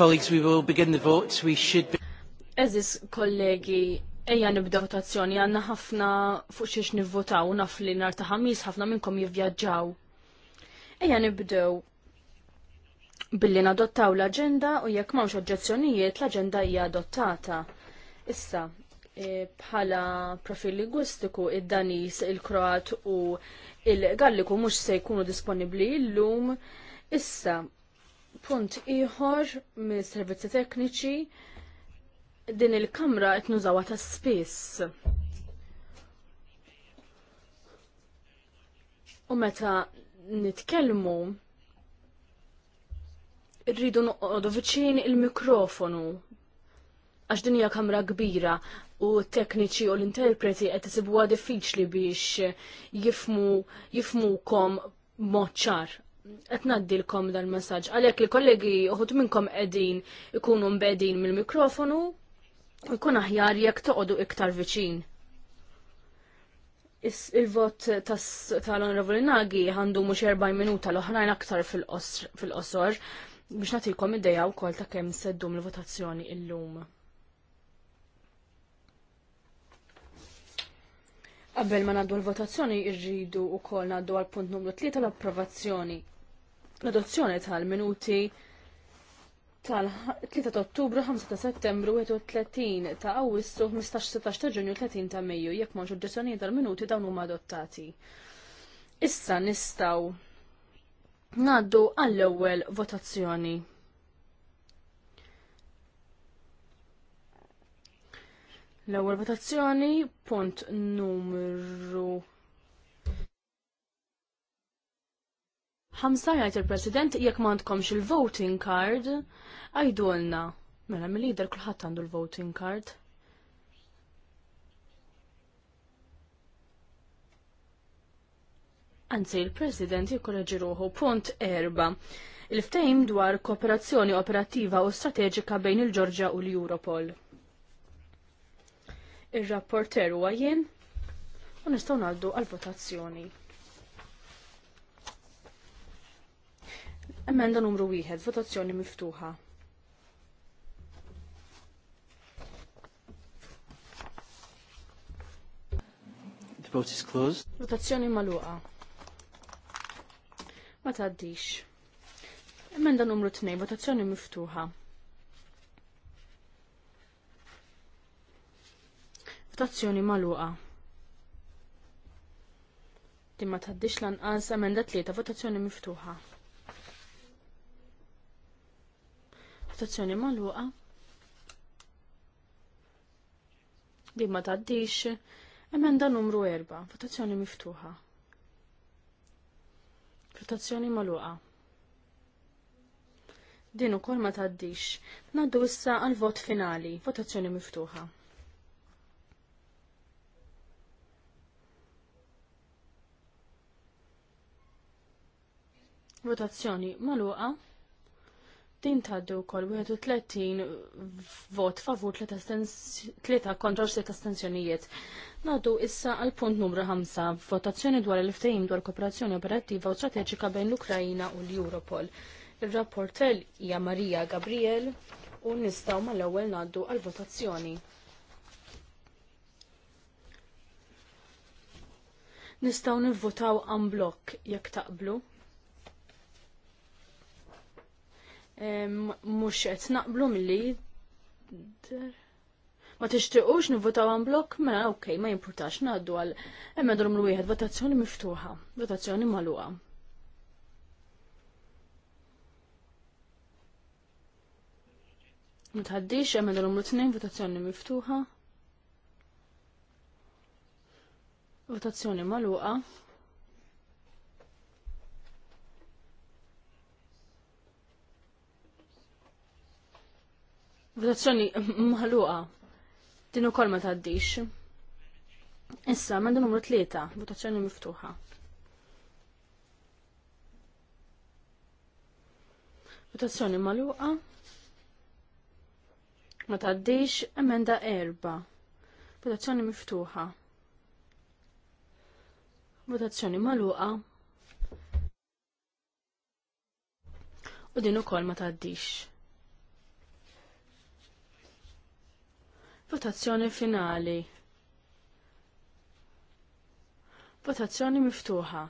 colleagues, we will begin the votes. We should be... Eżis kollegi, ejja nibda votazzjoni, għanna ħafna fuq xiex nivvotaw, naf li nar ta' ħamis ħafna minnkom jivvjaġġaw. Ejja nibdew billi nadottaw l-agenda u jekk mawx oġġezzjonijiet l-agenda hija adottata. Issa, e, bħala profil lingwistiku id-Danis, il-Kroat u il-Galliku mhux se jkunu disponibbli illum. Issa, Punt ieħor minn servizzi tekniċi din il-kamra qed nużawha ta' spiss. U meta nitkellmu rridu noqogħdu viċin il-mikrofonu għax din hija kamra kbira u t-tekniċi u l-interpreti qed isibuha diffiċli biex jifmu jifmukom mod ċar qed dal dan messaġġ għalhekk il-kollegi uħud minnkom qegħdin ikunu mbedin mill-mikrofonu u jkun aħjar jekk toqgħodu iktar viċin. Il-vot tal-Onorevoli Nagi għandu mhux 40 minuta l-oħrajn aktar fil-qosor biex nagħtilkom id-dejja wkoll ta' kemm seddum il-votazzjoni illum. Qabel ma naddu l-votazzjoni irridu u kol naddu għal punt numru 3 l-approvazzjoni. L-adozzjoni tal-minuti tal-3 ta' ottubru, 5 ta' settembru, 30 ta' awwissu, 15-16 ta' ġunju, 30 ta' meju, jekk ma' ġuġġessjoni tal-minuti dawn huma adottati. Issa nistaw naddu għall-ewwel votazzjoni. L-ewwel votazzjoni punt numru 5 jgħid il-President jekk m'għandkomx il-voting card għajdulna. Mela mill leader kulħadd għandu l-voting card. Anzi, il-President jikkoreġi ruħu punt erba' il-ftejm dwar kooperazzjoni operattiva u strateġika bejn il-Ġorġja u l-Europol ir-rapporter huwa jien u nistgħu ngħaddu għall-votazzjoni. Emenda numru wieħed, votazzjoni miftuħa. The vote is closed. Votazzjoni magħluqa. Ma tgħaddix. Emenda numru 2, votazzjoni miftuħa. Votazzjoni maluqa. Timma taħdix lanqas emenda tlieta votazzjoni miftuħa. Votazzjoni maluqa. Timma taddix emenda numru 4, votazzjoni miftuħa. Votazzjoni maluqa. Din ukoll ma taddix. Naddu issa għal vot finali, votazzjoni miftuħa. Votazzjoni maluqa. Din taddu kol 31 vot favur 3 kontra 6 astensjonijiet. Nadu issa għal punt numru 5, votazzjoni dwar il-ftehim dwar kooperazzjoni operattiva u strateġika bejn l-Ukrajina u l-Europol. Il-rapportel hija Marija Gabriel u nistaw mal-ewwel naddu għal votazzjoni. Nistaw nivvotaw għan blok jekk taqblu. mhux qed naqblu milli ma tixtiequx nivvotaw għan blok, mela okej, ma jimpurtax ngħaddu għal emma drum l-wieħed votazzjoni miftuħa, votazzjoni maluqa. Ma tħaddix emma drum l-tnejn votazzjoni miftuħa. Votazzjoni magħluqa. Votazzjoni maħluqa. Din ukoll ma tgħaddix. Issa, mandu numru tlieta, votazzjoni miftuħa. Votazzjoni maluqa. Ma tgħaddix emenda erba. Votazzjoni miftuħa. Votazzjoni maluqa. U din ukoll ma tgħaddix. Votazzjoni finali. Votazzjoni miftuħa.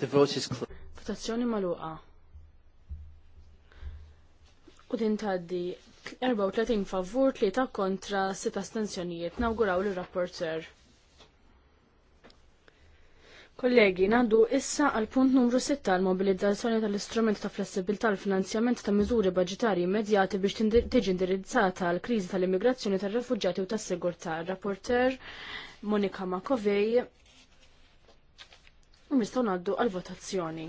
The vote is closed. Votazzjoni maluqa. U din taddi 34 favur, 3 kontra, 6 astensjonijiet. Nawguraw l-rapporter. Kollegi, nandu issa għal punt numru 6 tal mobilizzazzjoni tal-istrument ta' flessibilità tal finanzjament ta' miżuri budgetari immedjati biex tiġi indirizzata għal kriżi tal-immigrazzjoni tal refugġati u tas-sigurtà. Rapporter Monika Makovej u nistgħu ngħaddu għal votazzjoni.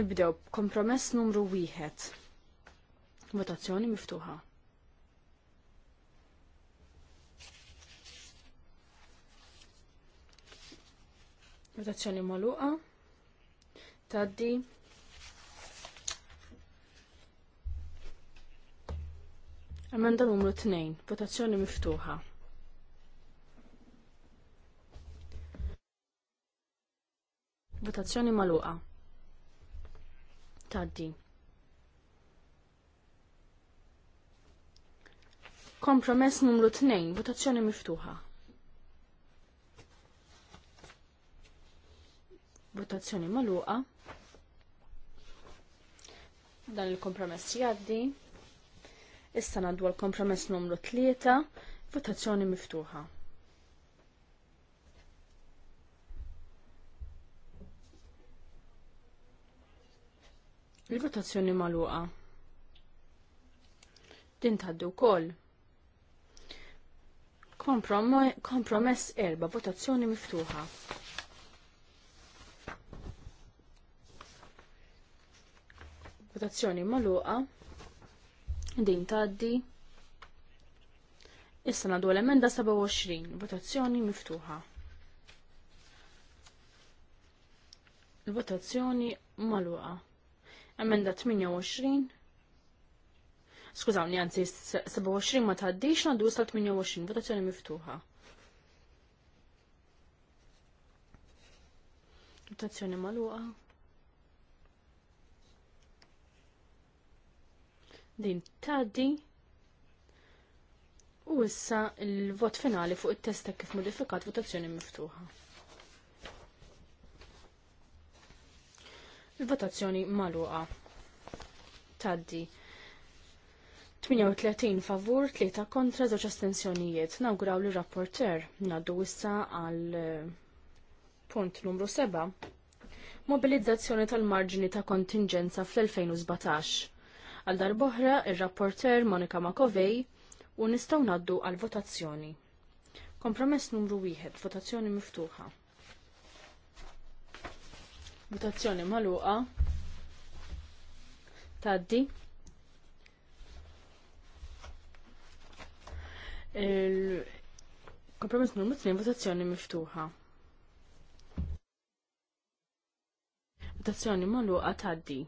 Nibdew kompromess numru 1. Votazzjoni miftuħa. Votazzjoni maluqa. Taddi. Emenda numru 2. Votazzjoni miftuħa. Votazzjoni maluqa. Taddi. Kompromess numru 2. Votazzjoni miftuħa. votazzjoni maluqa. Dan il-kompromess jaddi. Issa naddu għal-kompromess numru 3, votazzjoni miftuħa. Il-votazzjoni maluqa. Din taddu kol. Kompromess erba, votazzjoni miftuħa. votazzjoni maluqa, din taddi. Issa nadu l-emenda 27, votazzjoni miftuħa. Votazzjoni maluqa. Emenda 28, skużawni, għanzi 27 ma taddix, naddu sa 28, votazzjoni miftuħa. Votazzjoni maluqa. din tgħaddi. U issa il-vot finali fuq it-testa kif modifikat votazzjoni miftuħa. Il-votazzjoni magħluqa tgħaddi. 38 e favur, 3 kontra, 2 astensjonijiet. Nawguraw li rapporter naddu issa għal eh, punt numru 7. Mobilizzazzjoni tal-marġini ta' kontingenza fl-2017. Għal darboħra ir-rapporter Monika Makovej u nistgħu naddu għal votazzjoni. Kompromess numru wieħed, votazzjoni miftuħa. Votazzjoni magħluqa. Taddi. Kompromess numru 2 votazzjoni miftuħa. Votazzjoni magħluqa tgħaddi.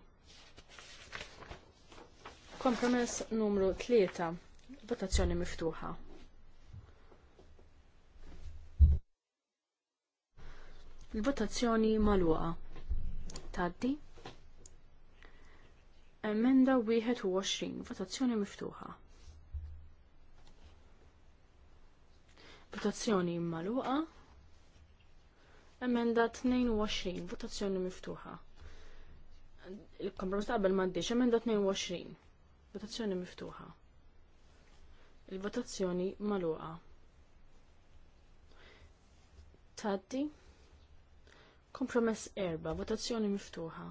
Kompromess numru 3. Votazzjoni miftuħa. Il-votazzjoni magħluqa. Taddi. Emenda 21. Votazzjoni miftuħa. Votazzjoni magħluqa. Emenda 22. Votazzjoni miftuħa. Il-kompromess qabel m'għaddix. Emenda 22 votazzjoni miftuħa. Il-votazzjoni maluqa. Taddi. Kompromess erba, votazzjoni miftuħa.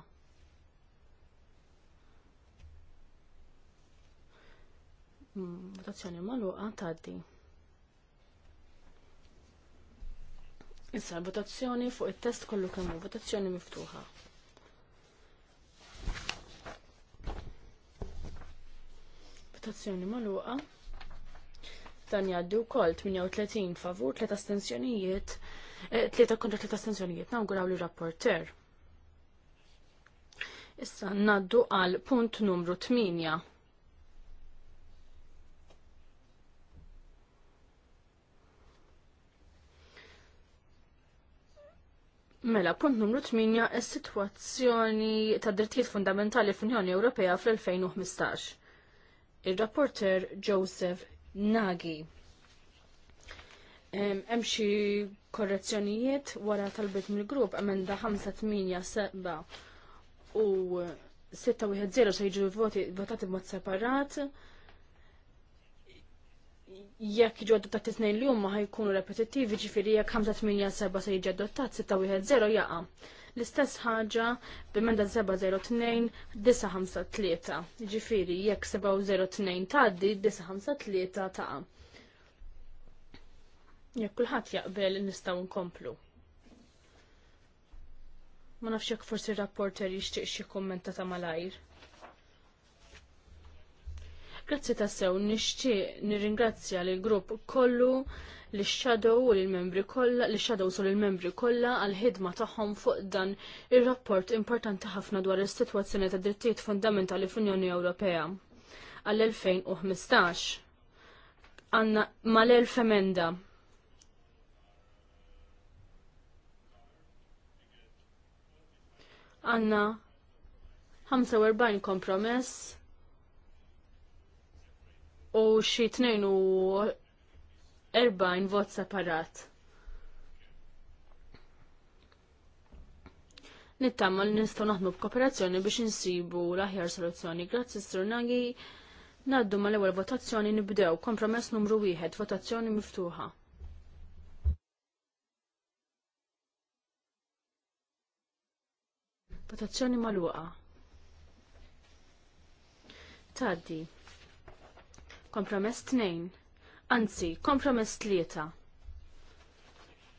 Mm, votazzjoni maluqa, taddi. Issa, votazzjoni fuq il-test kollu kemmu, votazzjoni miftuħa. Votazzjoni maluqa. Dan jaddu wkoll 38 favur, 3 astensjonijiet, 3 eh, kontra 3 astensjonijiet, nawguraw li rapporter. Issa naddu għal punt numru 8. Mela, punt numru 8 is-sitwazzjoni ta' drittijiet fundamentali fl-Unjoni Ewropea fl-2015 il-rapporter Joseph Nagy, Hemm xi korrezzjonijiet wara talbiet mill-grupp emenda 587 u 610 se jiġu votati b'mod separat. Jekk jiġu adottati snejn li huma ħajkunu repetittivi, ġifieri jekk 587 se jiġi adottat 610 jaqa'. L-istess ħaġa b'emenda 702-953. Ġifiri, jekk 702 taddi, 953 ta' Jekk kulħadd jaqbel nistgħu nkomplu. Ma nafx jekk forsi r-rapporter jixtieq xi kummenta ta' malajr. Grazzi tassew, nixtieq nirringrazzja lill grupp kollu li shadow u l-membri kollha, li shadow u l-membri kollha għal-ħidma tagħhom fuq dan ir-rapport importanti ħafna dwar is-sitwazzjoni ta' drittijiet fundamentali fl-Unjoni Ewropea għall-2015. Għanna mal-1000 emenda. Għanna 45 kompromess u xi tnejn u erbajn vot separat. Nittama li nistgħu naħdmu b'kooperazzjoni biex insibu l-aħjar soluzzjoni. Grazzi Strunagi. Naddu mal ewwel votazzjoni nibdew kompromess numru wieħed, votazzjoni miftuħa. Votazzjoni magħluqa. Taddi. Kompromess tnejn. Anzi, kompromess tlieta.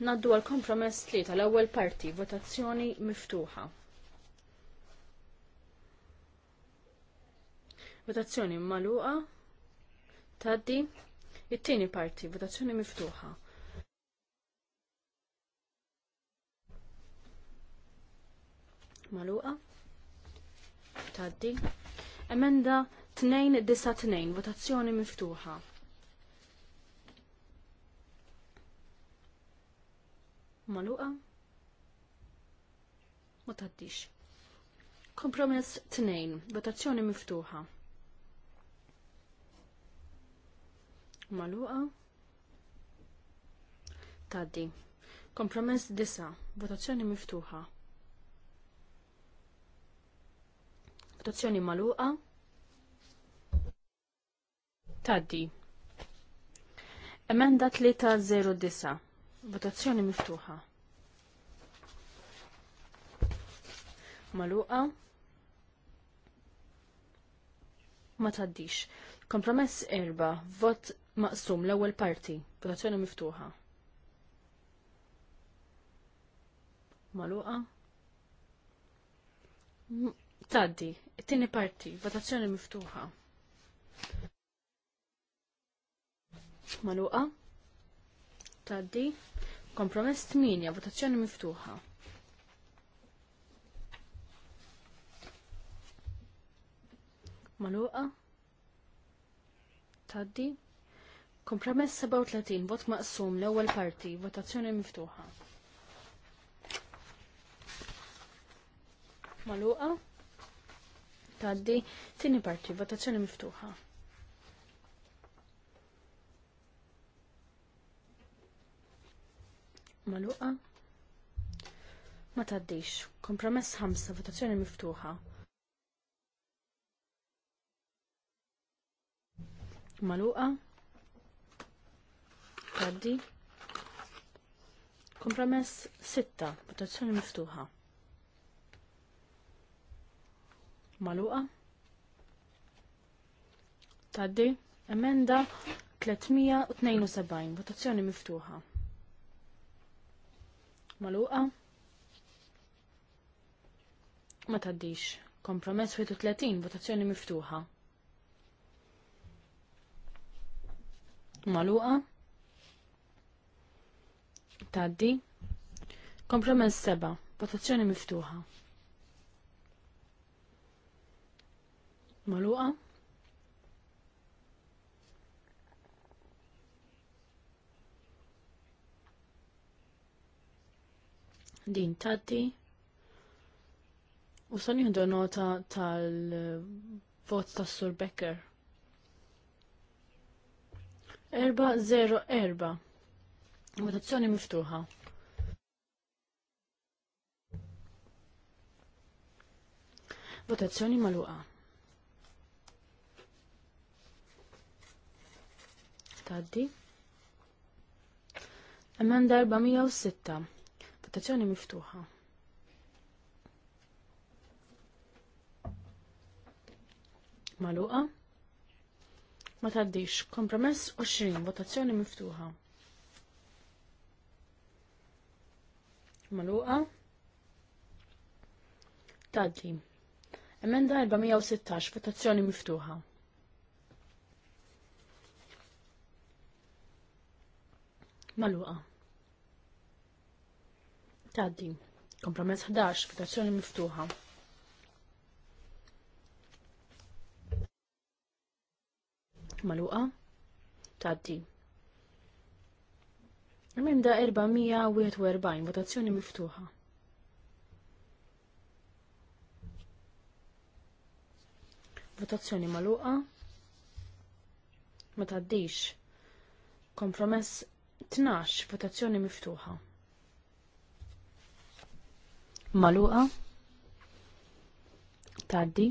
Naddu għal kompromess tlieta l-ewwel parti, votazzjoni miftuħa. Votazzjoni maluqa. Taddi. It-tieni parti, votazzjoni miftuħa. Maluqa. Taddi. Emenda tnejn. votazzjoni miftuħa. Maluqa? Ma taddix. Kompromess tnejn. votazzjoni miftuħa. Maluqa? Taddi. Kompromess disa. votazzjoni miftuħa. Votazzjoni maluqa? Taddi. Emenda 309. Votazzjoni miftuħa. Maluqa. Ma taddix. Kompromess erba. Vot maqsum l-ewwel parti. Votazzjoni miftuħa. Maluqa. Taddi. It-tieni parti. Votazzjoni miftuħa. Maluqa. Taddi. Kompromess 8, votazzjoni miftuħa. Maluqa. Taddi. Kompromess 37, vot maqsum l-ewwel parti, votazzjoni miftuħa. Maluqa. Taddi. Tieni parti, votazzjoni miftuħa. maluqa. Ma taddix. Kompromess 5, votazzjoni miftuħa. Maluqa. Taddi. Kompromess 6, votazzjoni miftuħa. Maluqa. Taddi. Emenda 372, votazzjoni miftuħa maluqa ma taddix kompromess 30 votazzjoni miftuħa maluqa taddi kompromess 7 votazzjoni miftuħa maluqa din taddi. U san jihdu nota tal-vot tas Sur Becker. Erba 0-4. Votazzjoni miftuħa. Votazzjoni maluqa. Taddi. Emenda 406 votazzjoni miftuħa. Maluqa. Ma taddix. Kompromess 20. Votazzjoni miftuħa. Maluqa. Taddi. Emenda 416. Votazzjoni miftuħa. Maluqa. Taddi. Kompromess 11, votazzjoni miftuħa. Maluqa. Tadi. Emenda 440: votazzjoni miftuħa. Votazzjoni maluqa. Ma taddix. Kompromess 12, votazzjoni miftuħa. Maluqa. Taddi.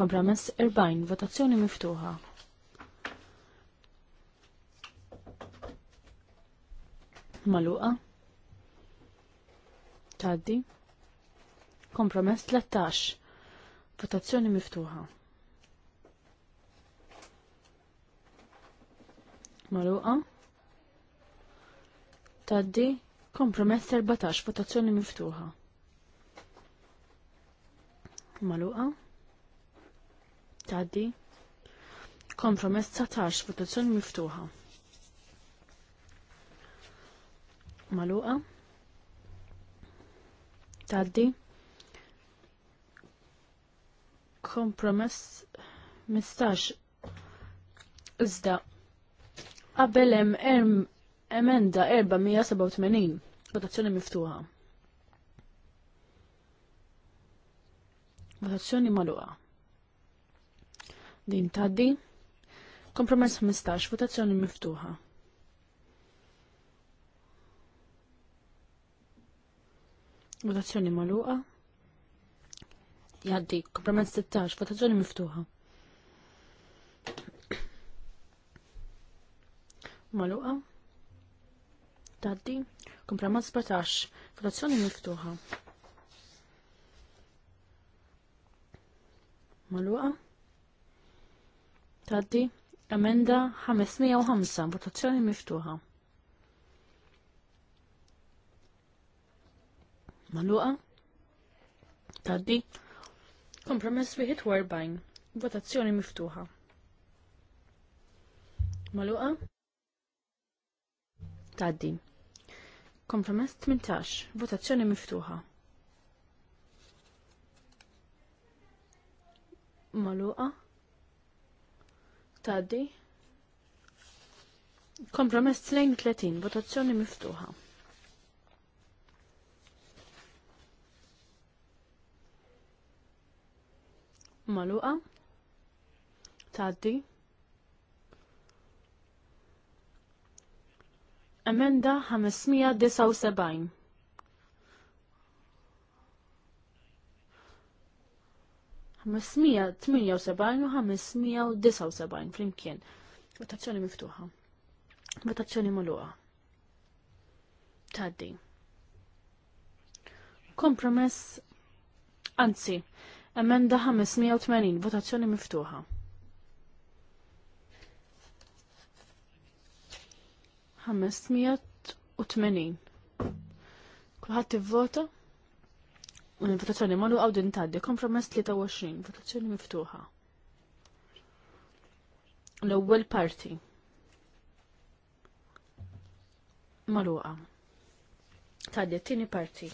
Kompromess 40. Votazzjoni miftuħa. Maluqa. Taddi. Kompromess 13. Votazzjoni miftuħa. Maluqa. Taddi. Kompromess 14. Votazzjoni miftuħa maluqa taddi kompromess 19 votazzjoni miftuħa maluqa taddi kompromess 15 iżda qabel hemm emenda 487 votazzjoni miftuħa Votazzjoni maluqa. Din taddi. Kompromess 15. Votazzjoni miftuħa. Votazzjoni maluqa. Jaddi. Kompromess 16. Votazzjoni miftuħa. Maluqa. Taddi. Kompromess 17. Votazzjoni miftuħa. Maluqa? Taddi? Emenda 505, votazzjoni miftuħa. Maluqa? Taddi? Kompromess wieħed 41, votazzjoni miftuħa. Maluqa? Taddi. Kompromess 18, votazzjoni miftuħa. maluqa taddi kompromess 32 votazzjoni miftuħa maluqa taddi emenda 579 578 u 579 flimkien. Votazzjoni miftuħa. Votazzjoni magħluqa. Taddi. Kompromess anzi, emenda 580, votazzjoni miftuħa. Ħames u tmenin. Kulħadd vota Votazzjoni malu għaw din taddi, kompromess 23, votazzjoni miftuħa. L-ewwel parti. Maluqa. Taddi t-tieni parti.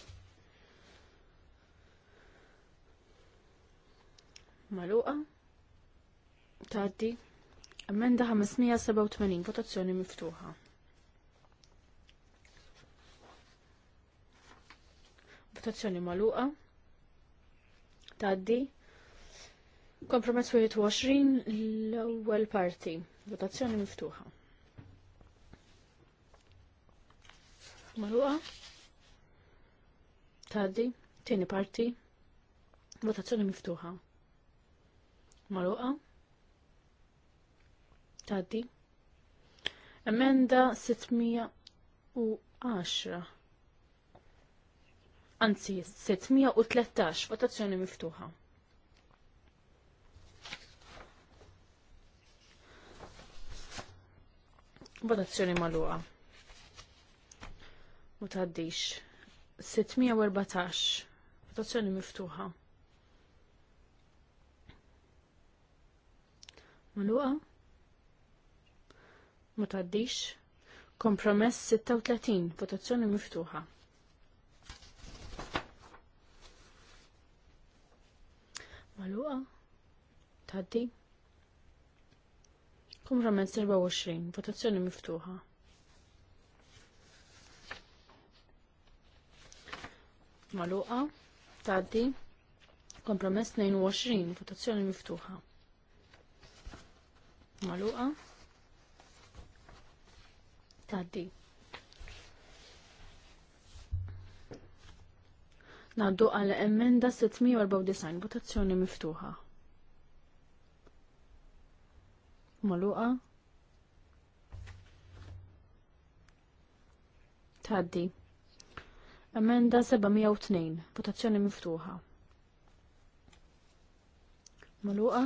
Maluqa. Taddi. Emenda 587, votazzjoni miftuħa. votazzjoni maluqa. Taddi. Kompromess 21 l-ewwel parti. Votazzjoni miftuħa. Maluqa. Taddi. Tieni parti. Votazzjoni miftuħa. Maluqa. Taddi. Emenda 610 anzi 613 votazzjoni miftuħa. Votazzjoni maluqa. Mutaddix. 614 votazzjoni miftuħa. Maluqa? Ma Kompromess 36, votazzjoni miftuħa. Maluqa. Taddi. Kompromess 24. Votazzjoni miftuħa. Maluqa. Taddi. Kompromess 22. Votazzjoni miftuħa. Maluqa. Taddi. Naddu għal emenda 694 votazzjoni miftuħa. Maluqa. Taddi. Emenda 702 votazzjoni miftuħa. Maluqa.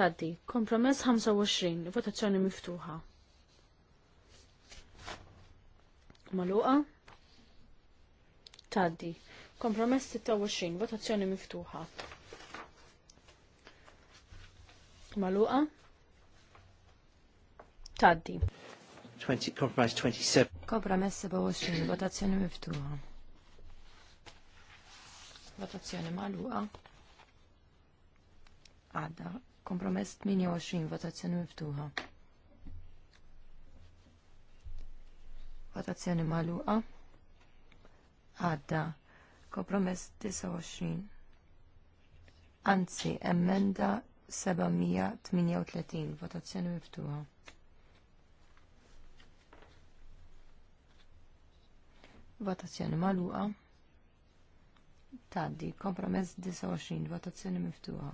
Taddi. Kompromess 25 votazzjoni miftuħa. Maluqa. Taddi. Kompromess 26. Votazzjoni miftuħa. Maluqa. Taddi. 20, compromise 27. Kompromess 27. Votazzjoni miftuħa. Votazzjoni maluqa. Għadda. Kompromess 28. Votazzjoni miftuħa. Votazzjoni magħluqa. Għadda. Kompromess 29. Anzi, emenda 738. Votazzjoni miftuħa. Votazzjoni magħluqa. Taddi, kompromess 29, votazzjoni miftuħa.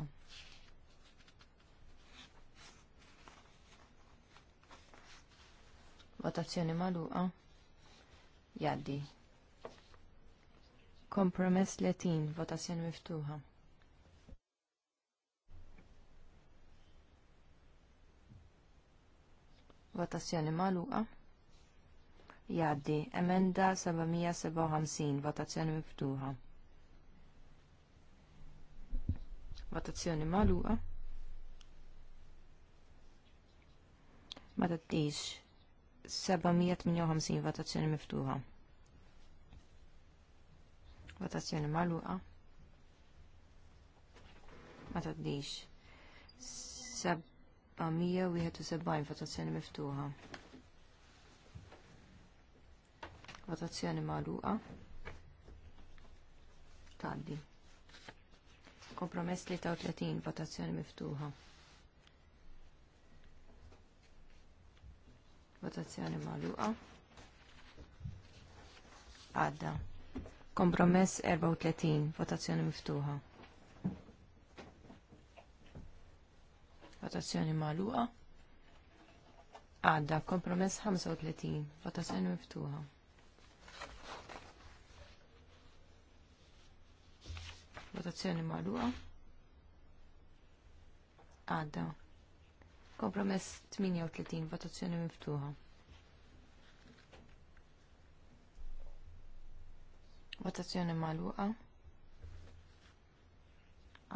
Votazzjoni maluqa. Jaddi. Kompromess letin. votazzjoni miftuħa. Votazzjoni maluqa. Jaddi. Emenda 757, votazzjoni miftuħa. Votazzjoni maluqa. Ma tattix. 758 votazzjoni miftuħa. Votazzjoni magħluqa. Ma taddix. 771 votazzjoni miftuħa. Votazzjoni magħluqa. Taddi. Kompromess 33 votazzjoni miftuħa. Votazzjoni magħluqa. Għadda. Kompromess 34. Votazzjoni miftuħa. Votazzjoni magħluqa. Għadda. Kompromess 35. Votazzjoni miftuħa. Votazzjoni magħluqa. Għadda. Kompromess 38, votazzjoni miftuħa. Votazzjoni maluqa.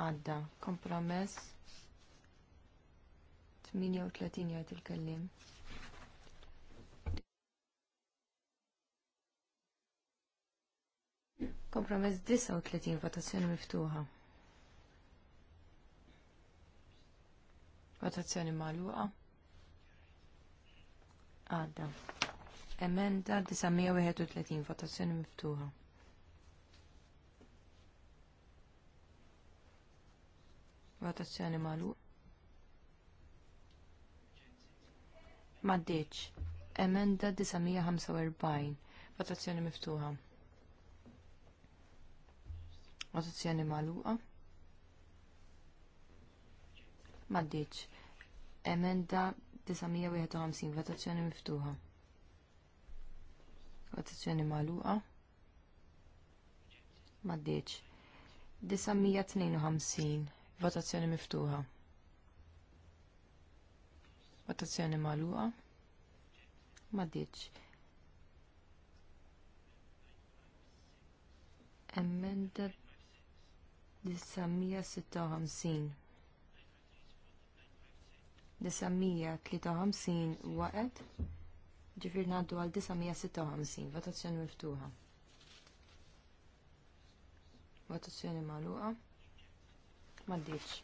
Għadda. Kompromess 38 jgħid il-kellim. Kompromess 39, votazzjoni miftuħa. Votazzjoni magħluqa. Għadda. Emenda 931, votazzjoni miftuħa. Votazzjoni magħluqa. Maddeċ. Emenda 945, votazzjoni miftuħa. Votazzjoni magħluqa. Maddiċ. Emenda 951 votazzjoni miftuħa. Votazzjoni maluqa. Maddiċ. 952 votazzjoni miftuħa. Votazzjoni maluqa. Maddiċ. Emenda 956 953 waqt ġifir naddu għal 956 votazzjoni miftuħa votazzjoni magħluqa m'għaddiex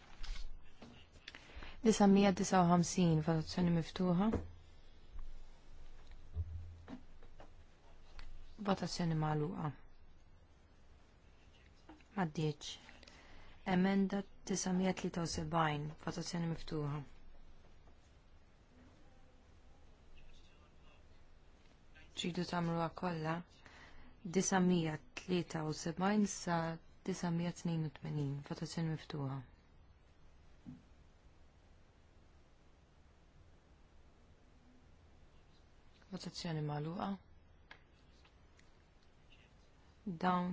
959 votazzjoni miftuħa votazzjoni magħluqa m'għaddiex emenda 973 votazzjoni miftuħa ġidu tamruha kollha 973 sa 982 votazzjoni miftuħa. Votazzjoni magħluqa. Dawn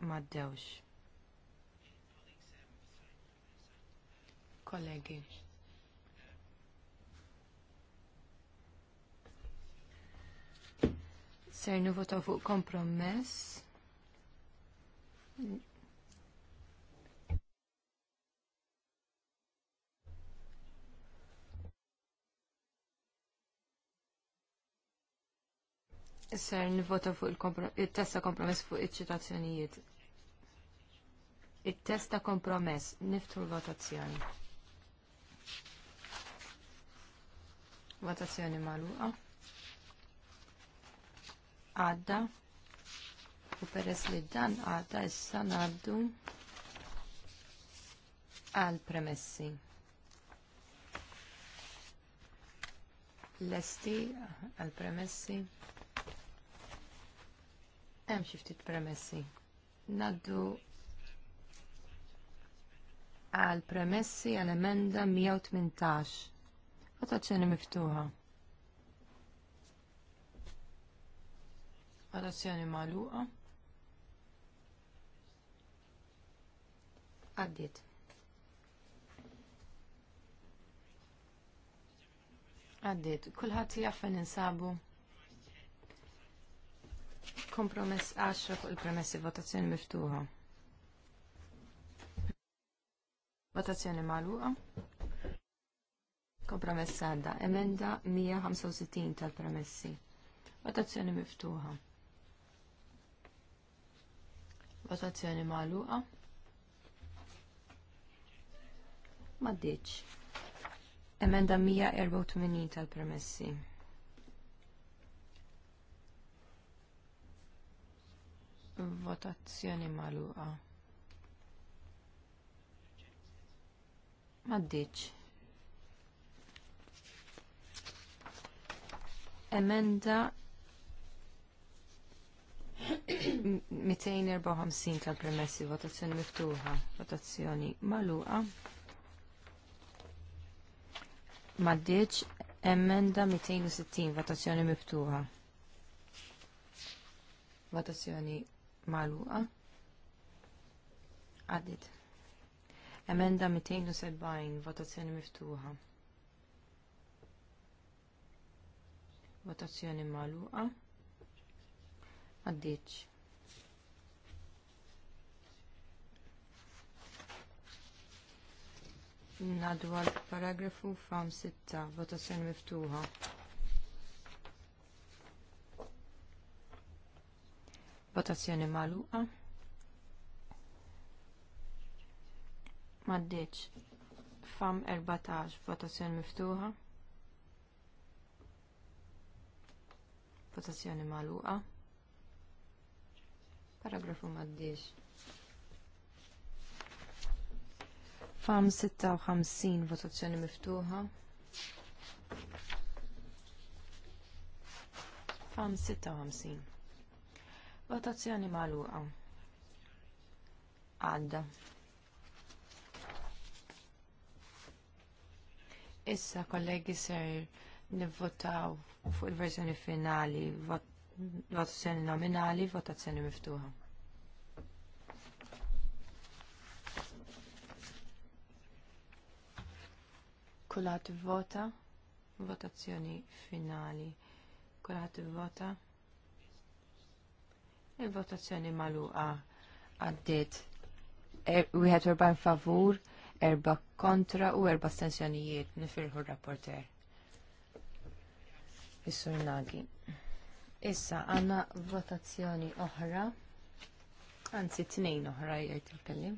m'għaddewx. Kollegi. ser nivotaw fuq kompromess. Ser nivota fuq il-testa kompromess fuq il-ċitazzjonijiet. Il-testa kompromess, niftu l-votazzjoni. Votazzjoni maluqa għadda u peress li dan għadda issa ngħaddu għal premessi. Lesti għal premessi. Hemm xi ftit premessi. Naddu għal premessi għal emenda 118. Votazzjoni miftuħa. Votazzjoni magħluqa. Għaddiet. Għaddiet, kullħat jaffen insabu kompromess għaxra fuq il-premessi votazzjoni miftuħa. Votazzjoni magħluqa. Kompromess għadda. Emenda 165 tal-premessi. Votazzjoni miftuħa votazzjoni magħluqa. Maddiċ. Emenda 184 tal-premessi. Votazzjoni magħluqa. Maddiċ. Emenda 254 tal-premessi, votazzjoni miftuħa, votazzjoni maluqa. Maddiċ, emenda 260, votazzjoni miftuħa. Votazzjoni maluqa. Għaddit. Emenda 270, votazzjoni miftuħa. Votazzjoni maluqa. Għaddiċ. Nadu għal paragrafu fam sitta, votazzjoni miftuħa. Votazzjoni maluqa. Maddiċ. Fam 14, votazzjoni miftuħa. Votazzjoni maluqa. Paragrafu maddiex. Fam 56 votazzjoni miftuħa. Fam 56. Votazzjoni maluqa. Għadda. Issa kollegi ser nivvotaw fuq il-verżjoni finali, vot votazzjoni nominali, votazzjoni miftuħa. Kulħat vota, votazzjoni finali. Kulħat vota. Il-votazzjoni maluqa għaddit. Er, we had erba favur, erba kontra u erba stensjonijiet nifirħu rapporter. is Nagi. Issa għandna votazzjoni oħra, anzi tnejn oħra jgħid il-kellim.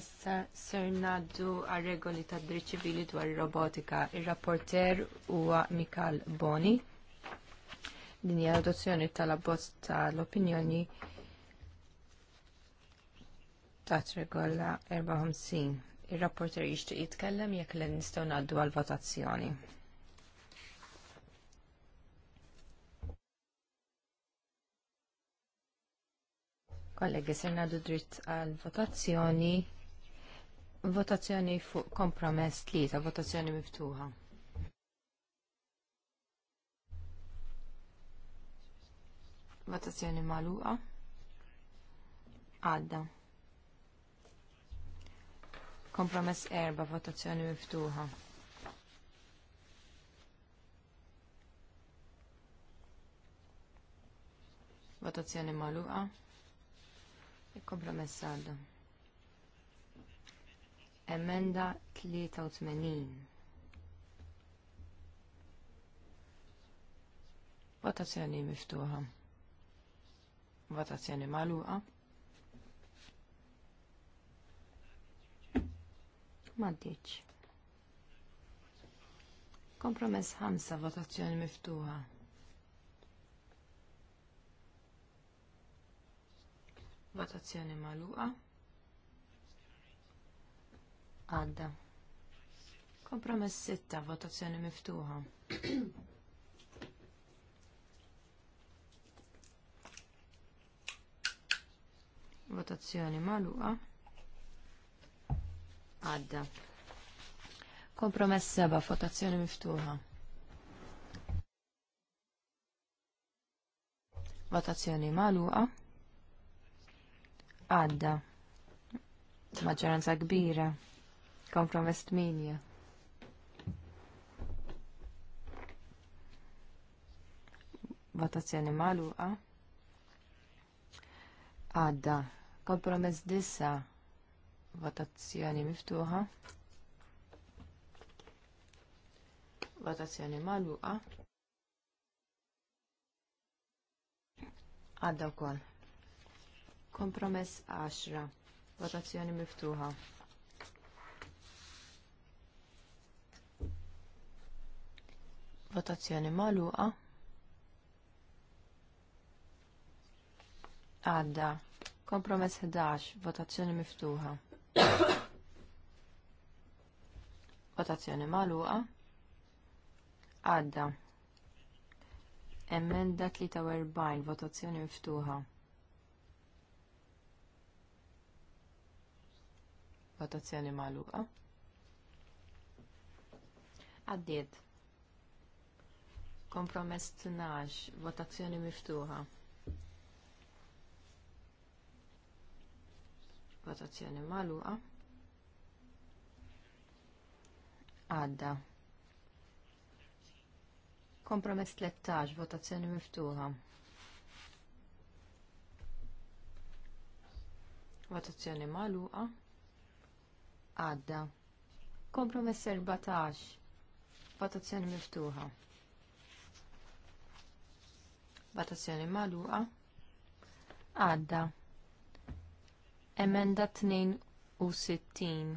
Issa ser naddu għal regoli tad dritt ċivili dwar ir robotika. Ir-rapporter huwa Mikal Boni. Din hija adozzjoni tal-abbozz tal-opinjoni tat regola 54. Ir-rapporter jixtieq jitkellem jekk le nistgħu ngħaddu għal votazzjoni Kollegi, ser nadu dritt għal votazzjoni. Votazzjoni fuq kompromess tlieta, votazzjoni miftuħa. Votazzjoni maluqa. Għadda. Kompromess erba, votazzjoni miftuħa. Votazzjoni maluqa. Il-kompromess għadda. Emenda 83. Votazzjoni miftuħa. Votazzjoni maluqa. Maddiċ. Kompromess 5, votazzjoni miftuħa. Votazzjoni magħluqa. Għadda. Kompromess sitta, votazzjoni miftuħa. Votazzjoni magħluqa. Għadda. Kompromess seba', votazzjoni miftuħa. Votazzjoni magħluqa għadda maġġoranza kbira kompromess 8 votazzjoni magħluqa għadda kompromess disa votazzjoni miftuħa votazzjoni magħluqa għadda wkoll Kompromess 10. Votazzjoni miftuħa. Votazzjoni magħluqa. Għadda. Kompromess 11, votazzjoni miftuħa. votazzjoni magħluqa. Għadda. Emenda 43, votazzjoni miftuħa. votazzjoni magħluqa. Għaddiet. Kompromess 12, votazzjoni miftuħa. Votazzjoni magħluqa. Għadda. Kompromess tlettax. votazzjoni miftuħa. Votazzjoni maluqa għadda. Kompromess 14. Votazzjoni miftuħa. Votazzjoni magħluqa. Għadda. Emenda 62.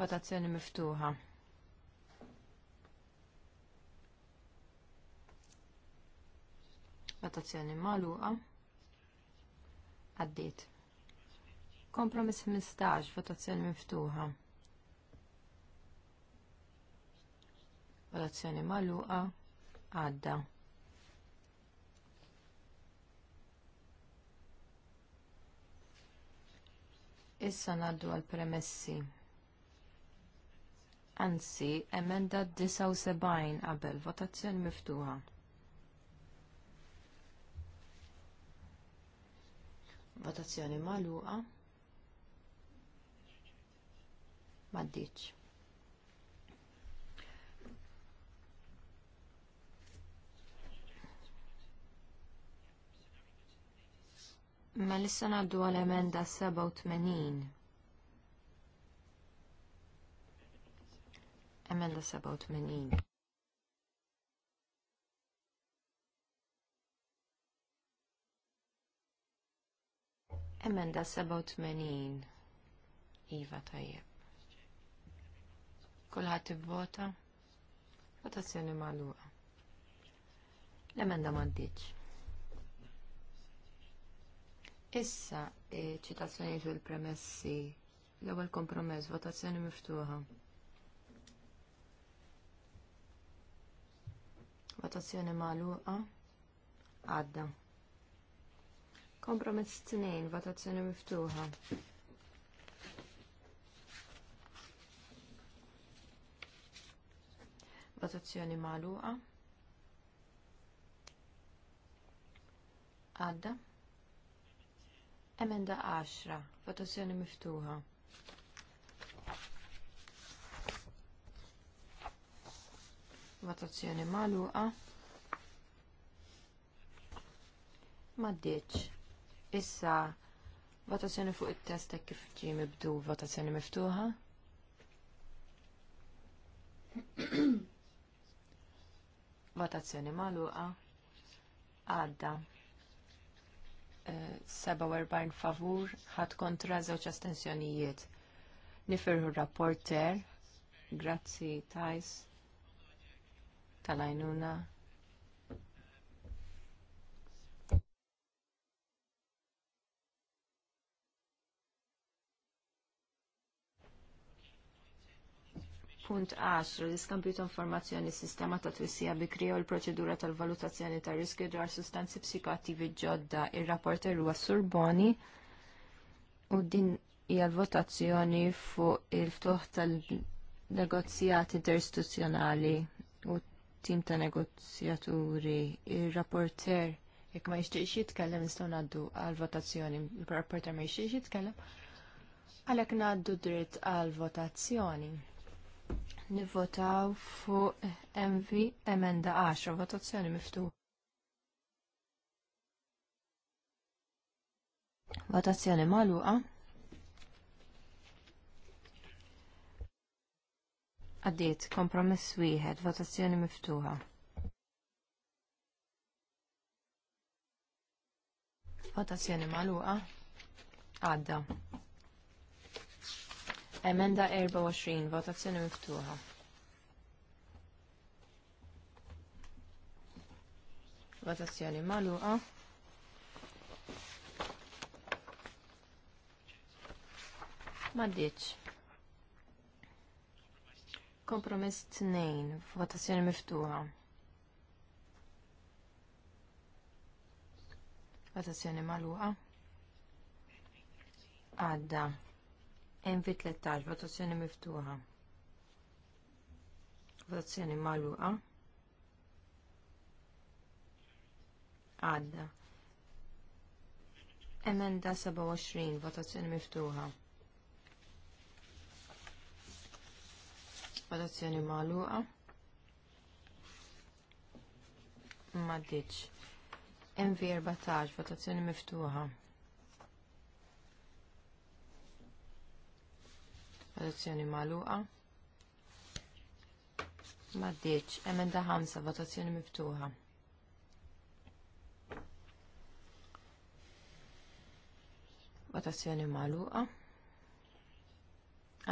Votazzjoni miftuħa. Votazzjoni magħluqa. Għaddiet. Kompromiss 15, votazzjoni miftuħa. Votazzjoni maluqa, għadda. Issa naddu għal premessi. Anzi, emenda 79 qabel, votazzjoni miftuħa. Votazzjoni maluqa. maddiċ. Ma lissa naddu għal-emenda 87. Emenda 87. Emenda 87. Iva tajjeb. Kulħadd ivvota. Votazzjoni magħluqa. L-emenda mandiċ. Issa ċitazzjoni fil premessi l-ewwel kompromess votazzjoni miftuħa. Votazzjoni magħluqa għadda. Kompromess tnejn votazzjoni miftuħa. Votazzjoni magħluqa. Għadda. Emenda 10. Votazzjoni miftuħa. Votazzjoni magħluqa. Maddiċ. Issa Votazzjoni fuq it-test kif ġie mibdu votazzjoni miftuħa. Votazzjoni magħluqa għadda. 47 eh, favur, ħadd kontra żewġ astensjonijiet. Nifirħu rapporter, grazzi Tajs, tal-għajnuna. Punt 10. li skambju ta' informazzjoni sistema ta' twissija bikri u l-proċedura tal-valutazzjoni ta' riskju dwar sustanzi psikoattivi ġodda ir-rapporter huwa Surboni u din hija l-votazzjoni fuq il-ftuħ tal-negozjati interistituzzjonali u tim ta' negozjaturi. Ir-rapporter jekk ma jixtieqx jitkellem nistgħu ngħaddu għall votazzjoni Il-rapporter ma jixtieqx jitkellem għalhekk ngħaddu dritt għall votazzjoni. Nivvotaw fuq MV emenda 10, votazzjoni miftuħ. Votazzjoni magħluqa. Għaddiet kompromess wieħed, votazzjoni miftuħa. Votazzjoni magħluqa. Għadda. Emenda 24, votazzjoni miftuħa. Votazzjoni maluqa. Maddiċ. Kompromess 2, votazzjoni miftuħa. Votazzjoni maluqa. Għadda. Hemm fit 13 votazzjoni miftuħa. Votazzjoni magħluqa. Għadda. Emenda 27, votazzjoni miftuħa. Votazzjoni magħluqa. maluqa. Maddiċ. NV14, votazzjoni miftuħa. votazzjoni maluqa. Maddiċ, emenda 5, votazzjoni miftuħa. Votazzjoni maluqa.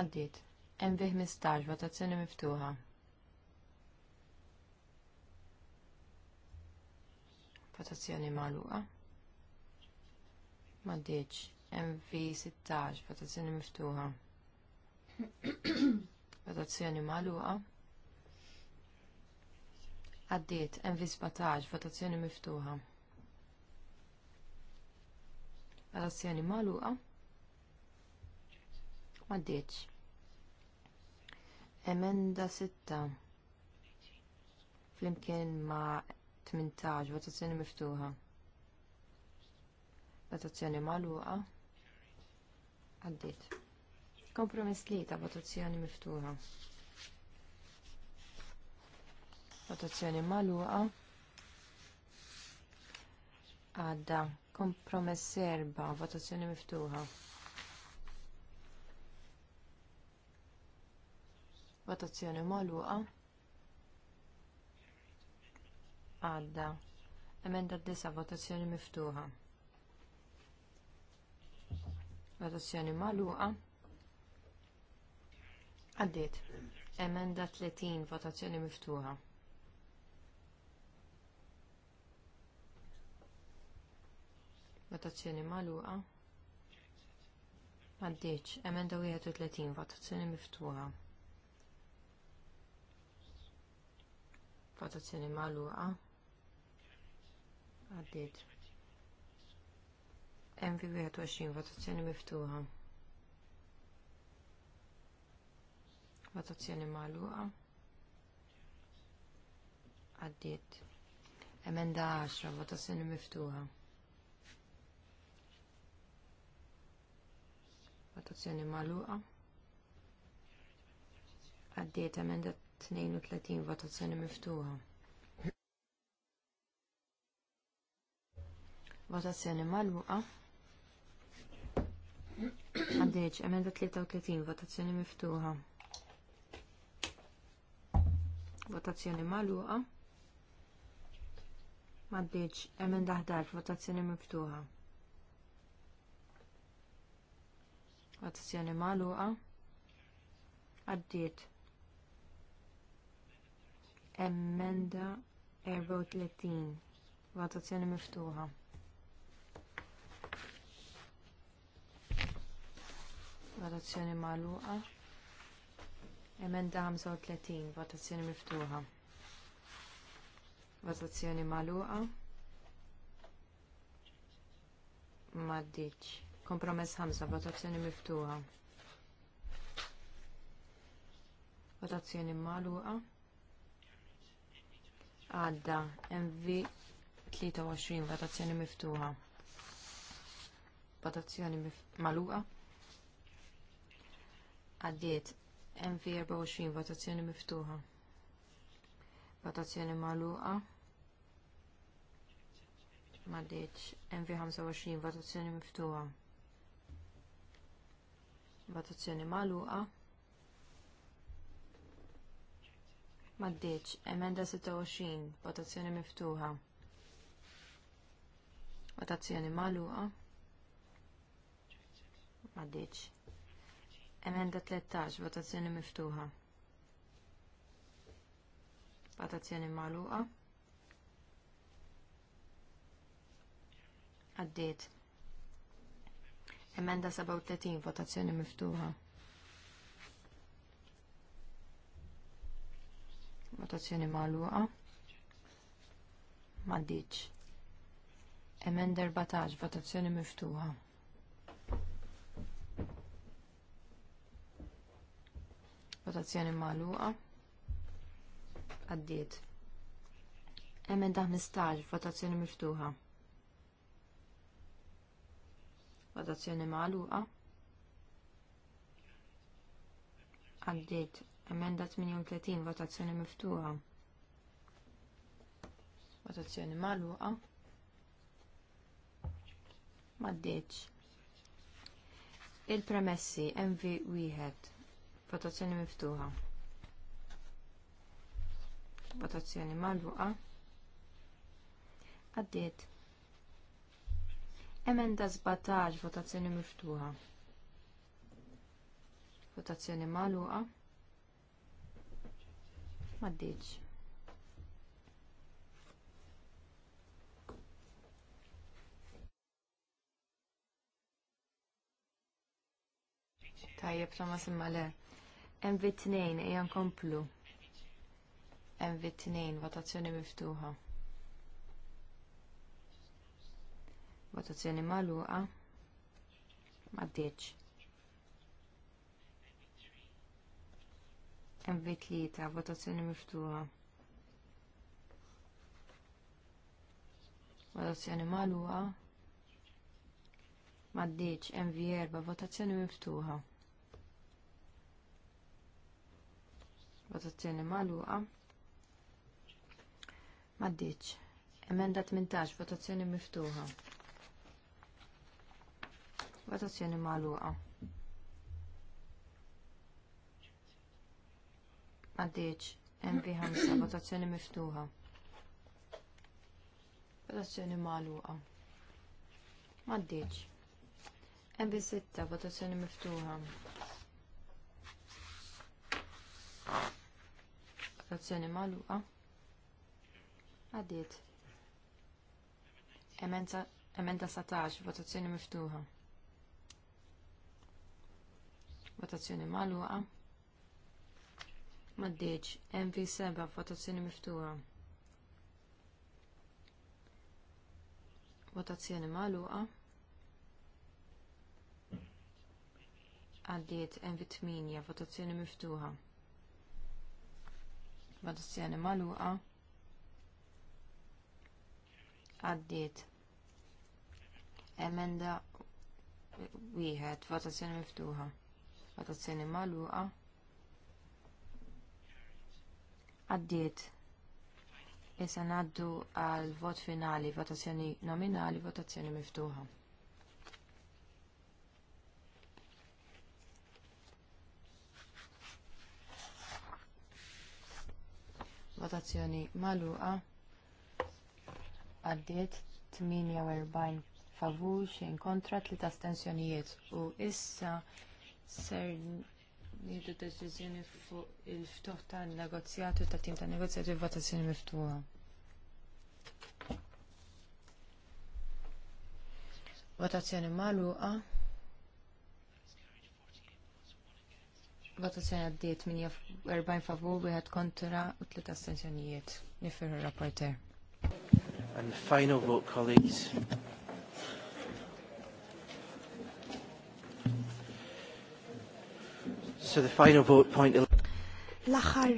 Għaddit, MV 15, votazzjoni miftuħa. Votazzjoni maluqa. Maddiċ, MV 16, votazzjoni miftuħa. Votazzjoni maluqa. Għaddiet, envis bataġ, votazzjoni miftuħa. Votazzjoni maluqa. Għaddiet. Emenda sitta. Flimkien ma' 18, votazzjoni miftuħa. Votazzjoni maluqa. Għaddiet. Kompromess li ta' votazzjoni miftuħa. Votazzjoni magħluqa. Għadda. Kompromess erba. Votazzjoni miftuħa. Votazzjoni magħluqa. Għadda. Emenda disa votazzjoni miftuħa. Votazzjoni magħluqa. Għaddit. Emenda 30, votazzjoni miftuħa. Votazzjoni maluqa. Għaddit. emenda 31, votazzjoni miftuħa. Votazzjoni maluqa. Għaddit. MV 21, votazzjoni miftuħa. Votazzjoni magħluqa. Għaddiet. Emenda 10, votazzjoni miftuħa. Votazzjoni magħluqa. Għaddiet emenda 32, votazzjoni miftuħa. votazzjoni mal għaddiet emenda 33, votazzjoni miftuħa. Votazzjoni magħluqa. Maddiċ, emenda 11, votazzjoni miftuħa. Votazzjoni magħluqa. Għaddiet. Emenda tletin votazzjoni miftuħa. Votazzjoni magħluqa. Emenda 35, votazzjoni miftuħa. Votazzjoni magħluqa. Maddiċ. Kompromess 5, votazzjoni miftuħa. Votazzjoni magħluqa. Għadda, MV 23, votazzjoni miftuħa. Votazzjoni maluqa. magħluqa. Għaddiet, MV24 votazzjoni miftuħa. Votazzjoni magħluqa. Maddiċ. MV25 votazzjoni miftuħa. Votazzjoni magħluqa. Maddiċ. Emenda 26 votazzjoni miftuħa. Votazzjoni magħluqa. Maddiċ. Emenda 13, votazzjoni miftuħa. Votazzjoni magħluqa. Għaddiet. Emenda 37, votazzjoni miftuħa. Votazzjoni magħluqa. Maddiċ. Emenda 14, votazzjoni miftuħa. Votazzjoni magħluqa. Għaddiet. Emenda mistaġ votazzjoni miftuħa. Votazzjoni magħluqa. Għaddiet. Emenda 38, votazzjoni miftuħa. Votazzjoni magħluqa. Maddiċ. Il-premessi MV wieħed. Votazzjoni miftuħa. Votazzjoni magħluqa. Għaddiet. Emenda 17, votazzjoni miftuħa. Votazzjoni magħluqa. Għaddiet. Tajjeb, ta' ma le. MV2 ejan komplu. MV2 votazzjoni miftuħa. Votazzjoni maluqa. Ma ddeċ. MV3 votazzjoni miftuħa. Votazzjoni maluqa. Ma ddeċ. MV4 votazzjoni miftuħa. votazzjoni magħluqa. Maddiċ. Emenda 18, votazzjoni miftuħa. Votazzjoni magħluqa. Maddiċ. MP5, votazzjoni miftuħa. Votazzjoni magħluqa. Maddiċ. MP6, votazzjoni miftuħa votazzjoni magħluqa. Għaddiet. Emenda 17, votazzjoni miftuħa. Votazzjoni magħluqa. Maddiċ, MV7, votazzjoni miftuħa. Votazzjoni magħluqa. Għaddiet MV8, votazzjoni miftuħa votazzjoni magħluqa għaddiet emenda wieħed votazzjoni miftuħa votazzjoni magħluqa għaddiet issa ngħaddu għal vot finali votazzjoni nominali votazzjoni miftuħa votazzjoni magħluqa għaddiet 48 favur xejn kontra tliet astensjonijiet u issa ser nieħdu deċiżjoni fuq il-ftuħ tan negozjatu ta' tim ta' negozjatu votazzjoni miftuħa. Votazzjoni magħluqa. Votazzjoni għaddiet 48 favur, wieħed kontra u tliet astensjonijiet. Nifir il rapporter. And the final vote, colleagues. So the final vote point L-aħħar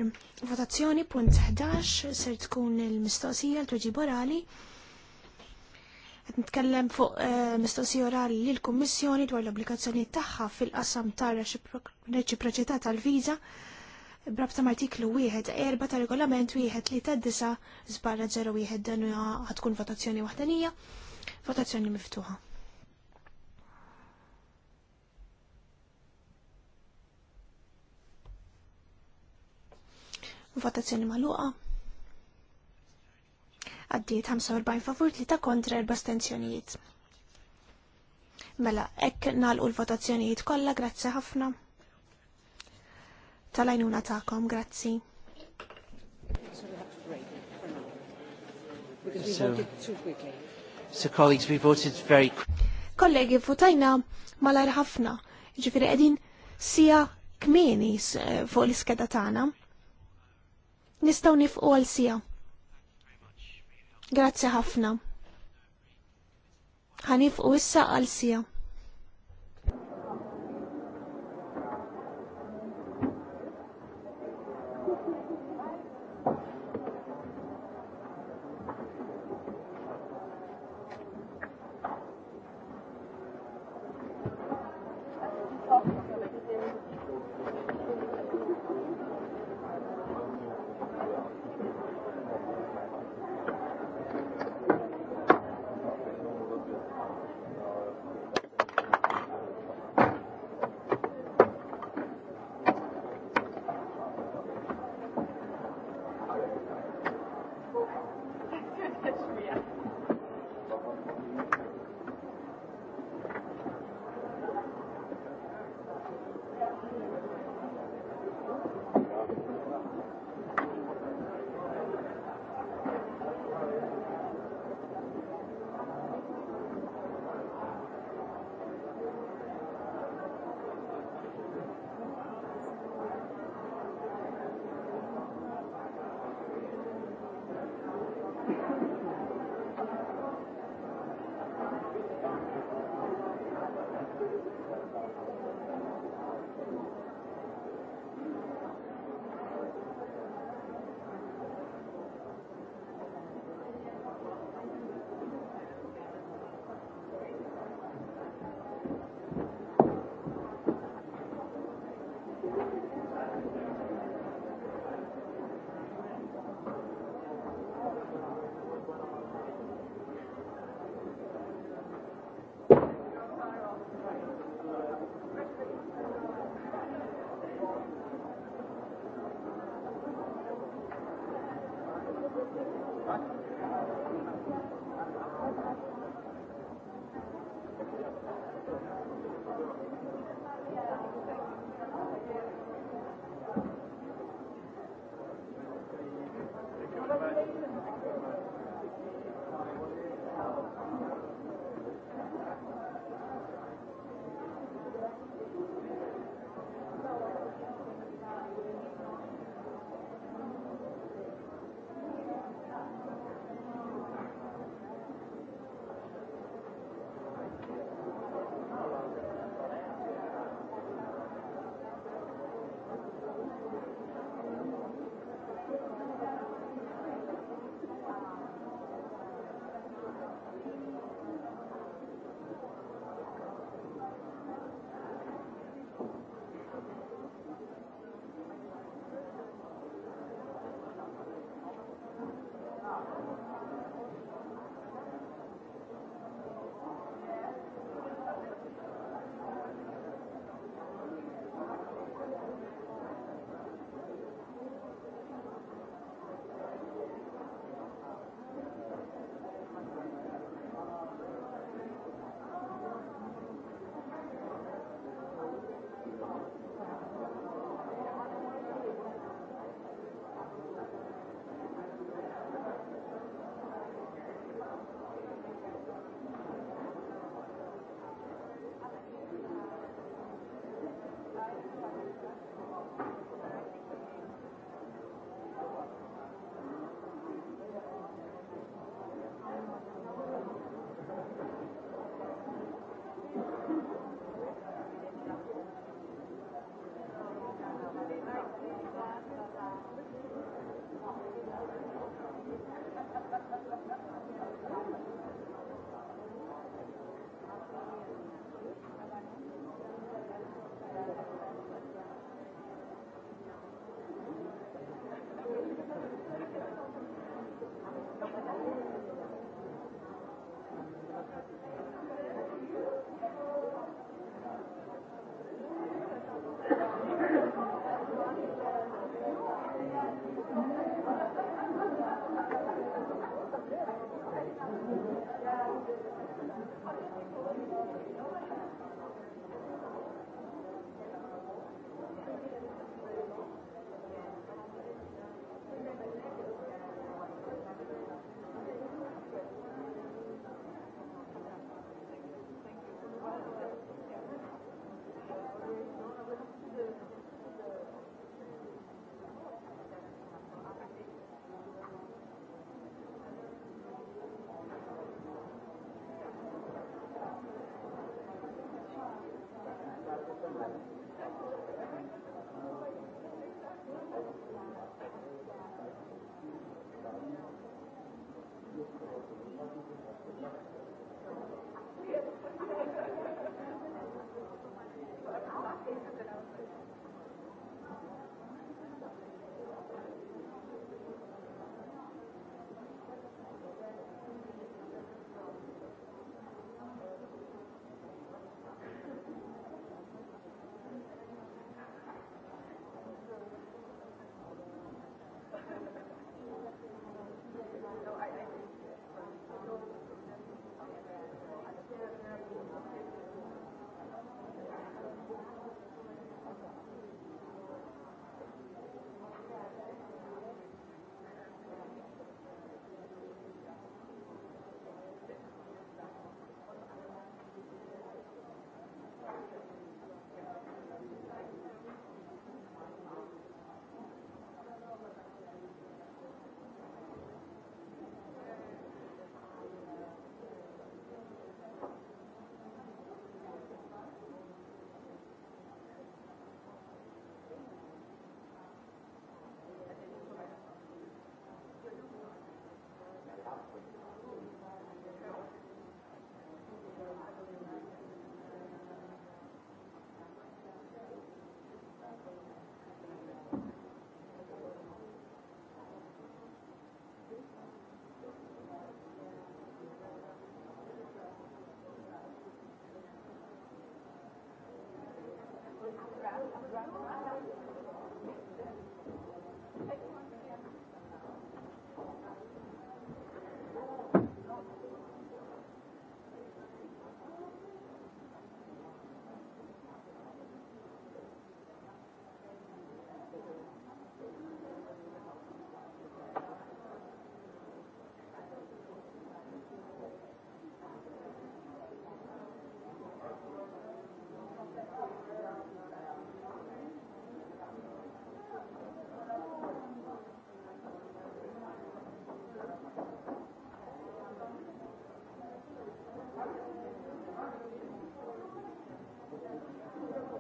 votazzjoni punt 11 ser tkun il-mistoqsija l-tweġib orali Nitkellem fuq eh, mistoqsija orali li l-Kummissjoni dwar l-obbligazzjoni tagħha fil-qasam tar reċiproċità tal-viża brabta artiklu wieħed erba ta' regolament wieħed li teddisa żbarra ġero wieħed dan ħatkun votazzjoni waħdanija, votazzjoni miftuħa. Votazzjoni magħluqa għaddiet 45 favur ta' kontra 4 astenzjonijiet. Mela, ekk nalqu l-votazzjonijiet kollha, grazzi ħafna. Tal-għajnuna ta'kom, grazzi. So, so colleagues, we voted very Kollegi, votajna malar ħafna. Ġifiri, edin sija kmini eh, fuq l-iskeda tagħna. Nistgħu nifqu għal sija. Grazzi ħafna. Ħanif u issa għal sija. Thank you.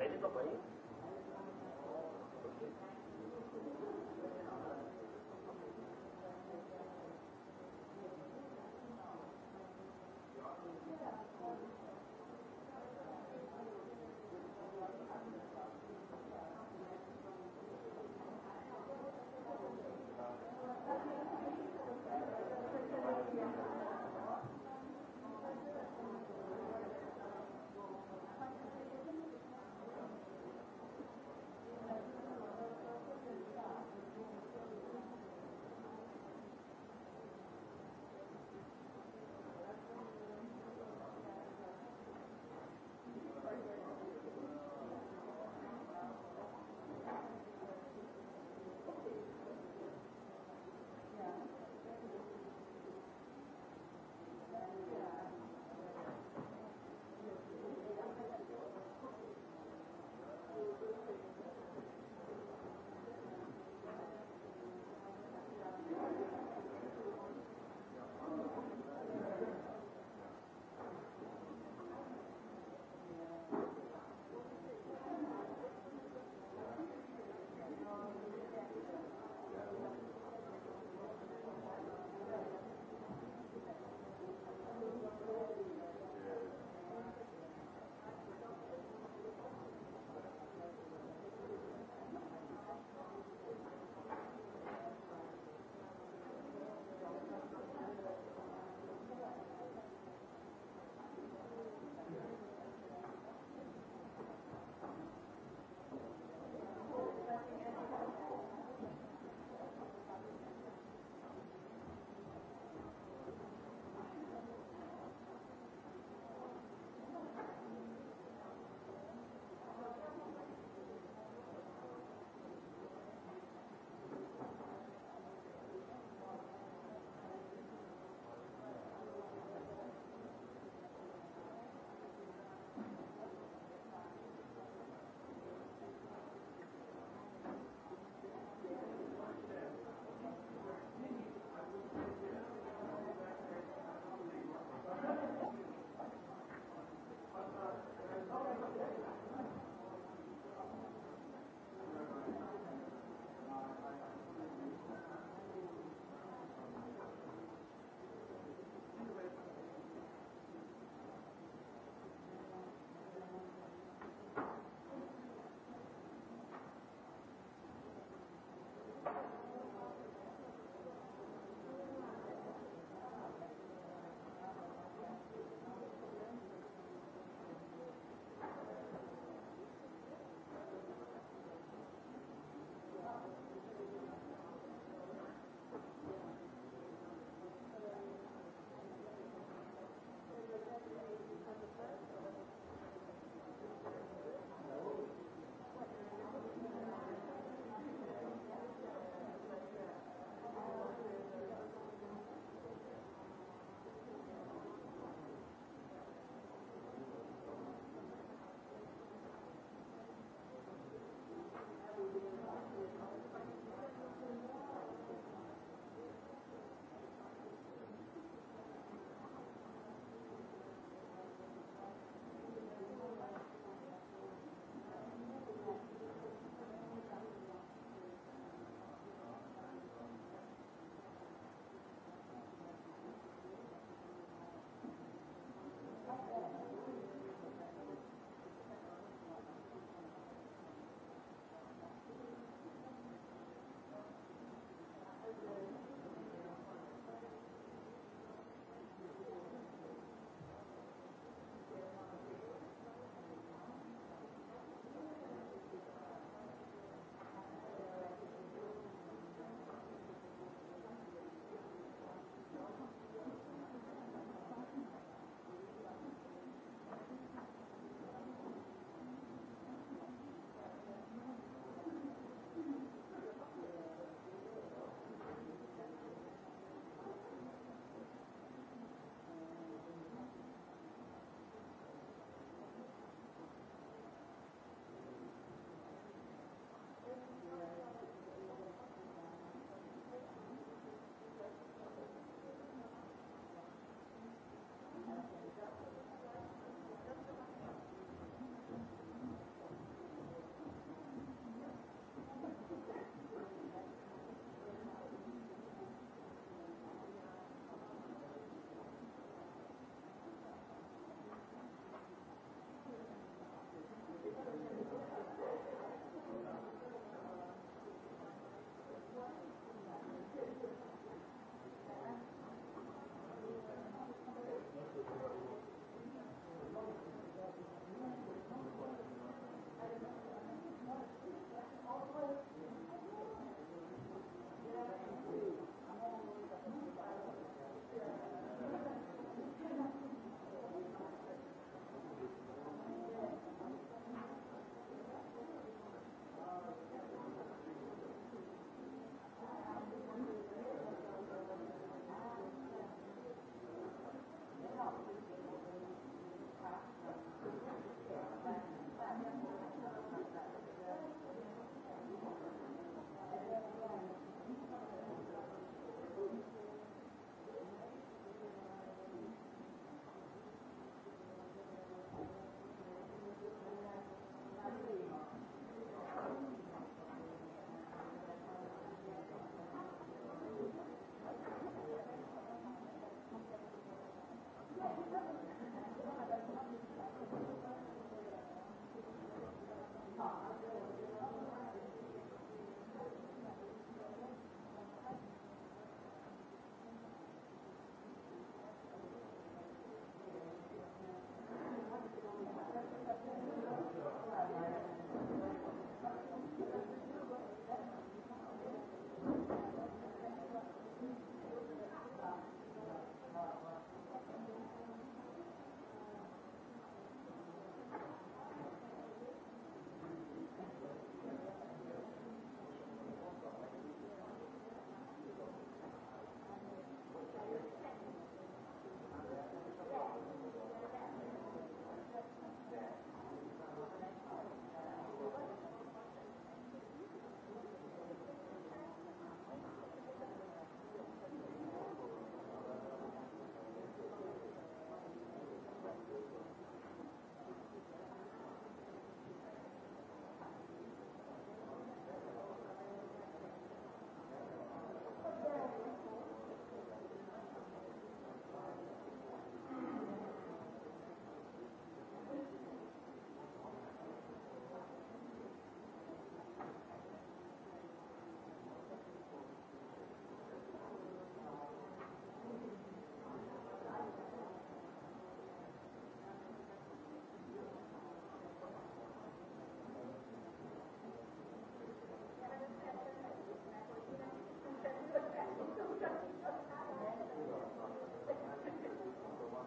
Thank you.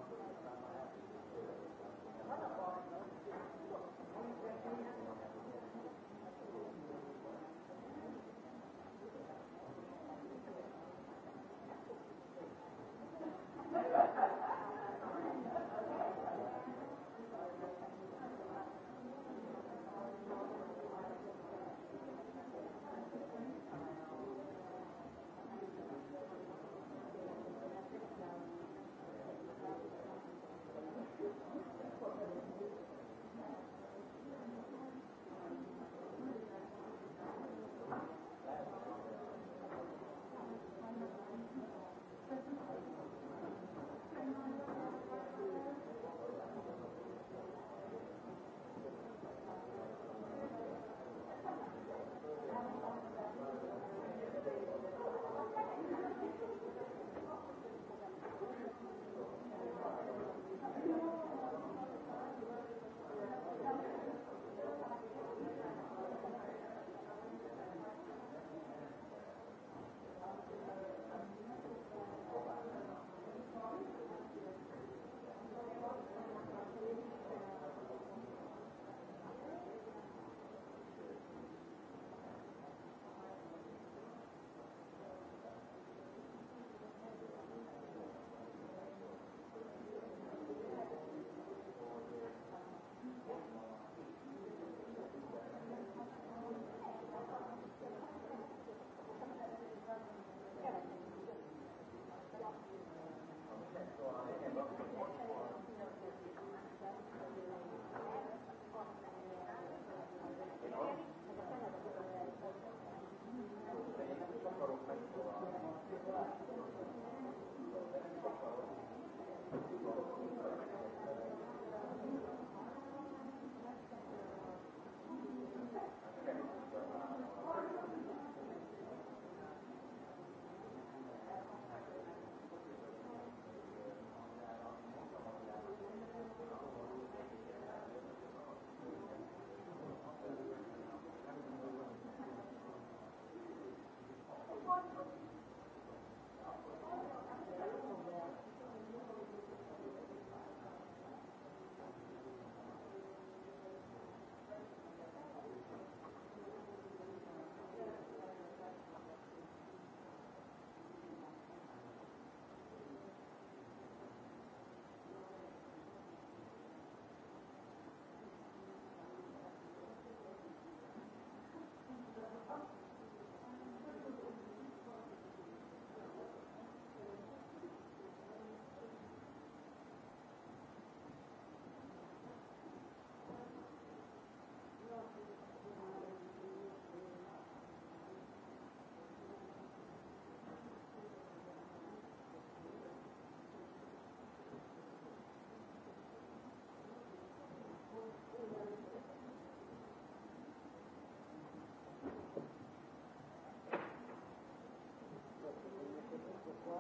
Thank you.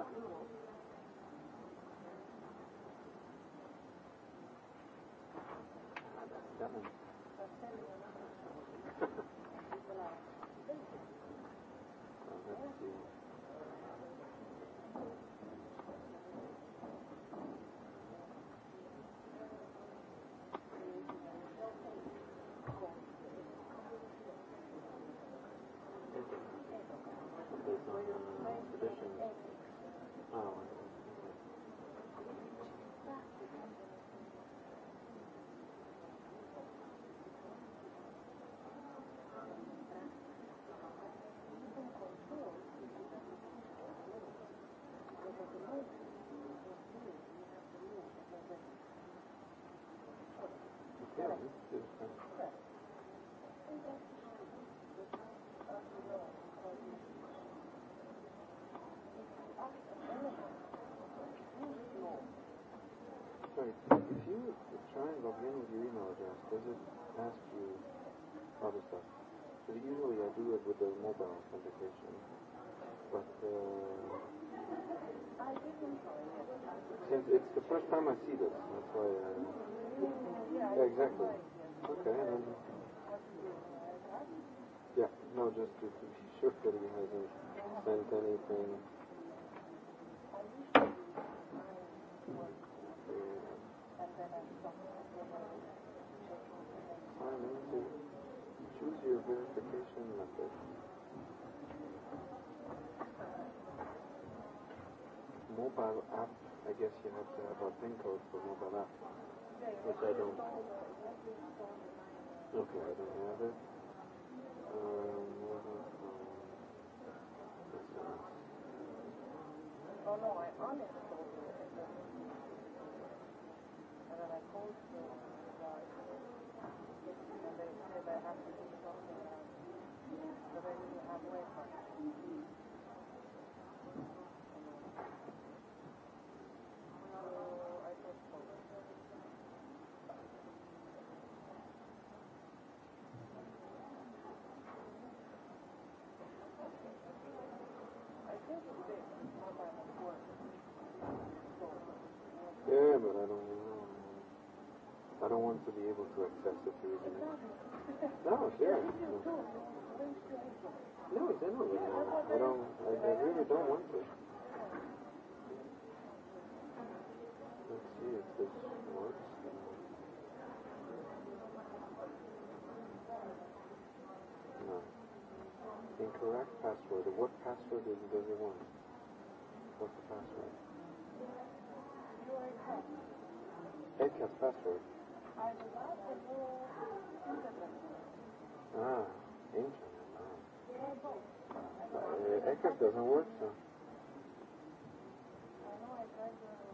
ħafna. Thank you. Oh. it, it tries your email address, does it ask you other stuff? So usually I do it with the mobile authentication, but uh, since it's the first time I see this, that's why. Uh, yeah, exactly. Okay. Then, yeah, no, just to be sure that he hasn't sent anything. Thank you. Choose your verification method. Mobile app, I guess you have to have a PIN code for mobile app, which I don't. Okay, I don't have it. Um, what else? Um, this one. Oh no, I'm on it whatever they're called. out here. No, it's in with I don't, I, I really don't want to. Let's see if this works. No. Incorrect password. What password is, does he want? What's the password? Edcast password. I Ah, internet. Wow. it Echo eh, eh, doesn't work, so. I know, I tried to...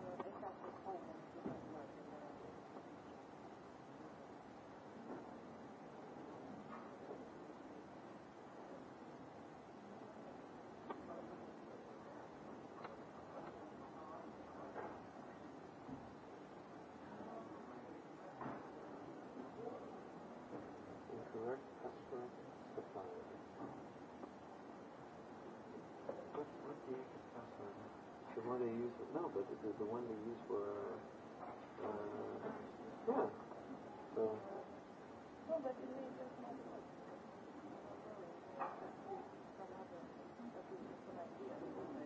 one they use for, no, but the, the one they use for, uh, yeah. So. No, but it may just not work. Some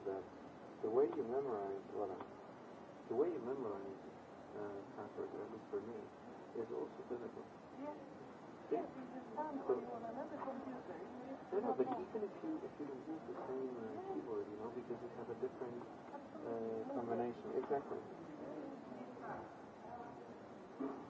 is that the way you memorize, well, the way you memorize uh, passwords, at least for me, is also physical. Yes. Yeah. Yes, so, another computer. No, no, but even if you, if you use the same uh, keyboard, you know, because you have a different uh, combination. Exactly. Mm -hmm.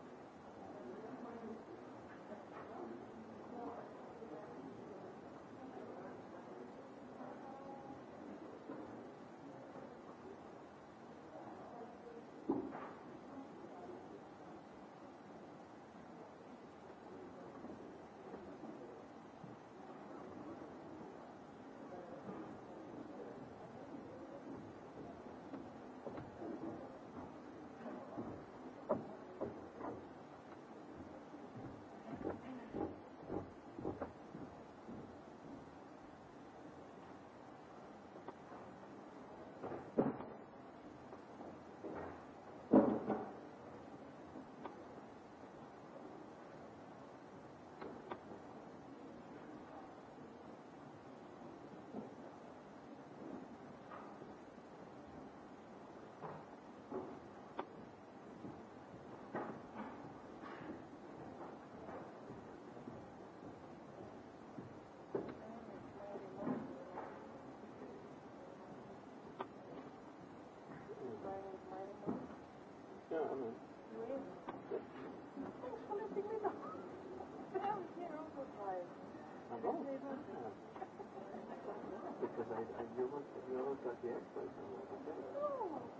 because I, I you want the experts No,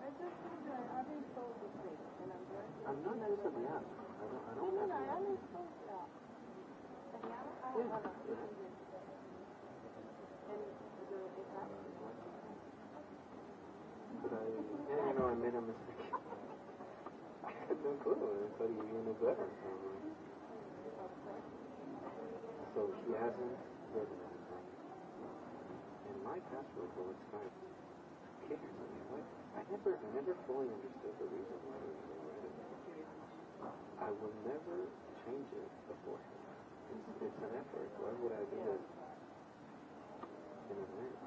I just think I haven't told the place, and I'm very. I'm not necessarily asked. I don't. I don't. No, But I, yeah, you know, I made a mistake. I had no clue. I thought you were going to better. So. So she hasn't heard of anything. And my password will expire. Kidding me, what? I never, I never fully understood the reason why we were it. I will never change it before. It's, it's an effort. Why would I do it in advance?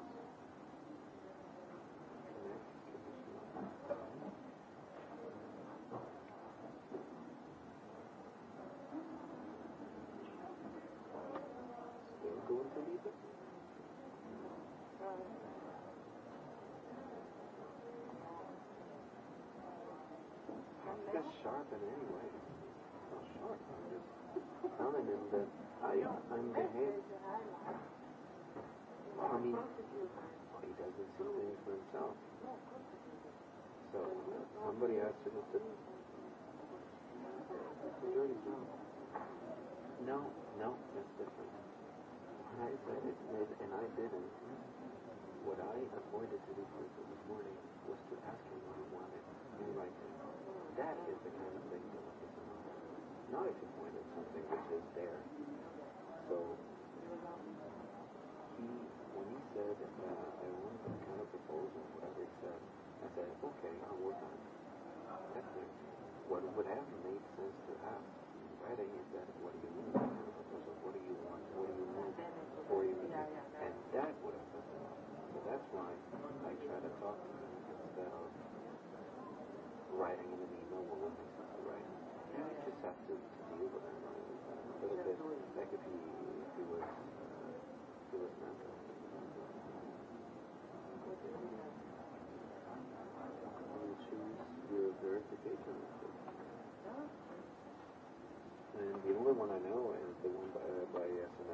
was to ask him what he wanted and write it. That is the kind of thing you're looking for. Not if you point at something which is there. So, he, when he said, uh, I want that kind of proposal, whatever he said, I said, okay, I'll work on it. That's it. What would have made sense to ask in writing is that, what do you mean by kind of proposal? What do you want? What do you want? And that would have been So that's why I try to talk to him about writing in an email will not be style writing. You yeah, yeah. just have to, deal with that writing a little yeah, bit. Absolutely. Like if he, if he was, uh, he was not going to choose your verification And the only one I know is the one by, uh, by SNL.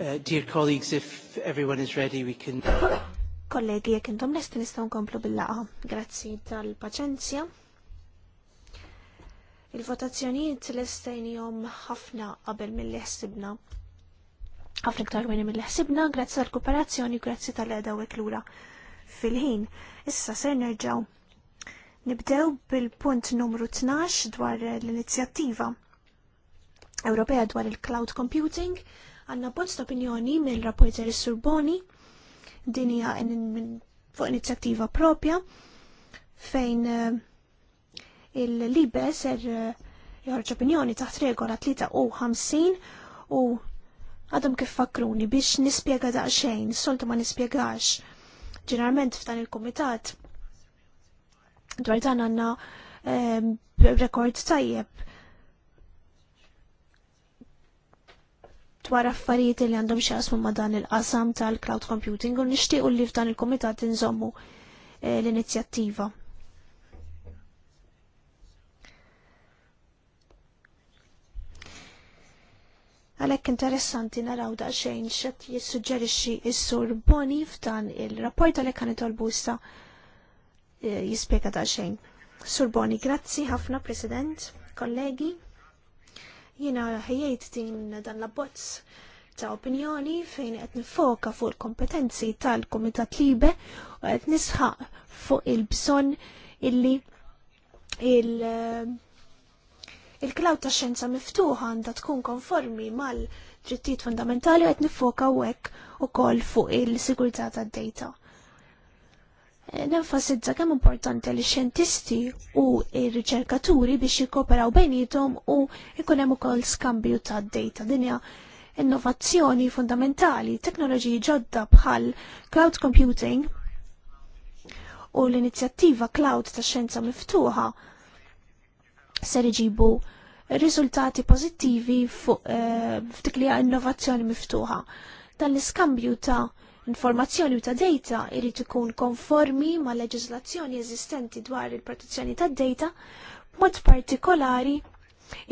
Uh, dear colleagues, if everyone is ready, we can... Kollegi, jek intom lesti nistaw nkomplu bil-laqa. Grazzi tal-paċenzja. Il-votazzjonijiet l-estajnijom ħafna qabel mill-li ħsibna. ħafna ktar minn mill-li ħsibna, grazzi tal-kooperazzjoni, grazzi tal-edha u eklura fil-ħin. Issa se nerġaw. Nibdew bil-punt numru 12 dwar l-inizjattiva Ewropea dwar il-cloud computing Għanna bozz opinjoni mill rapporter Surboni, dinja fuq inizjattiva propja, fejn eh, il-libe ser eh, joħroġ opinjoni taħt regola 3 u 50 u għadhom kif fakruni biex nispjega daqsxejn, soltu ma nispjegax. Ġeneralment f'dan il-kumitat dwar dan għandna eh, rekord tajjeb dwar affarijiet li għandhom xaqsmu ma' dan il-qasam tal-cloud computing u nixtiequ li f'dan il-komitat inżommu eh, l-inizjattiva. Għalek interessanti naraw daqxejn xed jissuġġerixxi s-sur Boni f'dan il-rapport għalek għan itolbu issa eh, jispjega xejn. Sur Boni, grazzi ħafna President, kollegi. Jiena ħajjajt din dan l-abbozz ta' opinjoni fejn qed nifoka fuq il-kompetenzi tal-Kumitat Libe u qed nisħaq fuq il-bżonn illi il- eh, il-klaw ta' xenza miftuħa għandha tkun konformi mal-drittijiet fundamentali qed nifoka hekk ukoll fuq il-sigurtà tad-dejta nenfasizza kemm importanti li xjentisti u r-riċerkaturi biex jikkoperaw bejnietom u jkun hemm ukoll skambju ta' data dinja innovazzjoni fundamentali, teknoloġiji ġodda bħal cloud computing u l-inizjattiva cloud ta' xjenza miftuħa ser iġibu riżultati pożittivi fuq eh, f'dik li innovazzjoni miftuħa. Dan l-iskambju ta' informazzjoni u ta' data irrit ikun konformi ma' leġislazzjoni eżistenti dwar il-protezzjoni ta' data mod partikolari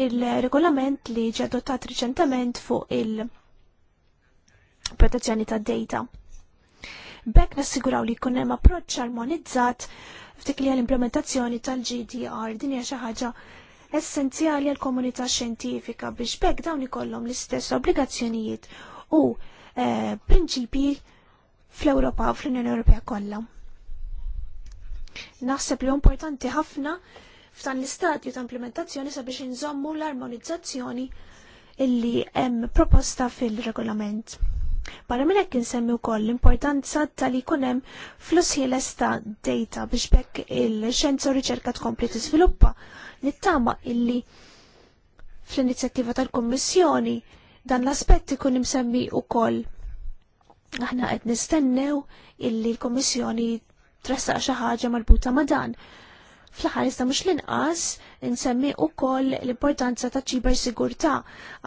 il-regolament li ġi adottat riċentament fuq il-protezzjoni ta' data. Bek nassiguraw li jkun hemm approċċ armonizzat ftik li l-implementazzjoni tal-GDR din hija xi ħaġa essenzjali għal komunità xjentifika biex bekk dawn ikollhom l-istess obbligazzjonijiet u eh, prinċipji fl-Ewropa u fl-Unjoni Ewropea kollha. Naħseb li importanti ħafna f'dan l-istadju ta' implementazzjoni sabiex inżommu l-armonizzazzjoni illi hemm proposta fil-regolament. Barra minn hekk insemmi wkoll l-importanza tal-li jkun hemm flus ħieles ta' data biex bekk il xenza u riċerka tkompli tiżviluppa nittama illi fl-inizjattiva tal-Kummissjoni dan l-aspett ikun imsemmi wkoll aħna qed nistennew illi l-Kommissjoni tressaq xi ħaġa marbuta ma' dan. Fl-aħħar iżda mhux l-inqas insemmi wkoll l-importanza ta' ċiber sigurtà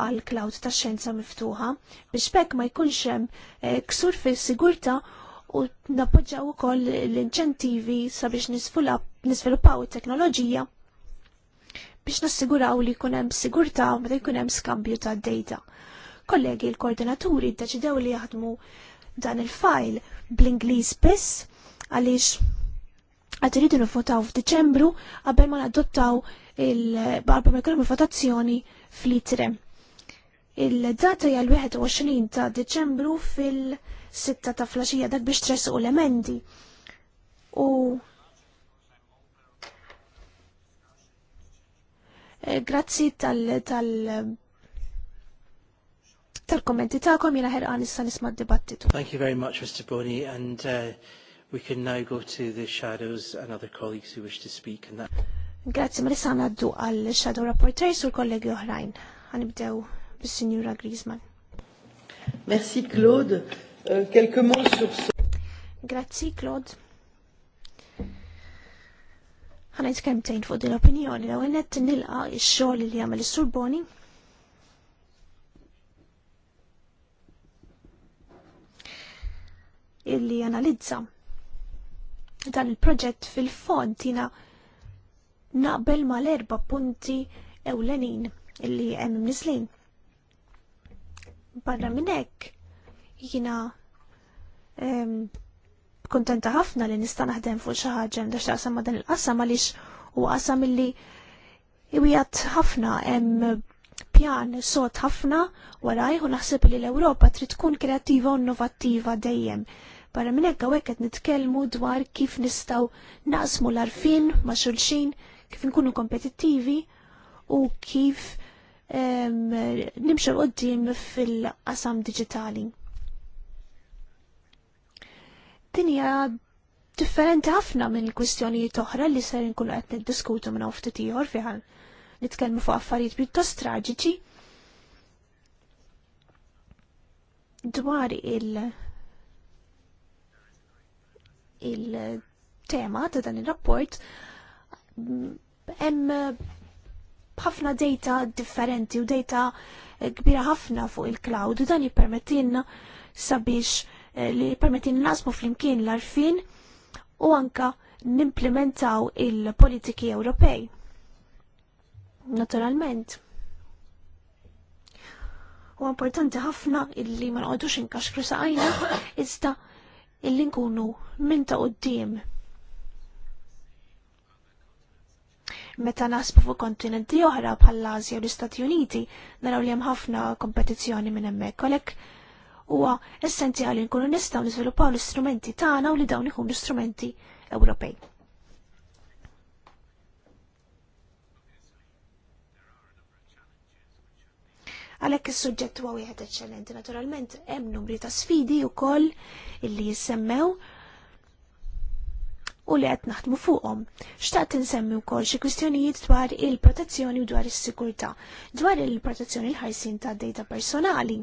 għal cloud ta' xjenza miftuħa biex bekk ma jkunx hemm eh, ksur fis-sigurtà u nappoġġaw ukoll l-inċentivi sabiex nisviluppaw it-teknoloġija biex nassiguraw li jkun hemm sigurtà meta jkun hemm skambju ta' data kollegi l-koordinaturi ddeċidew li jaħdmu dan il-fajl bl-Ingliż biss għaliex għad iridu nifvotaw f'Diċembru qabel ma nadottaw il-barba ma jkollhom il-votazzjoni fl-itre. Il-data hija l-21 ta' Diċembru fil-6 ta' flaxija dak biex tress u l-emendi. U eh, grazzi tal-, tal tal-kommenti jina nisma' dibattitu. Thank you very much, Mr. Boni, and uh, we can now go to the shadows and other colleagues who wish to speak. And that... Grazie, ma nissa għaddu għal shadow rapporteurs sur l-kollegi oħrajn. Għanibdew bis-Sinjura Griezmann. Merci, Claude. Uh, quelques mots sur ce... Grazie, Claude. Għana jitkemtejn fuq din opinjoni l-għu għennet nilqa il-xol li għamil il-Sorboni illi analizza dan il-proġett fil-fond jina naqbel mal-erba punti ewlenin illi hemm nislin. Barra minn hekk jina kontenta ħafna li nista' naħdem fuq xi ħaġa għandha x'taqsam ma' dan il-qasam għaliex u qasam illi iwijat ħafna hemm pjan sod ħafna warajh u naħseb li l-Ewropa trid tkun kreattiva u innovattiva dejjem. Barra minn hekk hawnhekk qed nitkellmu dwar kif nistgħu naqsmu l-arfin ma' xulxin, kif nkunu kompetittivi u kif nimxu qoddim fil-qasam digitali. Dinja differenti ħafna minn kwistjonijiet oħra li ser nkunu qed niddiskutu minn ftit ieħor fiħal. Nitkellmu fuq affarijiet pjuttost traġiċi dwar il- il-tema ta' dan il-rapport hemm ħafna data differenti u data kbira ħafna fuq il-cloud u dan jippermettilna sabiex eh, li jippermettilna nasbu flimkien l-arfin u anka nimplementaw il-politiki Ewropej. Naturalment. U importanti ħafna illi ma nqogħdux inkaxkru saqajna iżda illi nkunu minn ta' qoddim. Meta nasbu fuq kontinenti oħra bħall Asja u l-Istati Uniti naraw li hemm ħafna kompetizzjoni minn hemmhekk għalhekk huwa essenzjali nkunu nistgħu niżviluppaw l-istrumenti tagħna u li dawn ikunu strumenti Ewropej. Għalhekk is-suġġett huwa wieħed eċċellenti. Naturalment hemm numri ta' sfidi wkoll illi jissemmew u li qed naħdmu fuqhom. Xtaqt insemmi wkoll xi kwistjonijiet dwar il-protezzjoni u dwar is-sigurtà, dwar il-protezzjoni l-ħarsin ta' data personali.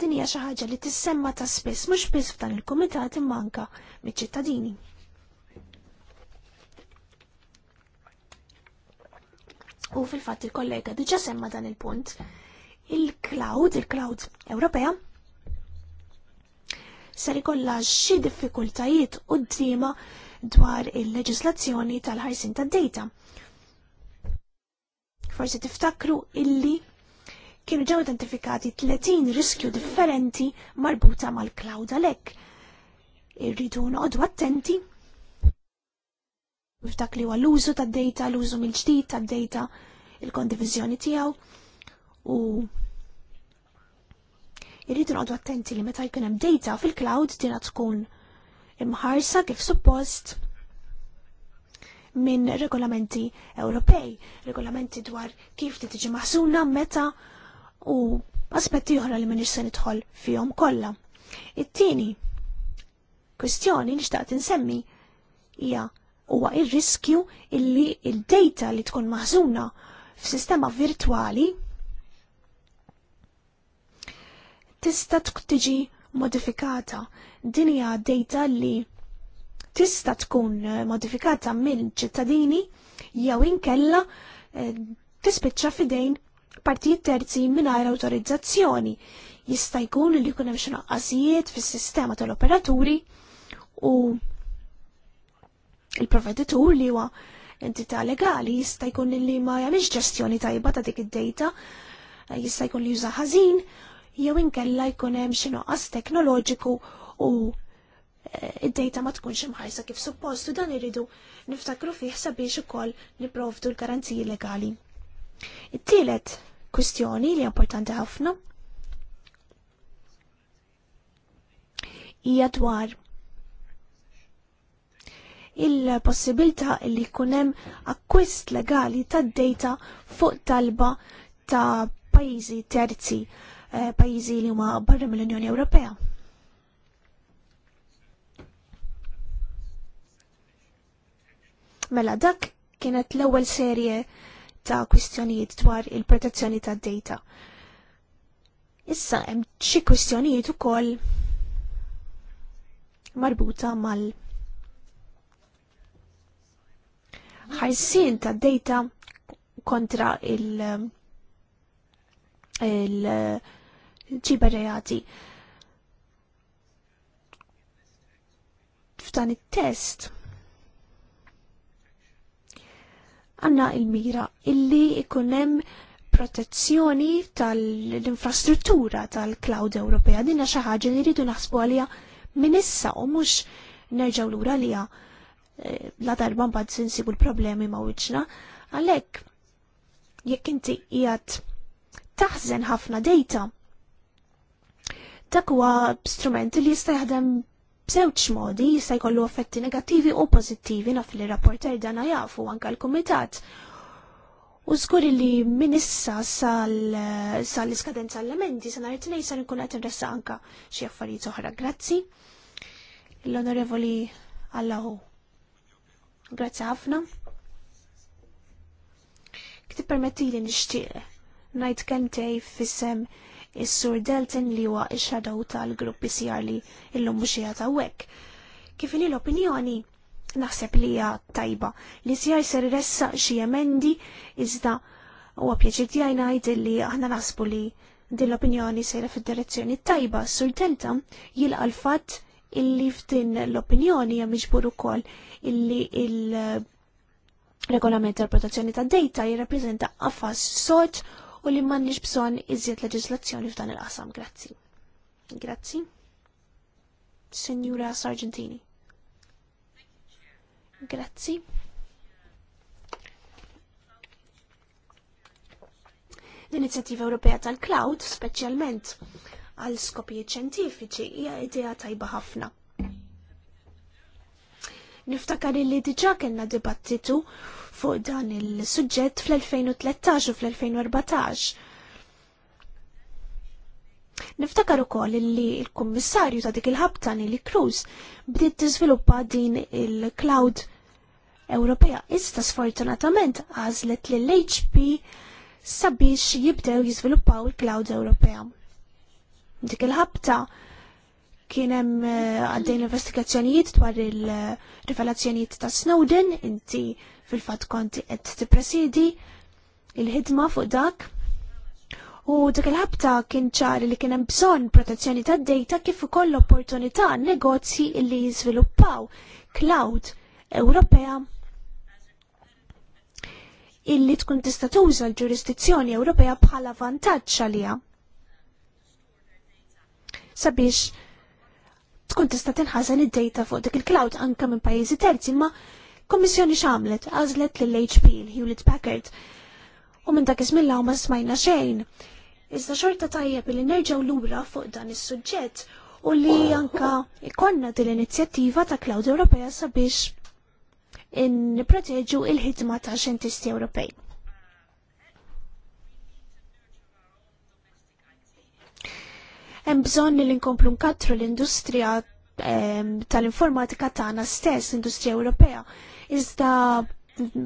Din hija xi ħaġa li tissemma ta' spiss mhux biss f'dan il-kumitat imma anke miċ-ċittadini. U fil-fatt il-kollega diġa semma dan il-punt. Il-cloud, il-cloud Ewropea, ser ikolla xi diffikultajiet d-dima dwar il-leġislazzjoni tal ħajsin tad-data. Forsi tiftakru illi kienu ġew identifikati 30 riskju differenti marbuta mal-cloud għalhekk. Irridu noqogħdu attenti f'dak li huwa l-użu tad-data, l-użu mill-ġdid tad-data, il-kondivizjoni tiegħu u irridu noqgħdu attenti li meta jkun hemm data fil-cloud dina tkun imħarsa kif suppost minn regolamenti Ewropej, regolamenti dwar kif li tiġi maħsuna meta u aspetti oħra li m'iniex se nidħol fihom kollha. It-tieni kwestjoni nixtaq tinsemmi hija huwa ir-riskju illi il-data li tkun maħżuna f'sistema virtwali tista' tiġi modifikata. Din hija data li tista' tkun eh, modifikata minn ċittadini jew inkella eh, tispiċċa fidejn partijiet terzi mingħajr awtorizzazzjoni. Jista' jkun li jkun hemm xi naqqasijiet fis-sistema tal-operaturi u il provveditur li huwa entità legali jista' jkun li ma jagħmilx ġestjoni tajba ta' dik id-data, jista' jkun li juża ħażin, jew inkella jkun hemm xi noqqas teknoloġiku u eh, id-data ma tkunx imħajsa kif suppostu dan iridu niftakru fih sabiex ukoll niprovdu l-garanziji legali. It-tielet kwistjoni li importanti ħafna hija dwar il-possibilità li kunem akkwist legali ta' data fuq talba ta' pajizi terzi, eh, pajizi li huma barra mill-Unjoni Ewropea. Mela dak kienet l-ewwel serje ta' kwistjonijiet dwar il-protezzjoni ta' data. Issa hemm xi kwistjonijiet ukoll marbuta mal- Ħajsin ta' data kontra il- il-ċiberreati. F'dan it-test għanna il-mira illi ikunem protezzjoni tal-infrastruttura tal-cloud Ewropea. Dinna xi ħaġa li rridu naħsbu għalija minn issa u mhux nerġgħu lura għalija la darba mbagħad sinsibu l-problemi ma' uċna. Għalhekk jekk inti jgħat taħżen ħafna dejta, dak huwa strument li jista' jaħdem b'żewġ modi jista' jkollu effetti negattivi u pożittivi naf li rapporter dana jafu anke l-kumitat. U żgur li min issa sal-iskadenza l-elementi sa nhar it-tnejn se nkun qed inressa anke xi affarijiet oħra. Grazzi. L-Onorevoli Allahu. Grazzi ħafna. Kti permetti li nishtiq najt kentej fissem is-sur Delton li huwa il shadow tal-grupp ICR li illum mhux jagħta wek. Kif l-opinjoni naħseb li hija tajba li Sijar ser ressa xi emendi iżda huwa pjaċir tiegħi li aħna naħsbu li din l-opinjoni sejra fid-direzzjoni tajba sur Delton jilqa l-fatt illi f'din l-opinjoni hija miġbur ukoll illi il-regolament tal-protezzjoni ta' data jirrappreżenta affas soċ u li m'għandniex bżonn iżjed leġislazzjoni f'dan il-qasam. Grazzi. Grazzi. Signora Sargentini. Grazzi. L-Inizjattiva Ewropea tal-Cloud, speċjalment għal skopji ċentifiċi hija idea tajba ħafna. Niftakar li diġa kellna dibattitu fuq dan il-suġġett fl-2013 u fl-2014. Niftakar ukoll li l-Kummissarju ta' dik il-ħabta li Cruz bdiet tiżviluppa din il-cloud Ewropea Issa sfortunatament għażlet lill hp sabiex jibdew jiżviluppaw il-Cloud Ewropea dik il-ħabta kien hemm eh, għaddejn investigazzjonijiet dwar il-rivelazzjonijiet ta' Snowden, inti fil-fatt konti qed tippresidi il-ħidma fuq dak. U dik il-ħabta kien ċar li kien hemm bżonn protezzjoni tad data kif ukoll opportunità negozji li jiżviluppaw cloud Ewropea illi tkun tista' tuża l-ġurisdizzjoni Ewropea bħala vantaġġ għaliha sabiex tkun tista' tinħażen id-data fuq dik il-cloud anke minn pajjiżi terzi, imma kommissjoni x'għamlet għażlet lill-HP Hewlett Packard. U minn dak iżmilla ma smajna xejn. Iżda xorta tajjeb li nerġgħu lura fuq dan is-suġġett u li anka ikonna din l-inizjattiva ta' Cloud Ewropea sabiex nipproteġu il-ħidma ta' xjentisti Ewropej. hemm bżonn li nkomplu nkattru l-industrija tal-informatika tagħna stess, industrija Ewropea. Iżda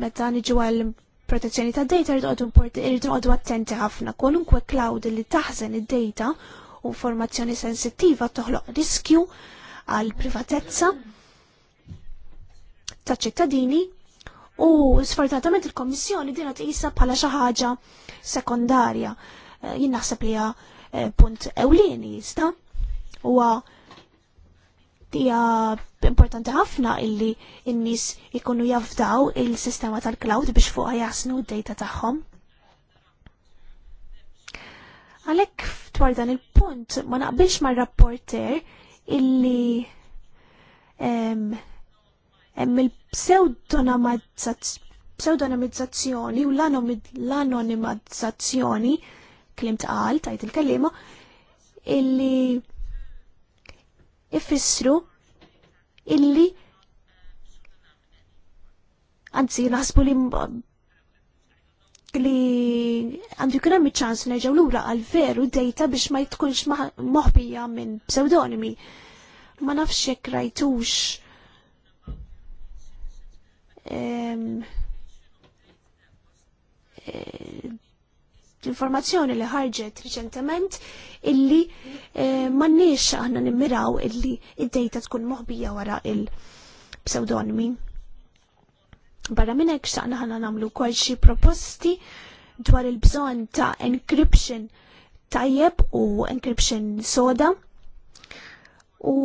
meta niġu għal protezzjoni ta' data irridu għadu attenti ħafna. Kwalunkwe cloud li taħżen id-data u informazzjoni sensittiva toħloq riskju għal privatezza ta' ċittadini u sfortunatament il-Kommissjoni dinha tqisha bħala xi ħaġa sekondarja. Eh, jien naħseb li Eh, punt ewlieni jista. u tija importanti ħafna illi n-nis ikunu jafdaw il-sistema tal-cloud biex fuqa jasnu d-data tagħhom. Għalek dwar dan il-punt ma naqbilx ma' rapporter illi hemm il-pseudonimizzazzjoni u l-anonimizzazzjoni klim tqal tajt il-kellima illi ifissru illi anzi nasbu li li għandu jkun hemm iċ-ċans nerġgħu lura għal veru dejta biex ma jitkunx moħbija minn pseudonimi. Ma nafx jekk rajtux l-informazzjoni li ħarġet riċentement illi eh, mannix aħna nimmiraw illi id dejta tkun moħbija wara il-pseudonimi. Barra minn hekk xaqna ħana nagħmlu wkoll proposti dwar il-bżonn ta' encryption tajjeb u encryption soda u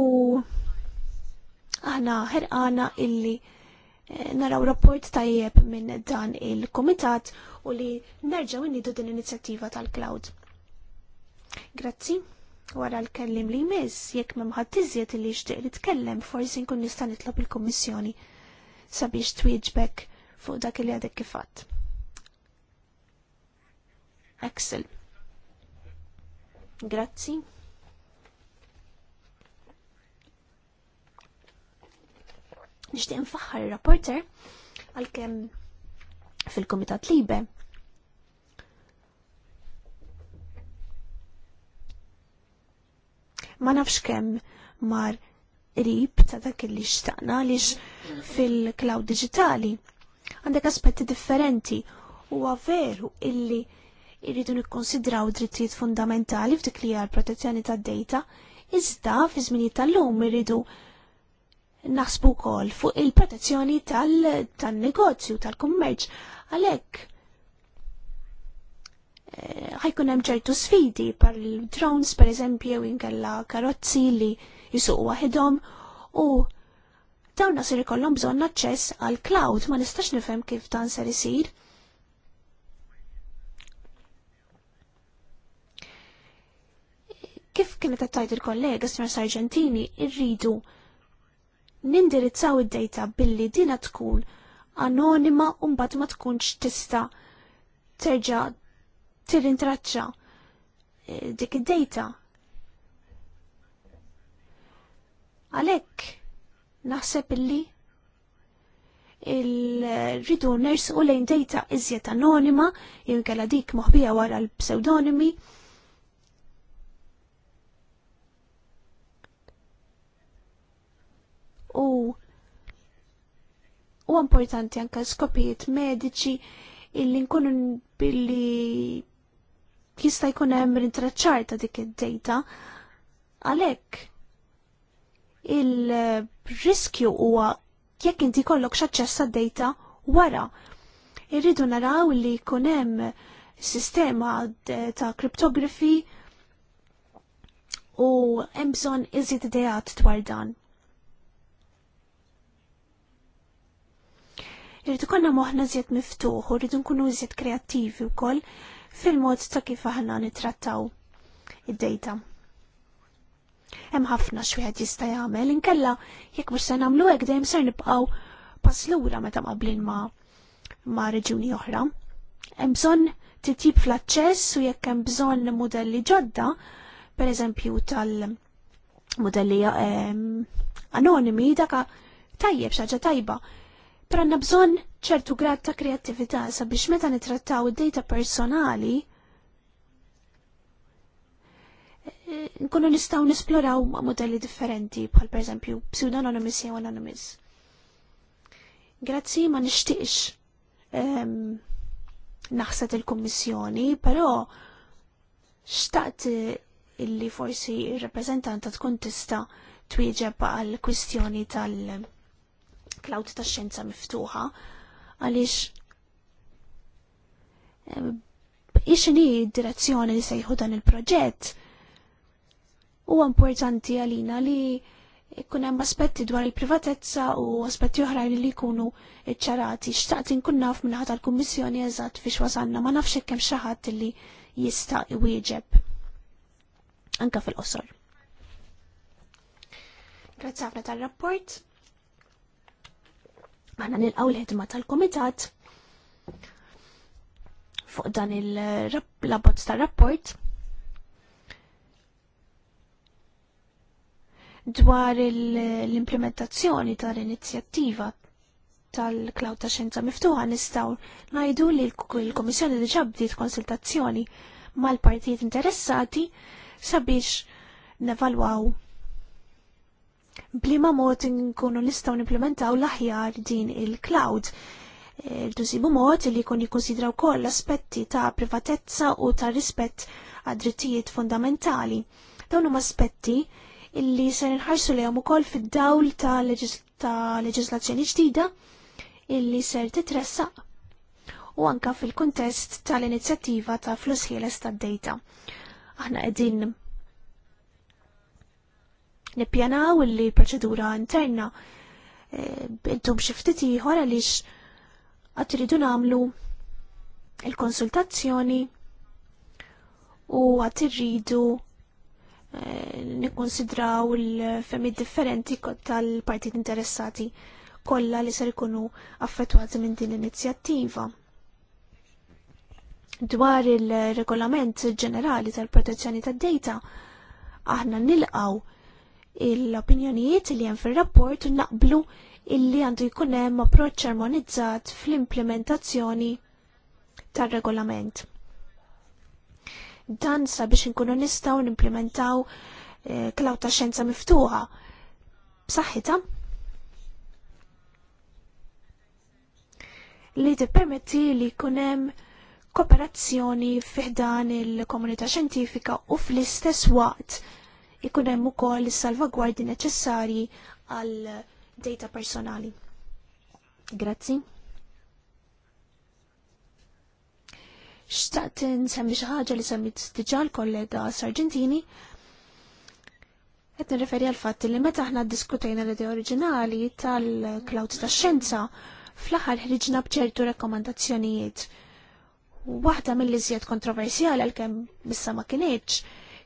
aħna ħerqana illi eh, naraw rapport tajjeb minn dan il-komitat u li nerġaw innidu din l-inizjattiva tal-cloud. Grazzi. Wara l-kellim li jmiss, jekk memħad tiżjed li jixtieq li tkellem, forsi nkun nista' nitlob il-Kummissjoni sabiex twieġbek fuq dak li għadek kifat. Axel. Grazzi. Nixtieq nfaħħar ir-rapporter għalkemm fil-Kumitat Libe ma nafx kemm mar qrib ta' dak li xtaqna lix fil-cloud digitali. Għandek aspetti differenti huwa veru illi irridu nikkonsidraw drittijiet fundamentali f'dik li hija protezzjoni tad-data, iżda fi żminijiet tal-lum irridu naħsbu wkoll fuq il-protezzjoni tal-negozju, tal-kummerċ. Għalhekk ħajkun hemm ċertu sfidi par drones per eżempju inkella karozzi li jisuq waħedhom u dawn nasir ikollhom bżonn aċċess għal cloud ma nistax nifhem kif dan ser isir. Kif kienet qed il-kollega Sr. Sargentini rridu nindirizzaw id data billi dina tkun anonima u mbagħad ma tkunx tista' terġa' tirintraċċa eh, dik id-data. Għalek, naħseb illi il-ridu u lejn data iżjed anonima, jinkella dik moħbija wara l-pseudonimi. U u importanti anka skopijiet mediċi illi nkunu billi jista' jkun hemm rintraċċar ta' dik id-data. Għalhekk il-riskju huwa jekk inti kollok xaċċess data wara. Irridu naraw li jkun hemm sistema ta' kriptografi u hemm bżonn iżid idejat dwar dan. Irrid konna moħħna iżjed miftuħ u rridu nkunu iżjed kreattivi wkoll fil-mod ta' kif aħna nitrattaw id-data. Hemm ħafna xwieħed jista' jagħmel inkella jekk mhux se nagħmlu hekk dejjem ser nibqgħu pass lura meta qablin ma' ma' reġuni oħra. Hemm bżonn titjib fl-aċċess u jekk hemm bżonn modelli ġodda, pereżempju tal-modelli ehm, anonimi daka tajjeb xaġa tajba. Pero għanna bżon ċertu grad ta' kreattività sabiex meta nitrattaw id-data personali nkunu nistaw nisploraw modelli differenti bħal per eżempju pseudonymus jew anonymous. Grazzi ma nixtieqx um, ehm, naħsed il-Kummissjoni, però xtaqt illi forsi il-rappreżentanta tkun tista' twieġeb għal kwistjoni tal- il-cloud ta' xenza miftuħa għaliex ixini direzzjoni li sejħu dan il-proġett. U importanti għalina li kunem hemm aspetti dwar il-privatezza u aspetti oħrajn li jkunu ċċarati. Xtaqt inkun naf minn ħadd tal-Kummissjoni eżatt fiex wasanna ma nafx hekk hemm xi ħadd li jista' iwieġeb anka fil-qosor. Grazzi ħafna tal-rapport. Aħna nilqaw l-ħidma tal-Komitat fuq dan il-labbozz tal-rapport dwar l-implementazzjoni tal-inizjattiva tal klaw ta' Xenza Miftuħa nistaw najdu li l-Komissjoni diġa bdiet konsultazzjoni mal-partijiet interessati sabiex nevalwaw Blima mod nkunu nistaw nimplementaw l-aħjar din il-cloud. Eh, Il-tużibu mod li kun jikonsidraw koll l-aspetti ta' privatezza u ta' rispett għad-drittijiet fundamentali. Dawn huma aspetti illi se nħarsu lehom ukoll fid-dawl ta' leġislazzjoni ġdida illi ser titressaq u anka fil-kontest tal-inizjattiva ta' flus ħieles tad-data. Aħna qegħdin nippjanaw li proċedura interna e, intom xiftiti ħora għaliex qatt iridu nagħmlu il-konsultazzjoni u qatt irridu e, nikkonsidraw il-femi differenti tal-partit interessati kollha li ser ikunu affettwati minn din l-inizjattiva. Dwar il-regolament ġenerali tal-protezzjoni tad-data, aħna nilqaw l-opinjonijiet li hemm fir-rapport u naqblu illi għandu jkun hemm approċċ armonizzat fl-implementazzjoni tar-regolament. Dan sabiex inkunu nistgħu nimplementaw eh, klaw ta' xjenza miftuħa b'saħħitha li tippermetti li jkun hemm kooperazzjoni fiħdan il-komunità xjentifika u fl-istess waqt ikun hemm ukoll is-salvagwardji neċessarji għal data personali. Grazzi. Xtaqt nsemmi xi ħaġa li semmit diġà l-kollega Sargentini. Qed nirreferi għal fatt li meta aħna ddiskutejna l-idea oriġinali tal-Cloud tax xjenza fl-aħħar ħriġna bċertu rakkomandazzjonijiet. Waħda mill-iżjed kontroversjali għalkemm issa ma kinitx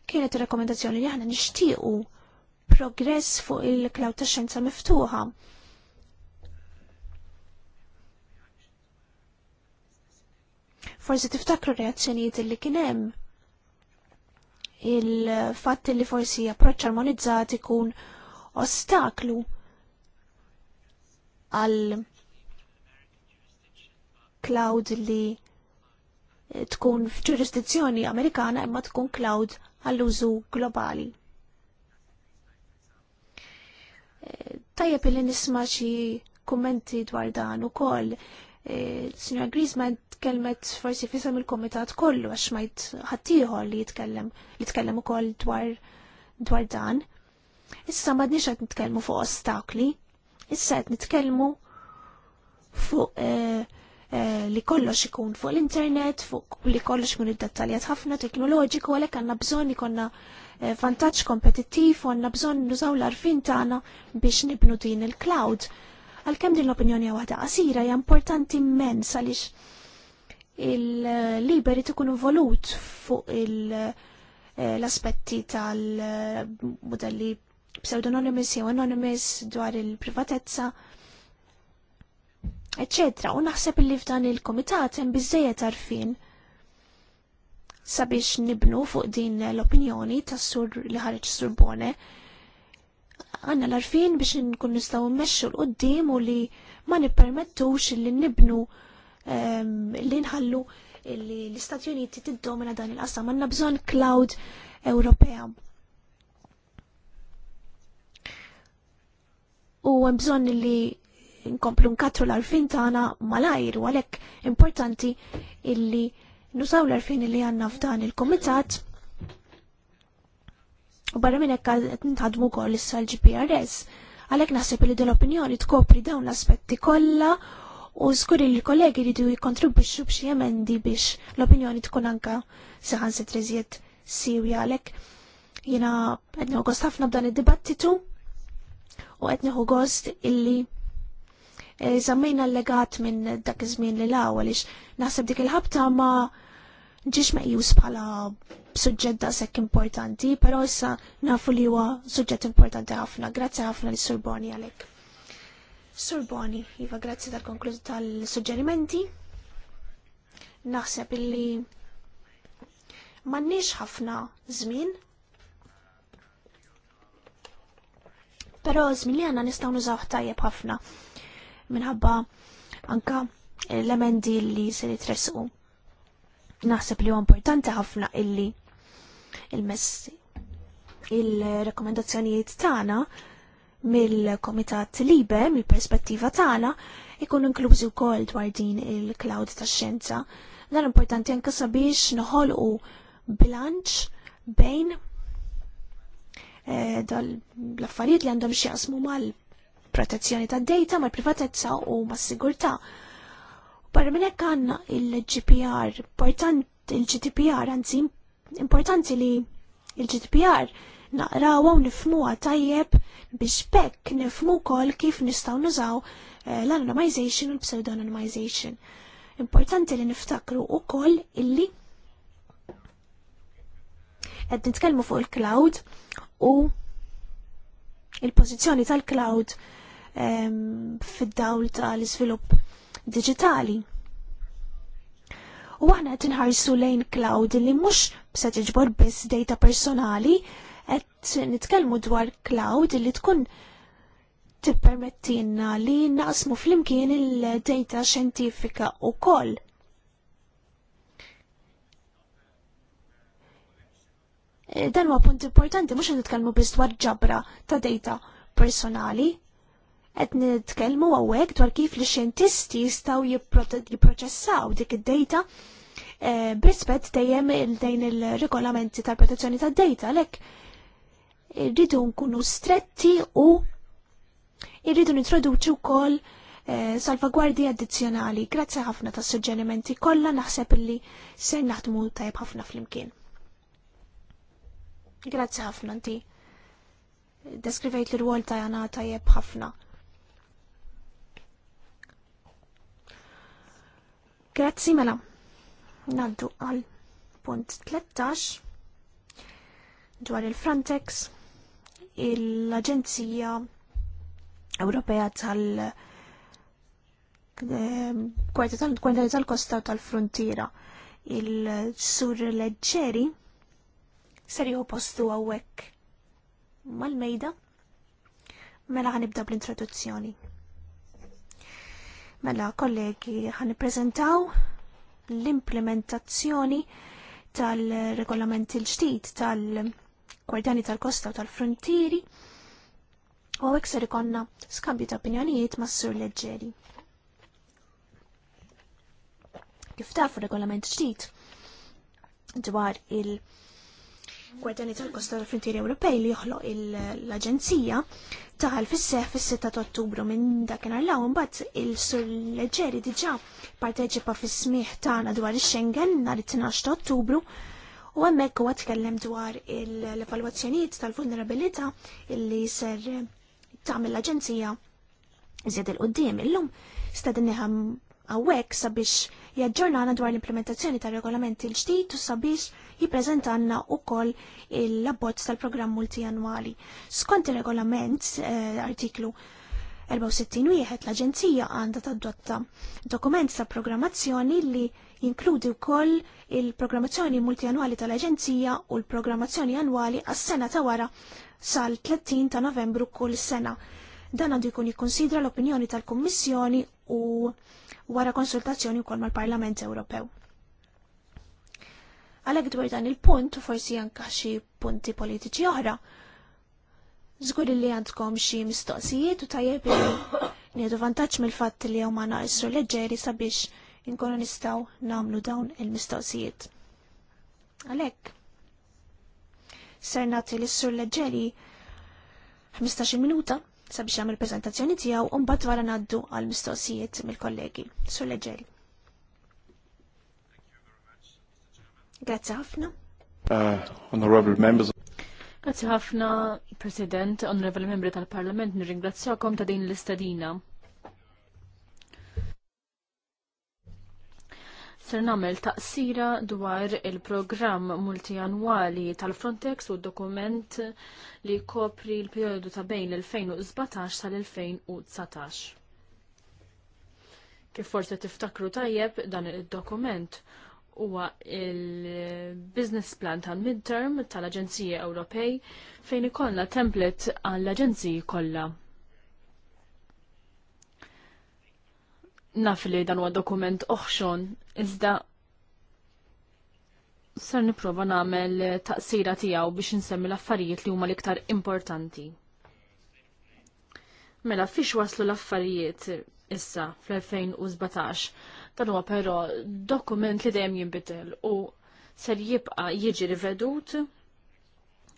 kienet ir-rekomendazzjoni li aħna nixtiequ progress fuq il-klaw ta' xjenza miftuħa. Forsi tiftakru reazzjonijiet li kien hemm il-fatt li forsi approċċ armonizzati kun ostaklu għal cloud li tkun f'ġurisdizzjoni Amerikana imma tkun cloud għall-użu globali. Eh, tajjeb li nisma' xi kummenti dwar dan ukoll. Eh, Sinjor Griezmann tkellmet forsi fisem il-komitat kollu għax majt ħaddieħor li jitkellem li tkellem ukoll dwar dwar dan. Issa m'għadniex qed nitkellmu fuq ostakli, issa qed nitkellmu fuq eh, Eh, li kollox ikun fuq l-internet, fuq li kollox ikun id-dettaljat ħafna teknoloġiku, għalhekk għandna bżonn ikonna eh, vantaġġ kompetittiv u għandna bżonn nużaw l-arfin tagħna biex nibnu din il-cloud. Għalkemm din l-opinjoni waħda qasira hija importanti immens għaliex il-liberi ikun involut fuq eh, l-aspetti tal-modelli pseudonymous jew anonymous dwar il-privatezza eccetera. U naħseb li f'dan il-komitat hemm biżejjed tarfin sabiex nibnu fuq din l-opinjoni tas sur li ħareġ sur Bone. Għanna l-arfin biex nkun nistgħu mmexxu l-qoddim u li ma nippermettux li nibnu ehm, li nħallu li l-Istati Uniti tiddomina dan il-qasam. Għanna bżonn cloud Ewropea. U hemm bżonn li inkomplu nkatru l-arfin tagħna malajr u għalhekk importanti illi nusaw l-arfin illi għandna f'dan il-kumitat u barra minn hekk nħadmu wkoll issa l-GPRS. Għalhekk naħseb li din opinjoni tkopri dawn l-aspetti kollha u żgur li l-kollegi jridu jikkontribwixxu b'xi emendi biex l-opinjoni tkun anka saħan sitriżiet siwja għalhekk. Jiena qed ħafna b'dan id-dibattitu u qed u gost illi zammejna eh, l-legat minn dak iż-żmien li law għaliex naħseb dik il-ħabta ma ġiex meqjus bħala suġġett daqshekk importanti, però issa nafu li huwa suġġett importanti ħafna. Grazzi ħafna li Sur Boni għalhekk. Sur Boni, iva grazzi tal-konkluż tal-suġġerimenti. Naħseb illi m'għandniex ħafna żmien Pero żmien li għandna nistgħu nużaw tajjeb ħafna minħabba anka l-emendi li se jitresqu. Naħseb li huwa importanti ħafna illi il-mess il-rekomendazzjonijiet tagħna mill-Komitat Libe, mill-perspettiva tagħna, ikun inklużi wkoll dwar din il-cloud tax-xjenza. Dan importanti anke sabiex noħolqu bilanċ bejn eh, dal l-affarijiet li għandhom xieqsmu mal protezzjoni ta' data, mal privatezza u ma' sigurtà. Barra minn hekk għandna il-GPR, il-GDPR anzi importanti li il-GDPR naqrawa u nifmuha tajjeb biex bekk nifmu kol kif nistgħu nużaw eh, l-anonymization u l-pseudonymization. Importanti li niftakru u illi għed nitkellmu fuq il-cloud u il-pozizjoni tal-cloud fid-dawl tal-iżvilupp digitali. U aħna qed inħarsu lejn cloud li mhux b'sa tiġbor biss data personali, qed nitkellmu dwar cloud li tkun tippermettilna li naqsmu flimkien il-data xjentifika wkoll. Eh, dan huwa punt importanti mhux qed nitkellmu biss dwar ġabra ta' data personali, qed nitkellmu hawnhekk dwar kif lix xjentisti jistgħu jipproċessaw dik id-data eh, brispett dejjem dejn il-regolamenti tal-protezzjoni tad-data lek irridu nkunu stretti u irridu nintroduċu wkoll eh, salvagwardi addizzjonali. Grazzi ħafna tas suġġerimenti kollha naħseb li se naħdmu tajb ħafna flimkien. Grazzi ħafna inti. Deskrivejt l-rwol tajana tajjeb ħafna. Grazzi mela. Naddu għal punt 13 dwar il-Frontex, l-Aġenzija Ewropea tal- eh, kwarta tal-kosta tal-frontiera. Il-sur leġġeri ser postu għawek mal-mejda mela ħanibda bl-introduzzjoni. Mela, kollegi, ħan prezentaw l-implementazzjoni tal-regolament il-ġdid tal kordani tal-Kosta u tal-Frontieri u għek se ikonna skambju ta' opinjonijiet ma' sur leġġeri. Kif tafu regolament ġdid dwar il- Gwardjani tal-Kosta tal-Frontieri Ewropej li joħloq l-Aġenzija taħal fis-seħ fis-6 ta' Ottubru minn dakinhar law imbagħad il-Sur Leġeri diġà parteċipa fis-smieħ tagħna dwar ix-Schengen nhar it-12 ta' Ottubru u hemmhekk huwa tkellem dwar l-evalwazzjonijiet tal-vulnerabilità illi ser tagħmel l-Aġenzija iżjed il-qudiem illum stadinniħam għawek sabiex jaġġornana dwar l-implementazzjoni tar regolamenti l-ġdid u sabiex jippreżentanna wkoll l-abbozz tal-programm multijanwali. Skont ir-regolament eh, artiklu 64 wieħed l-Aġenzija għandha dotta dokument ta' programmazzjoni li jinkludi wkoll il-programmazzjoni multianwali tal-Aġenzija u l-programmazzjoni annwali għas-sena ta' wara sal-30 ta' Novembru kull sena. Dan għandu jkun jikkonsidra l-opinjoni tal-Kummissjoni u wara konsultazzjoni wkoll mal-Parlament Ewropew. Għalhekk dwar dan il-punt forsi anke xi punti politiċi oħra. Żgur li għandkom xi mistoqsijiet u tajjeb nieħdu vantaġġ mill-fatt li huma naqisru leġeri sabiex inkunu nistgħu nagħmlu dawn il-mistoqsijiet. Għalhekk ser nagħti lis-sur leġeri 15 minuta sabiex jagħmel preżentazzjoni tiegħu u mbagħad wara ngħaddu għal mistoqsijiet mill-kollegi. Sur Leġeri. Grazzi ħafna. Uh, honorable members. Grazzi ħafna, President, Honorable Membri tal-Parlament, nirringrazzjakom ta' din l-istadina. Ser nagħmel taqsira dwar il-programm multianwali tal-Frontex u dokument li kopri l-perjodu ta' bejn l-2017 tal-2019. Kif forse tiftakru tajjeb dan il-dokument huwa il-business plan tal midterm tal-Aġenziji Ewropej fejn ikollna template għall-Aġenziji kollha. naf li dan huwa dokument oħxon, iżda ser niprofa nagħmel taqsira tiegħu biex insemmi l-affarijiet li huma l-iktar importanti. Mela fiex waslu l-affarijiet issa fl-2017 dan huwa però dokument li dejjem jinbidel u ser jibqa' jiġi rivedut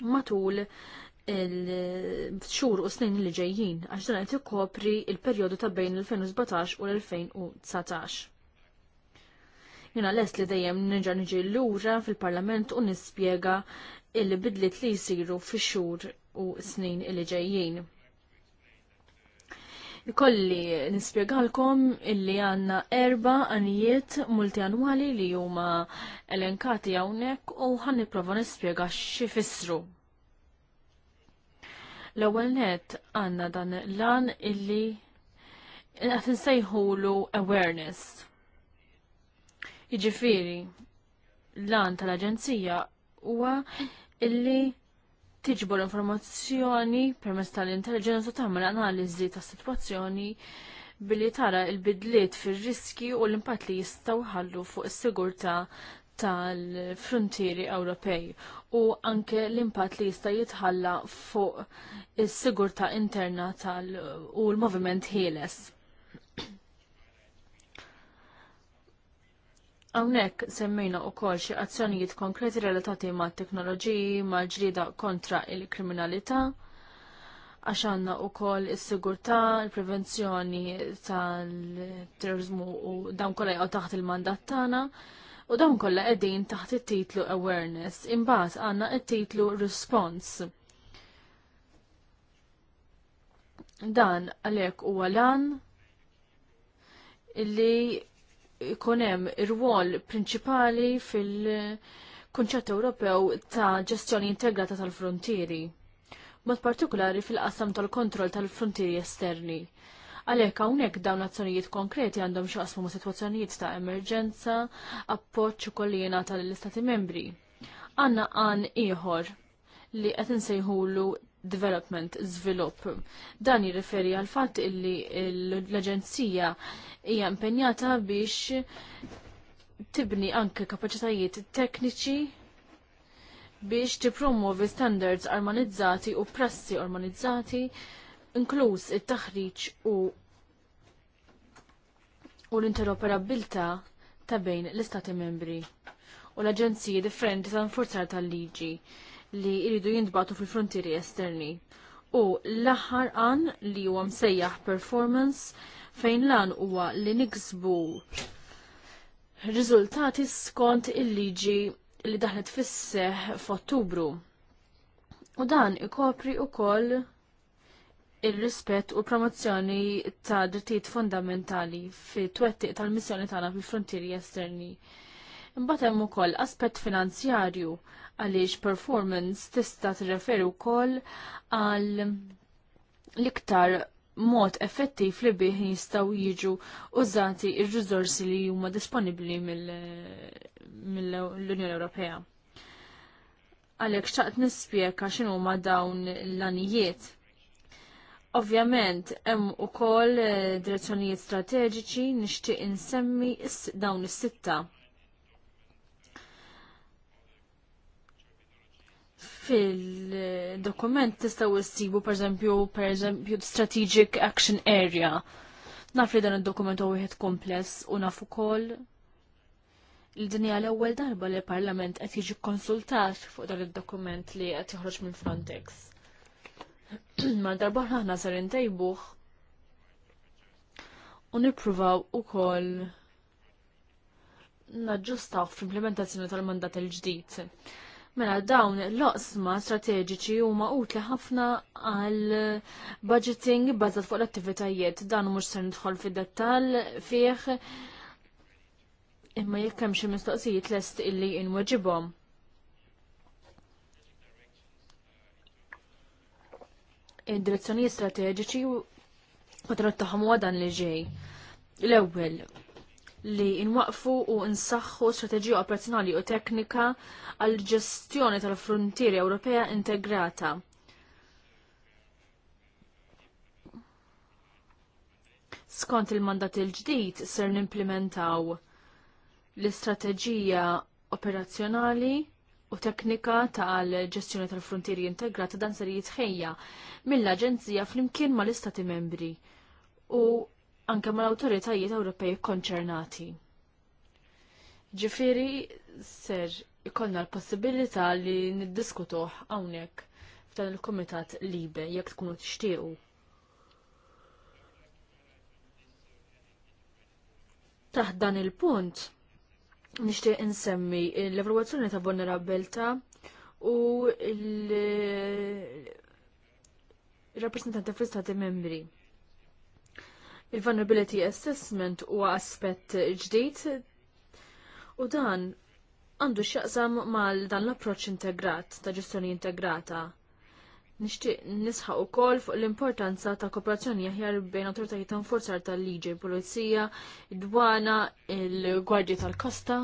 matul il xur u snin li ġejjin għax dan qed ikopri l-perjodu ta' bejn il-2017 u l-2019. Jena lest li dejjem ninġa niġi lura fil-Parlament u nispjega il bidlit li jsiru fix-xhur u snin li ġejjin. Kolli nispjegalkom illi għanna erba għanijiet multianwali li huma elenkati hawnhekk u ħanniprofa nispjega x'ifissru. L-ewwel net għandna dan lan illi qed insejħulu awareness. Jiġifieri lan tal-Aġenzija huwa illi tiġbu l informazzjoni permezz tal intelligence u tagħmel analiżi tas-sitwazzjoni billi tara l bidliet fir-riski u l-impatt li jistgħu ħallu fuq is-sigurtà tal-frontieri Ewropej u anke l-impatt li jista' jitħalla fuq is-sigurtà interna tal- u l-moviment ħieles. Hawnhekk semmejna wkoll xi azzjonijiet konkreti relatati mat teknoloġiji, mal ġlieda kontra l kriminalità għax għanna u koll il-sigurta, il-prevenzjoni tal-terrorizmu u dawn kolla jgħu taħt il-mandat tagħna, u dawn kollha qegħdin taħt it-titlu Awareness imbagħad għandna it-titlu Response. Dan għalhekk huwa lan illi jkun hemm ir-rwol prinċipali fil-kunċett Ewropew ta' ġestjoni integrata tal-frontieri mod partikolari fil-qasam tal-kontroll tal-frontieri esterni. Għalhekk hawnhekk dawn azzjonijiet konkreti għandhom xaqsmu ma' sitwazzjonijiet ta' emerġenza, appoġġ u jingħata tal istati Membri. Għanna għan ieħor li qed insejħulu development, zvilup. Dan jirriferi għal fatt illi l-Aġenzija hija impenjata biex tibni anke kapaċitajiet tekniċi biex tipromovi standards armonizzati u prassi armonizzati inkluż it-taħriġ u u l-interoperabilta ta' bejn l-istati membri u l-aġenziji differenti ta' nfurzar tal-liġi li jridu jindbatu fil-frontieri esterni. U l-aħħar għan li huwa msejjaħ performance fejn lan huwa li niksbu riżultati skont il-liġi li daħlet fisseħ f'Ottubru. U dan ikopri ukoll il-rispett u promozzjoni ta' drittijiet fundamentali fi twettiq tal-missjoni tagħna fil-frontieri esterni. Imbagħad hemm ukoll aspett finanzjarju għaliex performance tista' tirreferi wkoll għal l-iktar mod effettiv li bih jistgħu jiġu użati r riżorsi li huma disponibbli mill-Unjoni Ewropea. Għalhekk xtaqt nispjega x'inhuma dawn l-anijiet Ovvjament, hemm ukoll eh, direzzjonijiet strateġiċi nixtieq insemmi dawn is-sitta. Fil-dokument tistgħu issibu pereżempju pereżempju Strategic Action Area. Naf li dan id-dokument huwa wieħed kompless u naf ukoll li din hija l-ewwel darba li l-Parlament qed jiġi konsultat fuq dan id-dokument li qed joħroġ minn Frontex ma darba ħana sar intajbuħ u nippruvaw ukoll naġġustaw fl-implementazzjoni tal-mandat il-ġdid. Mela dawn l-oqsma strateġiċi huma utli ħafna għal budgeting bażat fuq l-attivitajiet. Dan mhux se nidħol fid-dettall fih imma jekk hemm xi mistoqsijiet lest illi inweġibhom. id-direzzjonijiet strateġiċi u kontenut tagħhom dan li ġej. L-ewwel li nwaqfu u nsaħħu strateġija operazzjonali u teknika għal ġestjoni tal-frontieri Ewropea integrata. Skont il-mandat il-ġdid ser nimplementaw l-istrateġija operazzjonali u teknika tal-ġestjoni tal-frontieri integrata dan ser jitħejja mill-Aġenzija flimkien mal-Istati membri u anke mal-awtoritajiet Ewropej konċernati. Ġifiri ser ikollna l-possibilità li niddiskutuh hawnhekk f'dan il-Kumitat Libe jekk tkunu tixtiequ. Taħdan dan il-punt, nixtieq insemmi l-evalwazzjoni ta' vulnerabilità u l-rappresentanti fl-istati membri. Il-vulnerability assessment huwa aspett ġdid u dan għandu x'jaqsam mal dan l-approċċ integrat ta' ġestjoni integrata Nixtieq nisħaq ukoll fuq l-importanza ta' kooperazzjoni aħjar bejn autoritajiet ta' forzar tal-liġi, pulizija, dwana, il-gwardji tal-kosta.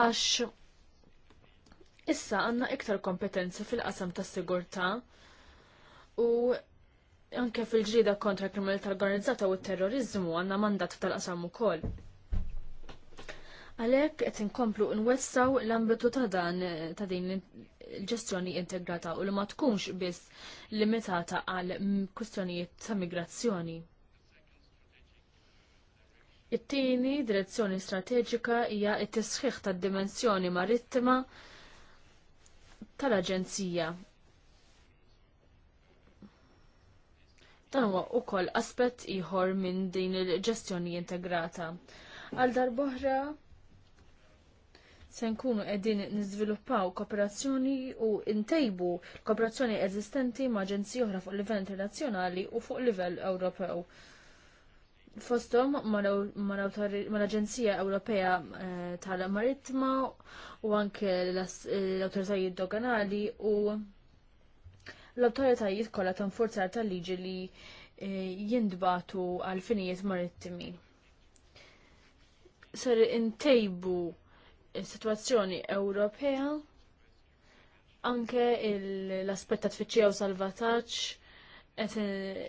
Għax issa għandna iktar kompetenzi fil-qasam tas sigurtà u anke fil-ġrida kontra kriminalità organizzata u t terrorizmu għandna mandat tal-qasam ukoll. Għalhekk qed inkomplu nwessaw l-ambitu ta' dan ta' din l-ġestjoni integrata u li ma tkunx biss limitata għal kwistjonijiet ta' migrazzjoni. It-tieni direzzjoni strateġika hija t tisħiħ tad-dimensjoni marittima tal-Aġenzija. Dan huwa wkoll aspett ieħor minn din il-ġestjoni integrata. Għal darboħra se nkunu qegħdin niżviluppaw kooperazzjoni u ntejbu kooperazzjoni eżistenti ma' aġenziji oħra fuq livell internazzjonali u fuq livell Ewropew. Fostom mal-Aġenzija Ewropea eh, tal-Maritma u anke l-Awtoritajiet Doganali u l-Awtoritajiet kollha tanforzar tal-liġi li eh, jindbatu għal finijiet marittimi ser intejbu il-situazzjoni Ewropea, anke l-aspetta tfittxija u salvataġġ eh,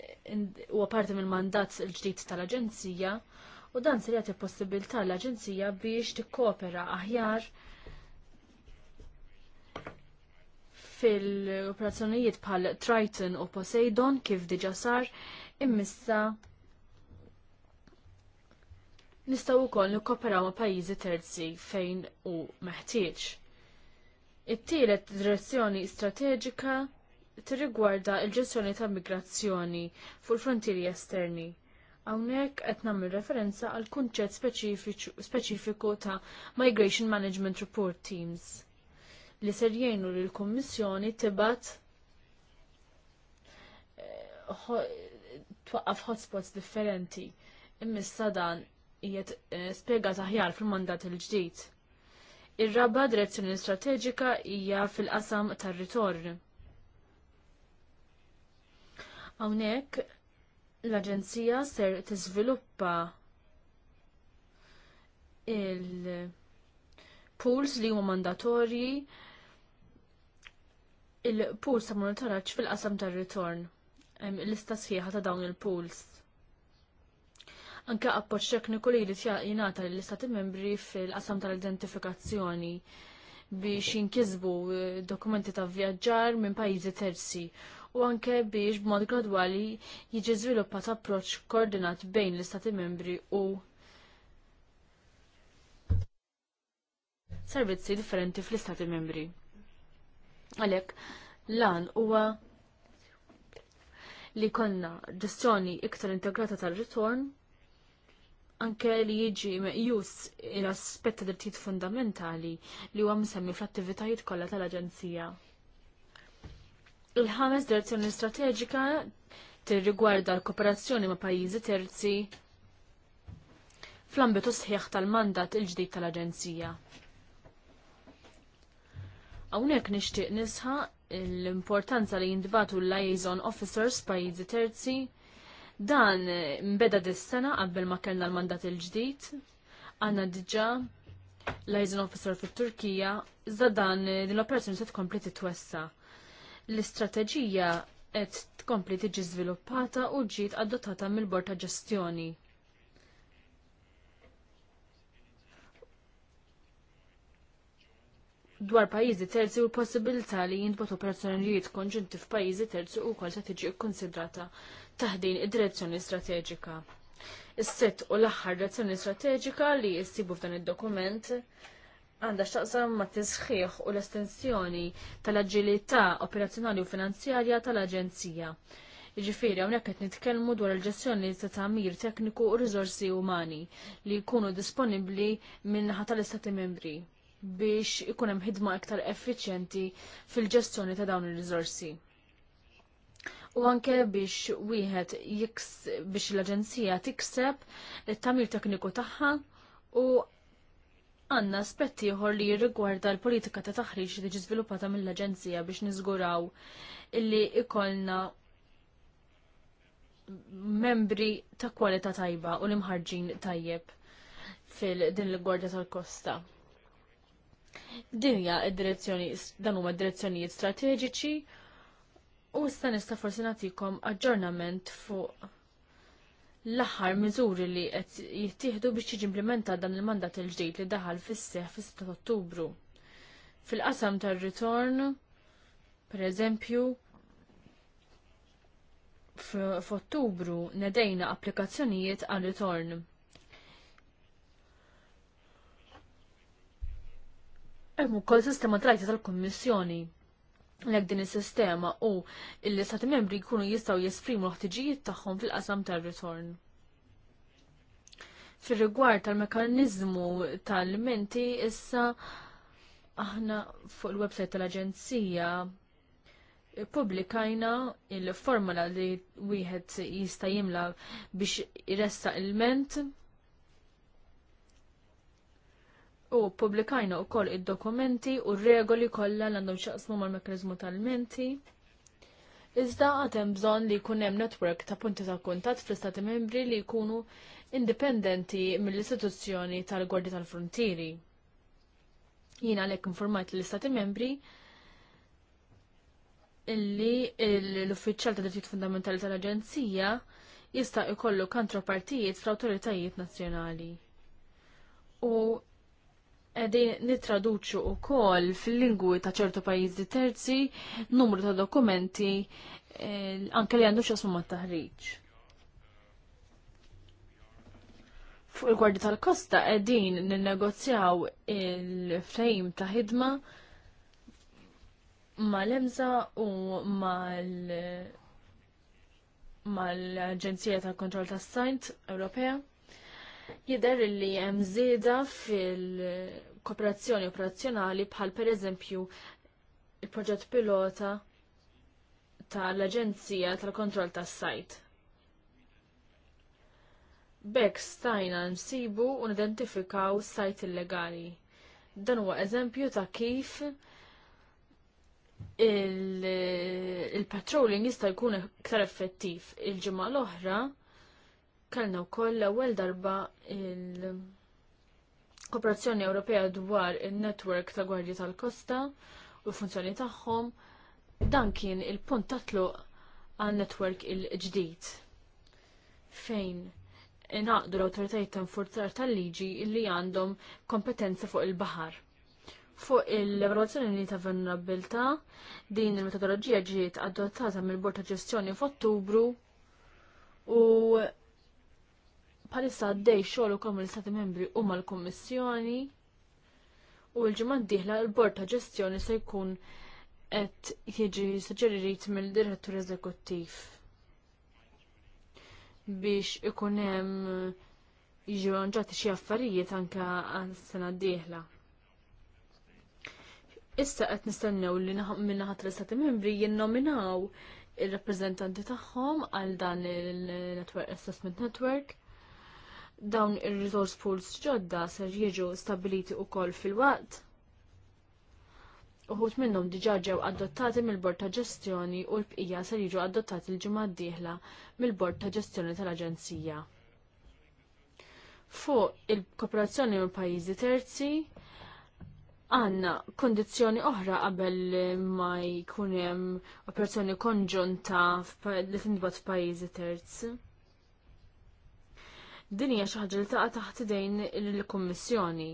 huwa parti mill-mandat il-ġdid tal-Aġenzija u dan se jagħti possibilità l-Aġenzija biex t-koopera aħjar fil-operazzjonijiet bħal Triton u Poseidon kif diġa sar immissa Nistaw ukoll nikkoperaw ma' pajjiżi terzi fejn u meħtieġ. It-tielet direzzjoni strateġika tirrigwarda l-ġestjoni ta' migrazzjoni fuq il-frontieri esterni. Hawnhekk qed nagħmel referenza għal kunċett speċifiku ta' Migration Management Report Teams li ser jgħinu li l-Kummissjoni tibat eh, twaqqaf hotspots differenti. Immissa dan jiet eh, spiega taħjar fil-mandat il-ġdid. Ir-raba direzzjoni strateġika hija fil-qasam tar-ritorn. Hawnhekk l-Aġenzija ser tiżviluppa il-pools li huma mandatorji il-pools ta' monitoraġġ fil-qasam tar-ritorn l-istasħiħa ta' dawn il-pools anke appoġġ tekniku li jingħata lill-Istati membri fil-qasam tal-identifikazzjoni biex jinkisbu eh, dokumenti ta' vjaġġar minn pajjiżi terzi u anke biex b'mod gradwali jiġi żviluppat approċċ koordinat bejn l-Istati membri u servizzi differenti fl-istati membri. Għalek, lan huwa li konna ġestjoni iktar integrata tal-ritorn anke li jiġi meqjus l-aspett ta' drittijiet fundamentali li huwa msemmi fl-attivitajiet kollha tal-Aġenzija. Il-ħames direzzjoni strateġika tirrigwarda l-kooperazzjoni ma' pajjiżi terzi fl-ambitu sħiħ tal-mandat il-ġdid tal-Aġenzija. Hawnhekk nixtieq nisħaq l-importanza li jindbatu l-liaison officers pajjiżi terzi Dan eh, mbeda dis-sena qabel ma kellna l-mandat il-ġdid, għandna diġà liaison officer fit-Turkija, iżda dan eh, din l-operazzjoni se tkompli titwessa. L-istrateġija qed tkompli tiġi żviluppata u ġiet adottata mill-Bord ta' Ġestjoni. dwar pajjiżi terzi u possibilità li jintbot operazzjonijiet konġunti f'pajjiżi terzi u kol se tiġi kkonsidrata taħdin id-direzzjoni strateġika. Is-sitt u l-aħħar direzzjoni strateġika li jissibu f'dan id-dokument għandha x'taqsam ma' tisħiħ u l-estensjoni tal-aġilità operazzjonali u finanzjarja tal-Aġenzija. Jiġifieri hawnhekk qed nitkellmu dwar il-ġestjoni ta' tagħmir tekniku u riżorsi umani li jkunu disponibbli minn tal istati membri biex ikun hemm ħidma iktar effiċjenti fil-ġestjoni ta' dawn ir-riżorsi u anke biex wieħed biex l-Aġenzija tikseb it tagħmir tekniku tagħha u għanna aspetti ieħor li jirrigwarda l-politika ta' taħriġ li ġi żviluppata mill-Aġenzija biex niżguraw illi ikolna membri ta' kwalità tajba u l-imħarġin tajjeb fil-din l-gwardja tal-kosta. Dinja id-direzzjoni, dan huma direzzjonijiet strateġiċi U sta nista' forsi nagħtikom aġġornament fuq l-aħħar miżuri li qed jittieħdu biex jiġi implementat dan il-mandat il-ġdid li daħal fis-seħ fis-6 Ottubru. Fil-qasam tar-ritorn, pereżempju, f'Ottubru nedejna applikazzjonijiet għal ritorn. Hemm ukoll sistema tal-Kummissjoni l-ek din il-sistema u il-Stati membri jkunu jistaw jesprimu l-ħtiġijiet tagħhom fil-qasam tar-ritorn. Fil-rigward tal-mekanizmu tal-menti issa aħna fuq il-website tal-Aġenzija publikajna il-formula li wieħed jista' jimla biex jressa il-ment u publikajna u koll id-dokumenti u regoli kollha l għandhom xaqsmu mal-mekanizmu tal-menti. Iżda għatem bżon li kunem network ta' punti ta' kuntat fl-istati membri li jkunu indipendenti mill-istituzzjoni tal gordi tal-Frontieri. Jina għalek informajt l-istati membri illi l-uffiċjal ta' drittijiet fundamentali tal-Aġenzija jista' jkollu kontrapartijiet fl-awtoritajiet nazzjonali. U Edin nitraduċu u kol fil-lingwi ta' ċertu pajizi terzi numru ta' dokumenti eh, anke li għandu xasumma taħriġ. Fuq il-Gwardi tal-Kosta edin ninnegozjaw il-frame ta' ħidma mal-emza u mal- mal-Aġenzija tal-Kontroll tas-Sajnt Ewropea jider li hemm żieda fil-kooperazzjoni operazzjonali bħal pereżempju il-proġett pilota tal-Aġenzija tal-Kontroll tas-Sajt. Bek stajna nsibu u nidentifikaw sajt illegali. Dan huwa eżempju ta' kif il-patrolling il jista' jkun iktar effettiv. Il-ġimgħa l-oħra kellna wkoll l-ewwel darba il- Kooperazzjoni Ewropea dwar il-network ta' Gwardji tal-Kosta u l-funzjoni tagħhom dan kien il-punt tatlu għal network il-ġdid fejn inaqdu l-autoritajiet ta' nfurzar tal-liġi li għandhom kompetenza fuq il-baħar. Fuq il-evaluazzjoni ta' vulnerabilità, din il-metodoloġija ġiet adottata mill-Bord ta' Ġestjoni f'Ottubru u bħalissa għaddej xogħol ukoll mill-Stati Membri u mal-Kummissjoni u l-ġimgħa d-dieħla l-Bord ta' Ġestjoni se jkun qed jiġi suġġerit mill-Direttur Eżekuttiv biex ikun hemm jiġu ġati xi affarijiet anke għas-sena d-dieħla. Issa qed nistennew li minn naħat l-Istati Membri jinnominaw ir rappreżentanti tagħhom għal dan il-Network Assessment Network dawn ir-resource pools ġodda ser jiġu stabiliti wkoll fil-waqt. Uħut minnhom diġà ġew adottati mill-Bord ta' Ġestjoni u l-bqija ser jiġu adottati l-ġimgħa d-dieħla mill-Bord ta' Ġestjoni tal-Aġenzija. Fuq il-kooperazzjoni mill pajjiżi terzi, għanna kondizjoni oħra qabel ma jkun hemm operazzjoni konġunta li tintbagħat f'pajjiżi terzi. Din hija xi ħaġa li taqa' taħt idejn il-Kummissjoni.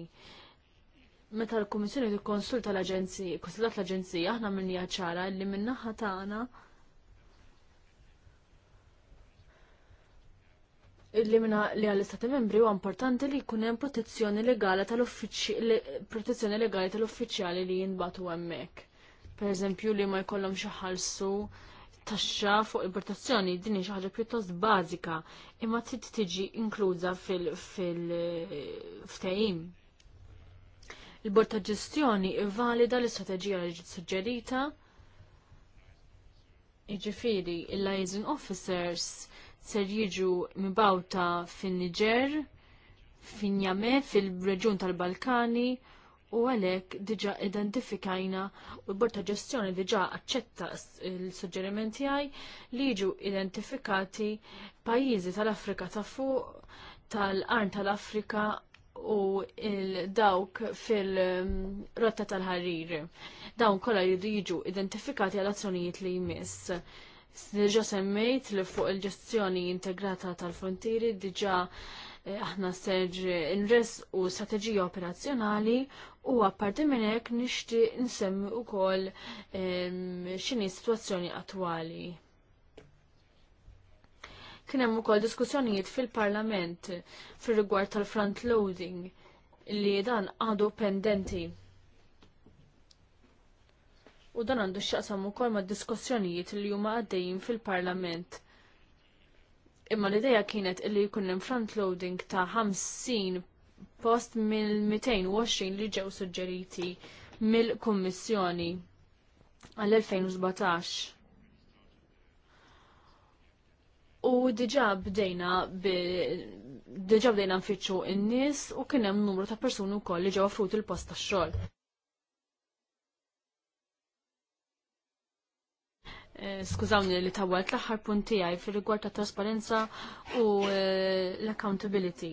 Meta l-Kummissjoni tikkonsulta l-Aġenzija, konsultat l-Aġenzija, aħna hija ċara li min-naħa tagħna illi minna li għall-istati membri huwa importanti li jkun hemm protezzjoni legali protezzjoni legali tal-uffiċjali li jinbatu hemmhekk. Per eżempju li ma jkollhom xi ħalsu taxxa fuq importazzjoni din xi ħaġa pjuttost bażika imma trid tiġi inkluża fil-ftehim. Il-Bord ta' Ġestjoni valida l-istrateġija li ġiet suġġerita jiġifieri il-liaison officers ser jiġu mibawta fin-Niġer, fin-Jame, fil-reġjun tal-Balkani, fil reġjun tal balkani u għalhekk diġà identifikajna u l Ġestjoni diġa' aċċetta il suġġerimenti għaj li jiġu identifikati pajjiżi tal-Afrika ta' fuq tal arn tal-Afrika u dawk fil-rotta tal-ħarir. Dawn kollha jridu jiġu identifikati għal azzjonijiet li jmiss. Diġa semmejt li fuq il-ġestjoni integrata tal-frontieri diġa aħna seġ inres u strateġija operazzjonali u apparti minn hekk nixtieq u wkoll x'inhi situazzjoni attwali. Kien hemm ukoll diskussjonijiet fil-Parlament fir-rigward tal-front loading li dan għadu pendenti. U dan għandu x'jaqsam ukoll mad diskussjonijiet li huma għaddejjin fil-Parlament Imma l-ideja kienet illi jkun hemm front loading ta' 50 post mill-220 li ġew suġġeriti mill-Kummissjoni għall-2017. U diġa bdejna diġa bdejna nfittxu in-nies u kien hemm numru ta' persuni wkoll li ġew fruti il-post tax-xogħol. Eh, skużawni li tawelt l-aħħar punt tiegħi fir-rigward ta' trasparenza u eh, l-accountability.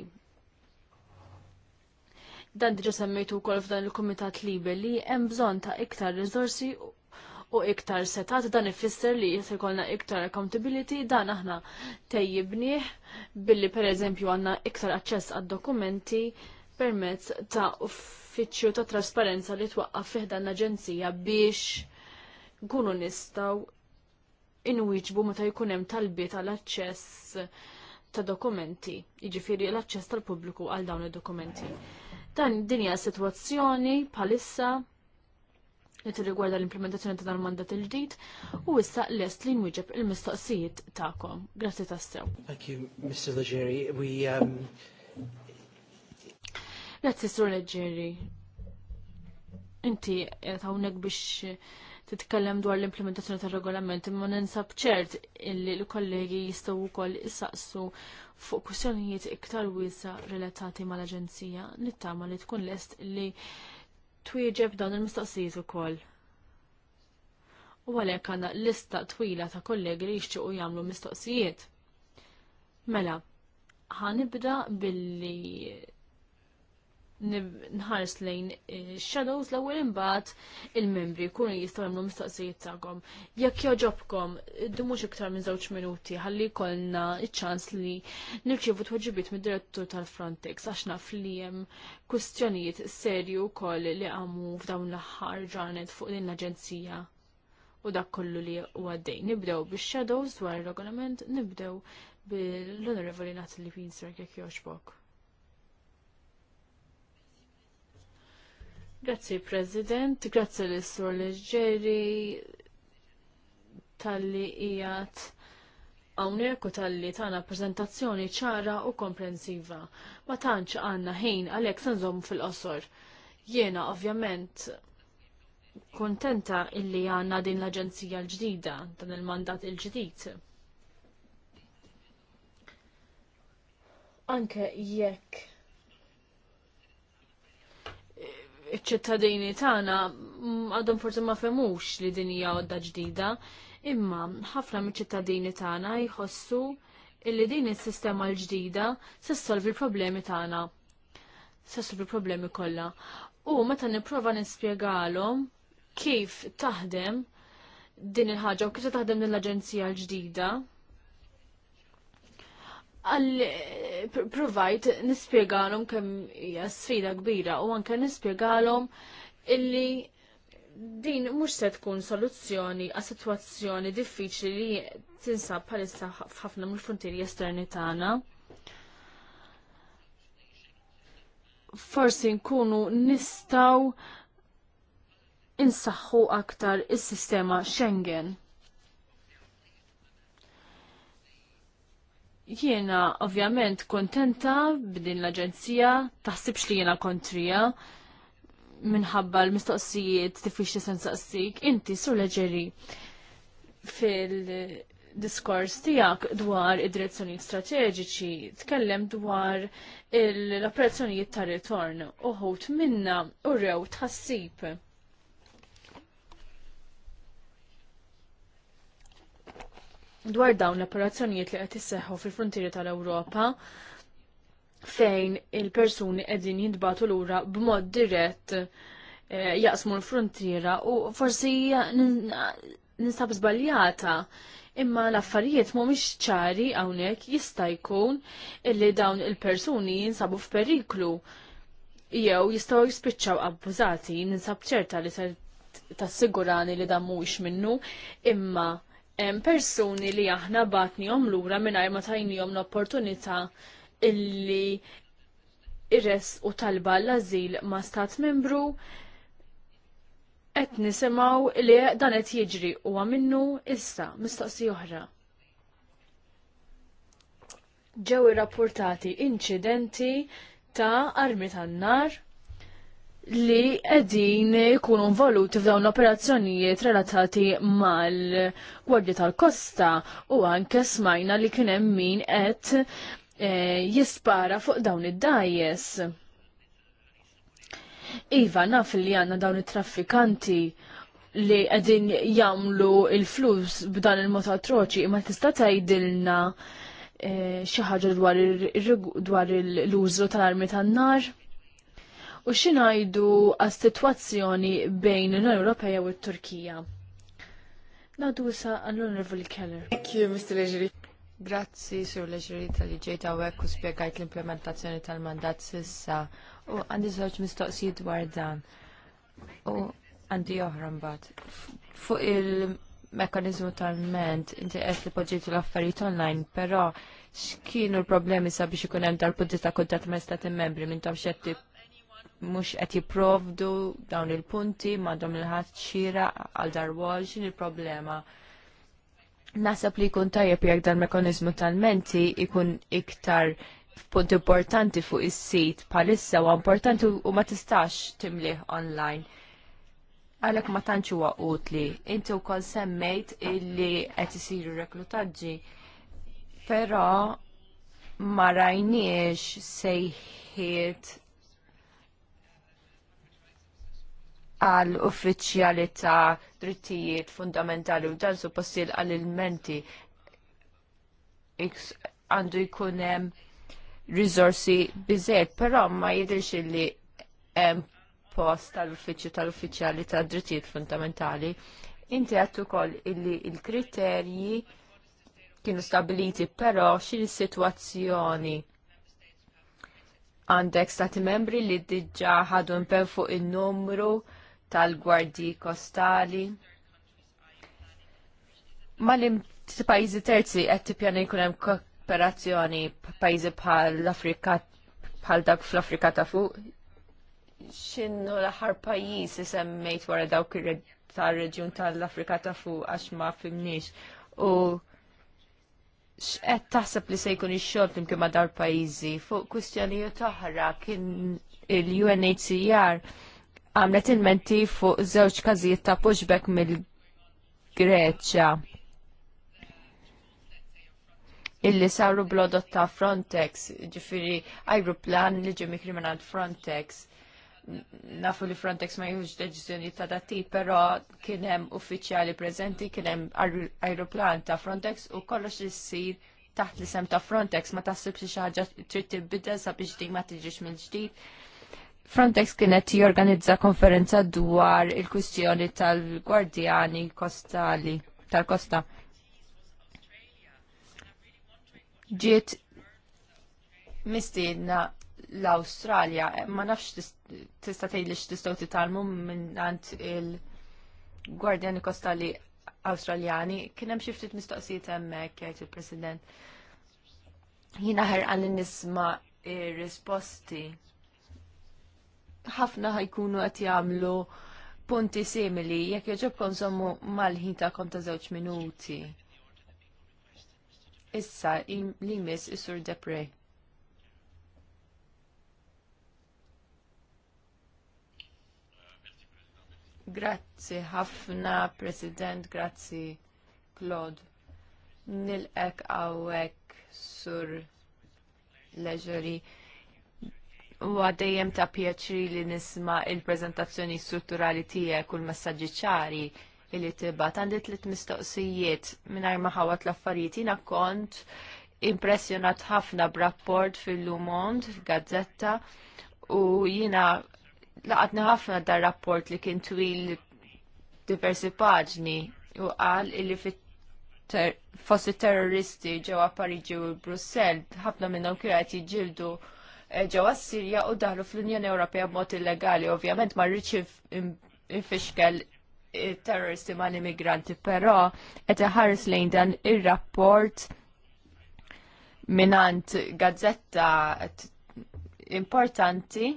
Dan diġa semmejtu wkoll f'dan il-Kumitat Liber li hemm bżonn ta' iktar rizorsi u iktar setat dan ifisser li jisir kolna iktar accountability dan aħna tejjibnieh billi per eżempju għanna iktar aċċess għad dokumenti permezz ta' uffiċċju ta' trasparenza li twaqqaf fiħdan l-aġenzija biex nkunu nistaw inwiġbu meta jkun hemm talbiet għal aċċess ta' dokumenti, jiġifieri l-aċċess tal-pubbliku għal dawn id-dokumenti. Dan dinja sitwazzjoni bħalissa li tirrigwarda l-implementazzjoni ta' dan mandat il-ġdid u issa lest li nwieġeb il-mistoqsijiet tagħkom. Grazzi tassew. Thank you, Mr. Leggeri. We um... Grazzi, Sur Leggeri. Inti eh, hawnhekk biex titkellem dwar l-implementazzjoni tal-regolament, imma ninsab ċert illi l-kollegi jistgħu wkoll issaqsu fuq kwistjonijiet iktar wiesa relatati mal-Aġenzija nittama li tkun lest li twieġeb dawn il-mistoqsijiet ukoll. U għalhekk għandna lista twila ta' kollegi li jixtiequ jagħmlu mistoqsijiet. Mela, ħanibda billi nħares lejn eh, shadows l-ewwel imbagħad il-membri jkunu jistgħu jagħmlu mistoqsijiet tagħhom. Jekk joġobkom, mhux iktar minn żewġ minuti ħalli jkollna ċ-ċans li nirċievu tweġibiet mid-direttur tal-Frontex għax naf li hemm kwistjonijiet serju wkoll li għamu f'dawn l-aħħar ġranet fuq din l-aġenzija. U dak kollu li għaddej. Nibdew bix-shadows dwar ir-regolament, nibdew bil-Honorable Natalie Winsberg jekk joġbok. Grazzi President, grazzi l-Istor Leggeri tal-li ijat għawnek u tal-li tana prezentazzjoni ċara u komprensiva. Ma tantx għanna ħin għalek sanżom fil-qosor. Jena ovvjament kontenta illi għanna din l-Aġenzija l-ġdida, dan il-mandat il-ġdid. Anke jekk ċittadini tagħna mm, għadhom forsi ma femux li din hija għodda ġdida, imma ħafna miċ ċittadini tagħna jħossu illi din is-sistema l-ġdida se solvi l-problemi tagħna. Se solvi l-problemi kollha. U meta nipprova nispjegalhom kif taħdem din il-ħaġa u kif taħdem din l-aġenzija l-ġdida, għal eh, provajt nispiegalom kem hija sfida kbira u anke nispiegalom illi din mhux se tkun soluzzjoni għas sitwazzjoni diffiċli li tinsab bħalissa f'ħafna mill-frontieri esterni tagħna. Forsi nkunu nistaw insaħħu aktar is-sistema Schengen. Jiena ovvjament kontenta b'din l-aġenzija, taħsibx li jiena kontrija minħabba l-mistoqsijiet diffiċli sensaqsik, inti sur leġeri fil-diskors tijak dwar id-direzzjonijiet strateġiċi, tkellem dwar l-operazzjonijiet ta' ritorn uħut minna u rew tħassib dwar dawn l-operazzjonijiet li qed isseħħu fil-frontieri tal-Ewropa fejn il-persuni qegħdin jintbagħtu lura b'mod dirett eh, jaqsmu l-frontiera u forsi nistab żbaljata imma l-affarijiet mhumiex ċari hawnhekk jista' jkun illi dawn il-persuni jinsabu f'periklu jew jistgħu jispiċċaw abbużati ninsab ċerta li se tassigurani li dan mhuwiex minnu imma hemm persuni li aħna batnihom lura mingħajr ma tajnihom l-opportunità illi irres u talba l-azil ma stat membru qed nisimgħu li dan qed jiġri huwa minnu issa mistoqsi oħra. Ġew irrappurtati inċidenti ta' armi tan-nar li edin kunu involuti f'dawn l-operazzjonijiet relatati mal-Gwardja tal-Kosta u anke smajna li kien hemm min qed e, jispara fuq dawn id-dajes. Iva, naf li għanna dawn it-traffikanti li għedin jamlu il-flus b'dan il-mod atroċi, imma tista' tgħidilna eh, xi ħaġa dwar l-użu tal-armi tan-nar? u xinajdu għas-sitwazzjoni bejn l-Unjoni Ewropea u t-Turkija. Nadu sa għall unjoni Keller. Thank you, Mr. Leġri. Grazzi, Sur Leġri, tal-li ġejta u spjegajt l-implementazzjoni tal-mandat sissa u għandi żewġ mistoqsijiet dwar dan. U għandi oħra mbagħad. Fuq il-mekkaniżmu tal-ment inti qed li poġġejtu l-affarijiet online, però x'kienu l-problemi sabiex ikun hemm dal-punti ta' kuntatt ma' stati membri minn tam xetti mhux qed jipprovdu dawn il-punti m'għandhom il-ħadd xira għal darwolx il-problema. Nasab li jkun tajjeb jekk dan mekanizmu tal-menti ikun iktar punt importanti fuq is-sit bħalissa huwa importanti u ma tistax timliħ online. Għalhekk ma tantx huwa utli. Inti wkoll semmejt illi qed isiru reklutaġġi. Però ma rajniex sejħiet għal uffiċjalità drittijiet fundamentali u dan suppost għal-ilmenti għandu jkun hemm risorsi biżejt, però ma jidrix li hemm post tal-uffiċċju tal-uffiċjali ta' drittijiet fundamentali. Inti għattu ukoll illi il-kriterji kienu stabiliti, però x'in is-sitwazzjoni għandek stati membri li diġà ħadu impen fuq in-numru tal-gwardji kostali. li pajjiżi terzi qed tippjana jkun hemm kooperazzjoni pajjiżi bħal-Afrika bħal dak fl-Afrika ta' fuq. X'inhu l-aħħar pajjiż semmejt wara dawk tar-reġjun tal-Afrika ta' fuq għax ma fimniex u x'qed taħseb li se jkun ix-xogħol flimkien ma' dar pajjiżi fuq kwistjonijiet oħra kien il-UNHCR għamlet il-menti fuq żewġ każijiet ta' pushback mill-Greċja illi saru blodot ta' Frontex, ġifiri ajruplan li ġemi kriminal Frontex. Nafu li Frontex ma jħuġ deċizjoni ta' dati, pero kienem uffiċjali prezenti, kienem ajruplan ta' Frontex u kollox li s-sir taħt li sem ta' Frontex ma taħsib xi ħaġa trid tibbidel sabiex dik ma tiġix mill-ġdid Frontex kienet jorganizza konferenza dwar il-kwistjoni tal-gwardjani kostali tal-kosta. Ġiet mistiedna l-Australja, ma nafx tista' tgħidli x'tistgħu titalmu minnant il-Gwardjani Kostali Awstraljani. Kien hemm xi ftit mistoqsijiet hemmhekk jgħid il-President. Jiena ħerqan nisma' ir-risposti ħafna ħajkunu qed jagħmlu punti simili jekk jogħġobkom sommu mal-ħin ta' ta' żewġ minuti. Issa li imis is-Sur Depre. Grazzi ħafna President, grazzi Claude. Nilqek għawek sur leġeri. U għaddejjem ta' pieċri li nisma il-prezentazzjoni strutturali tijek u l-messagġi ċari li tibat. Għandi tlit mistoqsijiet minar maħawat l-affarijiet. Jina kont impressionat ħafna b'rapport fil-Lumont, f'Gazzetta, u jina laqatni ħafna dar rapport li kien twil diversi paġni u għal illi fit ter fossi terroristi ġewwa Pariġi u Brussell, ħafna minnhom kienu qed jiġġieldu Eh, ġewwa Sirja u daħlu fl-Unjoni Ewropea b'mod illegali. Ovvjament ma rriċi fiskel terroristi ma' l-immigranti, però qed ħares lejn dan ir-rapport minant gazzetta importanti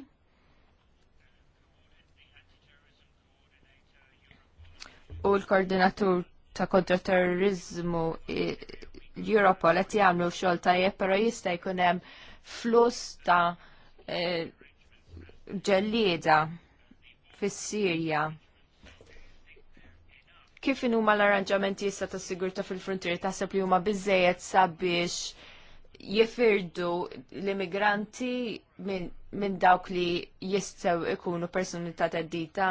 u l-koordinatur ta' kontraterrorizmu Europol qed jagħmlu xogħol tajjeb, però jista' jkun hemm flus ta' e, ġellieda fis-Sirja. Kif huma l-arranġamenti issa ta' sigurta fil-frontier taħseb li huma biżejjed sabiex jifirdu l-immigranti minn min dawk li jistgħu ikunu persuni ta' teddita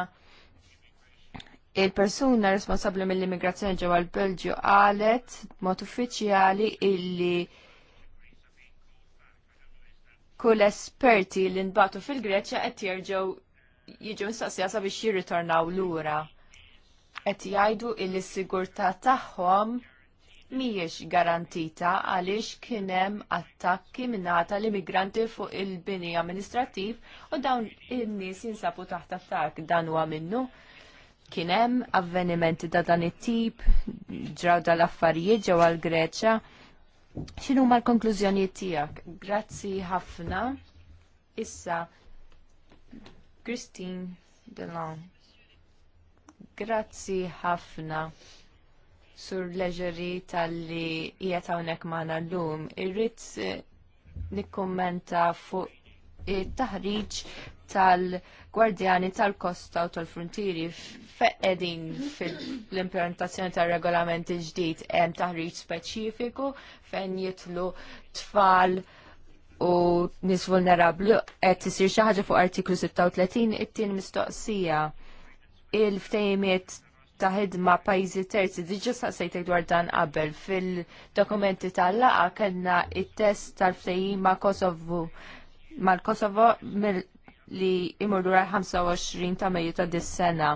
il-persuna responsabbli mill-immigrazzjoni ġewwa l-Belġju qalet mod uffiċjali illi kull esperti li nbatu fil-Greċja qed jerġgħu jiġu mistaqsija sabiex jirritornaw lura. Qed jgħidu li s-sigurtà tagħhom mhijiex garantita għaliex kien hemm attakki mingħata l-immigranti fuq il-bini amministrattiv u dawn in-nies jinsabu taħt attakk dan huwa minnu. Kien hemm avvenimenti ta' dan it-tip ġraw dal-affarijiet ġewwa l-Greċja xinu ma l-konklużjonijiet tiegħek? Grazzi ħafna. Issa Christine Delon. Grazzi ħafna sur leġeri tal-li qiegħed hawnhekk magħna llum. Irrid eh, nikkommenta fuq it-taħriġ eh, tal-Gwardjani tal-Kosta u tal-Frontieri feqedin fil-implementazzjoni tal-regolamenti ġdid hemm taħriġ speċifiku fejn jitlu tfal u nis vulnerabli qed isir xi ħaġa fuq artiklu 36 it tieni mistoqsija il-ftejmiet ta' ħidma pajjiżi terzi diġa saqsejt dwar dan qabel fil-dokumenti tal laqgħa kellna it-test tal-ftehim ma' Kosovo mal-Kosovo li imorru għal 25 ta' Mejju ta' dis-sena.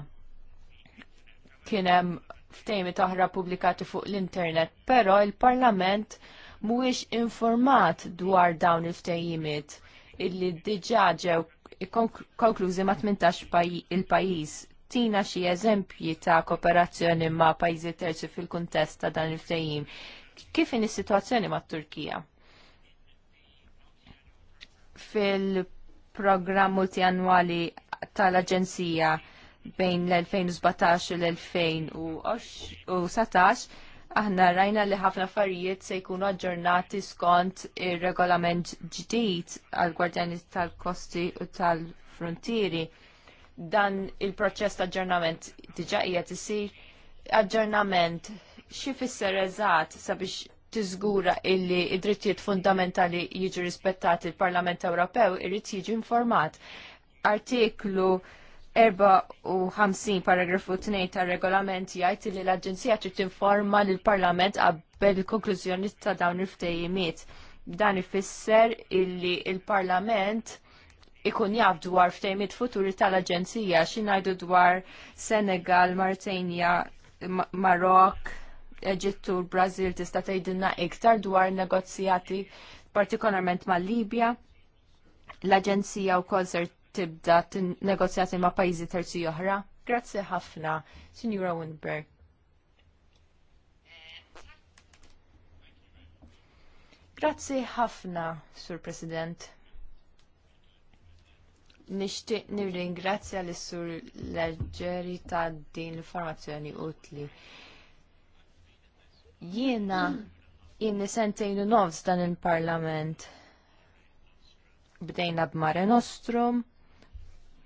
Kien hemm ftejmi oħra pubblikati fuq l-internet, però il-Parlament mhuwiex informat dwar dawn il ftehimiet illi diġà ġew konklużi ma' 18 il-pajjiż. Tina xi eżempji ta' kooperazzjoni ma' pajjiżi terzi fil-kuntest ta' dan il ftehim Kif in is-sitwazzjoni mat Turkija? fil programm multianwali tal-Aġenzija bejn l-2017 u l-2017 aħna rajna li ħafna affarijiet se jkunu aġġornati skont ir-regolament ġdid għal gwardjani tal-kosti u tal-frontieri. Dan il-proċess ta' aġġornament diġa qiegħed isir aġġornament xi fisser eżatt sabiex tiżgura illi id-drittijiet fundamentali jiġu rispettati il-Parlament Ewropew irrid jiġi informat. Artiklu 54 paragrafu 2 tar regolament jgħid li l-Aġenzija trid tinforma lill parlament qabel il-konklużjoni ta' dawn il-ftejimiet. Dan ifisser illi il-Parlament ikun jaf dwar ftejmiet futuri tal-Aġenzija xi ngħidu dwar Senegal, Martenja, Marok, Eġittu l-Brazil tista' tgħidilna iktar dwar negozjati partikolarment mal-Libja. L-Aġenzija wkoll ser tibda negozjati ma' pajjiżi terzi oħra. Grazzi ħafna, Sinjura Winberg. Grazzi ħafna, Sur President. Nixtieq nirringrazzja lis sur Leġġeri ta' din l-informazzjoni utli. Jiena inni sentejn u nofs dan il-parlament. Bdejna b'Mare Nostrum,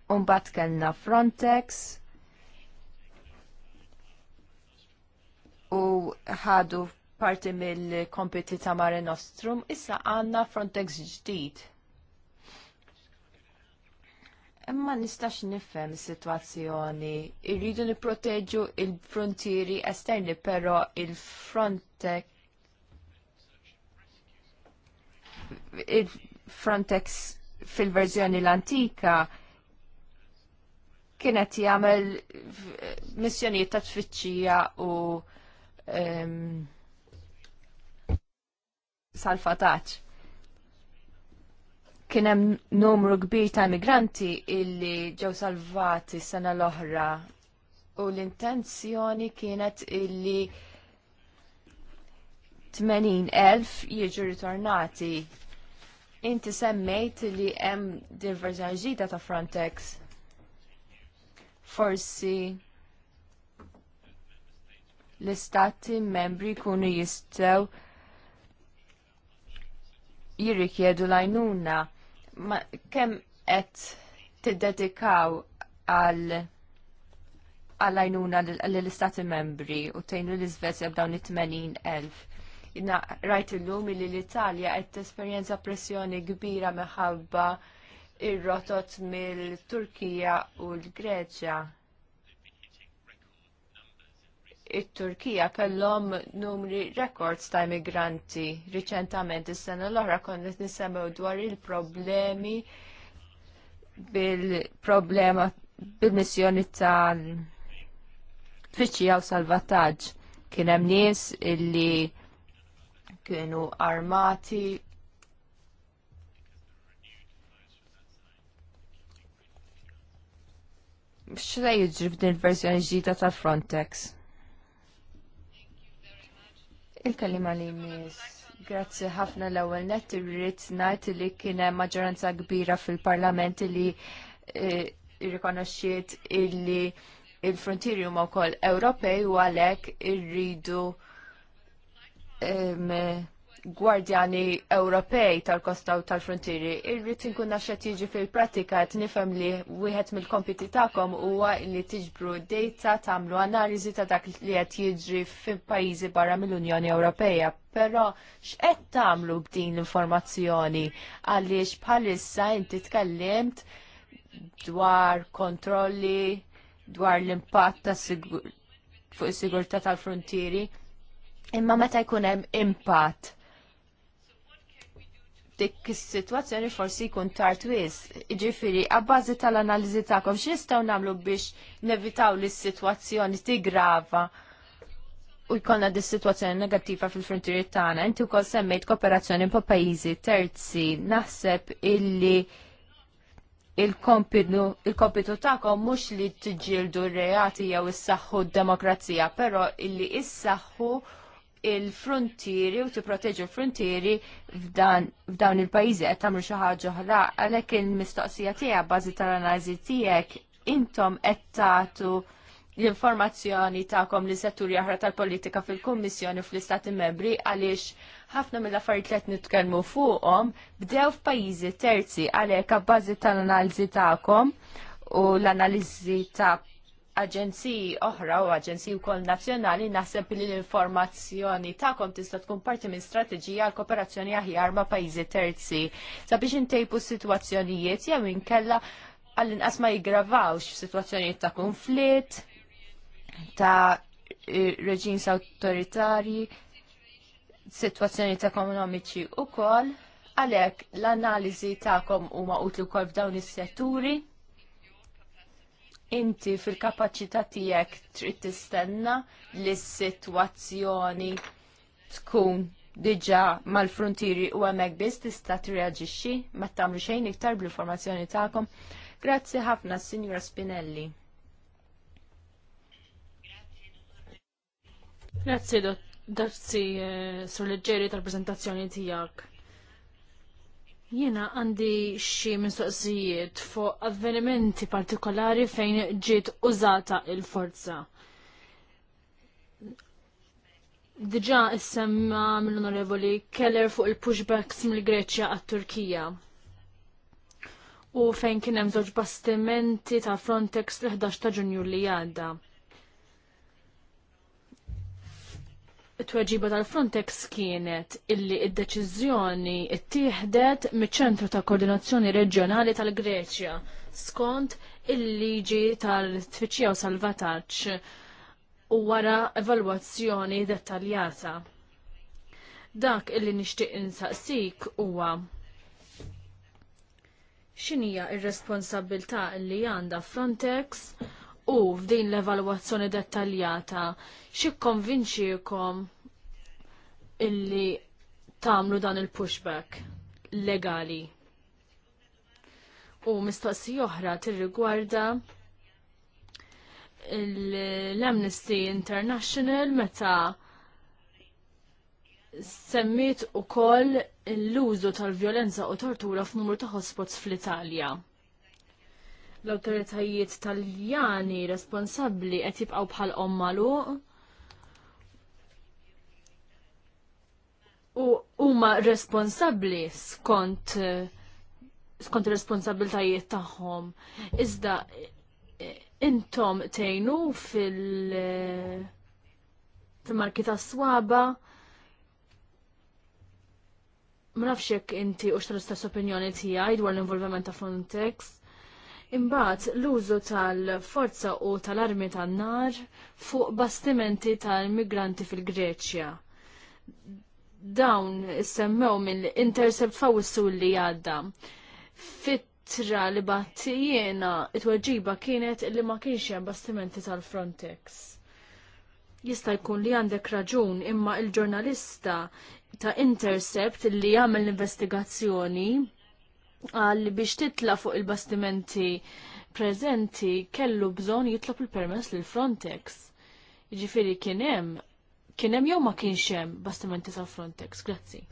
Umbat kellna Frontex u ħadu parti mill kompetita ta' Mare Nostrum, issa għanna Frontex ġdid. Imma nistax nifhem is-sitwazzjoni. Irridu nipproteġu il-frontieri esterni, però il-Frontex il-Frontex fil-verżjoni l-antika kienet jagħmel missjonijiet ta' tfittxija u um, kien hemm numru kbir ta' migranti illi ġew salvati s-sena l-oħra u l-intenzjoni kienet illi 80,000 jiġu ritornati. Inti semmejt li hemm diversa ġdida ta' Frontex. Forsi l-istati membri jkunu jistgħu jirrikjedu l-għajnuna kemm qed dedikaw għal għallajnuna l-istati membri u tejnu l-Izvezja b'dawn it-80,000. Inna rajt il-lum li l-Italja għed esperienza pressjoni kbira meħabba ir-rotot mill-Turkija u l-Greċja it-Turkija kellhom numri records ta' immigranti. Riċentament is-sena l-oħra konna nisemgħu dwar il-problemi bil-problema bil-missjoni tal tfittxija u salvataġġ. Kien hemm nies illi kienu armati xra jiġri f'din il-verżjoni ġdida tal-Frontex? Il-kalima li mis. Grazie ħafna l-ewwel net irrid ngħid li kien hemm maġġoranza kbira fil-Parlament li e, irrikonoxxiet illi il-frontieri huma wkoll Ewropej u għalhekk irridu gwardjani Ewropej tal-kosta u tal-frontieri, irrid inkun nafx qed jiġi fil-pratika qed nifhem li wieħed mill-kompiti tagħkom huwa li tiġbru data tagħmlu analiżi ta' dak li qed jiġri fil barra mill-Unjoni Ewropea. Però x'qed tagħmlu b'din l-informazzjoni għaliex bħalissa inti tkellimt dwar kontrolli, dwar l-impatt ta' fuq is-sigurtà tal-frontieri. Imma meta jkun hemm impatt dik is-sitwazzjoni forsi jkun tard wis. Ġifieri, għabbażi tal-analiżi tagħkom x'nistgħu nagħmlu biex nevitaw li s-sitwazzjoni tigrava u jkollna di situazzjoni negattiva fil-frontieri tagħna. Inti wkoll semmejt kooperazzjoni ma' pajjiżi terzi. Naħseb illi il-kompitu tagħkom mhux li tġildu reati jew issaħħu d-demokrazija, però illi issaħħu il-frontieri u tipproteġu l-frontieri f'dawn il-pajjiżi qed tagħmlu xi ħaġa oħra għalhekk il-mistoqsija tiegħek bażi tal-analiżi tiegħek intom qed tagħtu l-informazzjoni tagħkom li setturi aħra tal-politika fil-Kummissjoni fl-Istati Membri għaliex ħafna mill-affarijiet li nitkellmu fuqhom bdew f'pajjiżi terzi għalhekk ab'bażi tal-analiżi tagħkom u l-analiżi ta' aġenziji oħra u aġenziji wkoll nazzjonali naħseb li l-informazzjoni tagħkom tista' tkun parti minn strateġija għal kooperazzjoni aħjar ma' pajjiżi terzi sabiex intejpu s-sitwazzjonijiet jew inkella għall-inqas ma jiggravawx f'sitwazzjonijiet ta' konflitt, ta' e, reġims awtoritarji, sitwazzjonijiet ekonomiċi wkoll għalek l-analizi kom u ma' utlu kol f'dawn is-setturi inti fil-kapacità tiegħek trid tistenna li s-sitwazzjoni tkun diġà mal-frontieri u hemmhekk biss tista' tirreaġixxi ma tagħmlu xejn iktar bl-informazzjoni tagħkom. Grazzi ħafna, Sinjura Spinelli. Grazzi, dottor eh, Sur Leggeri, tal-prezentazzjoni tiegħek. Jena għandi xi mistoqsijiet fuq avvenimenti partikolari fejn ġiet użata il-forza. Diġa issemma mill-onorevoli Keller fuq il-pushbacks mill-Greċja għat-Turkija. U fejn kien hemm żewġ bastimenti ta' Frontex l-11 ta' Ġunju li għadda. it-tweġiba tal-Frontex kienet illi id-deċiżjoni ittieħdet miċ-ċentru ta' koordinazzjoni reġjonali tal-Greċja skont il-liġi tal-tfittxija u salvataġġ u wara evalwazzjoni dettaljata. Dak illi nixtieq insaqsik huwa x'inhija r-responsabilità li għandha Frontex u f'din l-evalwazzjoni dettaljata xikkonvinċikom illi tagħmlu dan il-pushback legali. U mistoqsi oħra tirrigwarda l-Amnesty International meta semmit u koll l-użu tal-violenza u tortura f'numru ta' hotspots fl-Italja l-autoritajiet taljani responsabbli qed jibqgħu bħal ommalu. U huma responsabbli skont skont responsabiltajiet tagħhom. Iżda intom tgħinu fil fil-marki tas-swaba ma nafx jekk inti u xtra stess opinjoni tiegħi dwar l-involviment ta' Frontex. Imbagħad l-użu tal-forza u tal-armi tan-nar fuq bastimenti tal-migranti fil-Greċja. Dawn issemmew mill-intercept fawissu li għadda. Fitra li battijena it-weġiba kienet li ma kienx hemm bastimenti tal-Frontex. Jista' jkun li għandek raġun imma il-ġurnalista ta' Intercept li jagħmel l-investigazzjoni għalli biex titla fuq il-bastimenti prezenti kellu bżon jitlob il-permess lil Frontex. Ġifiri kienem, kienem jew ma kienx hemm bastimenti sa' Frontex. Grazzi.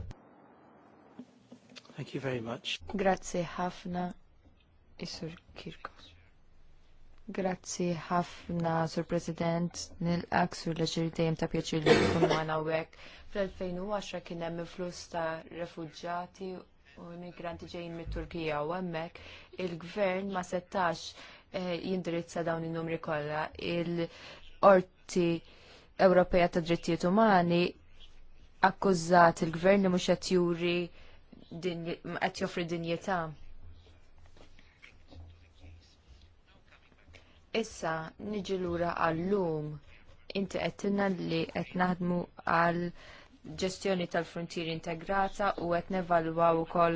Thank you very much. Grazzi ħafna, Isur Kirkos. Grazzi ħafna, Sur President, nil-ak sur leġir dejjem ta' pjaċir li kun għana Fl-2010 kien hemm ta' refugġati u immigranti ġejjin mit-Turkija u hemmhekk il-gvern ma settax eh, jindirizza dawn in-numri kollha. Il-Qorti Ewropea ta' Drittijiet Umani akkużat il-gvern li mhux qed juri qed joffri dinjità Issa niġi lura għall-lum inti qed li qed naħdmu għal ġestjoni tal-frontier integrata u qed nevalwaw ukoll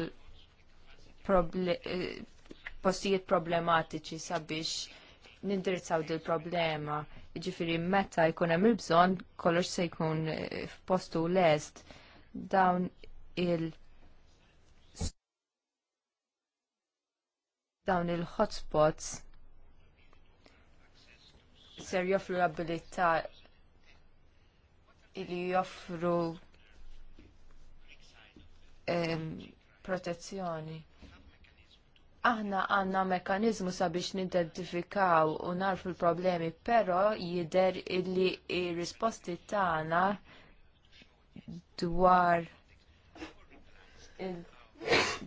proble eh, postijiet problematiċi sabiex nindirizzaw dil problema Ġifiri meta jkun hemm il-bżonn kollox se jkun eh, f'postu lest dawn il- dawn il-hotspots ser joffru l-abilità li joffru protezzjoni. Aħna għanna mekanizmu sabiex nidentifikaw u narfu l-problemi, pero jider illi il-risposti tagħna dwar il-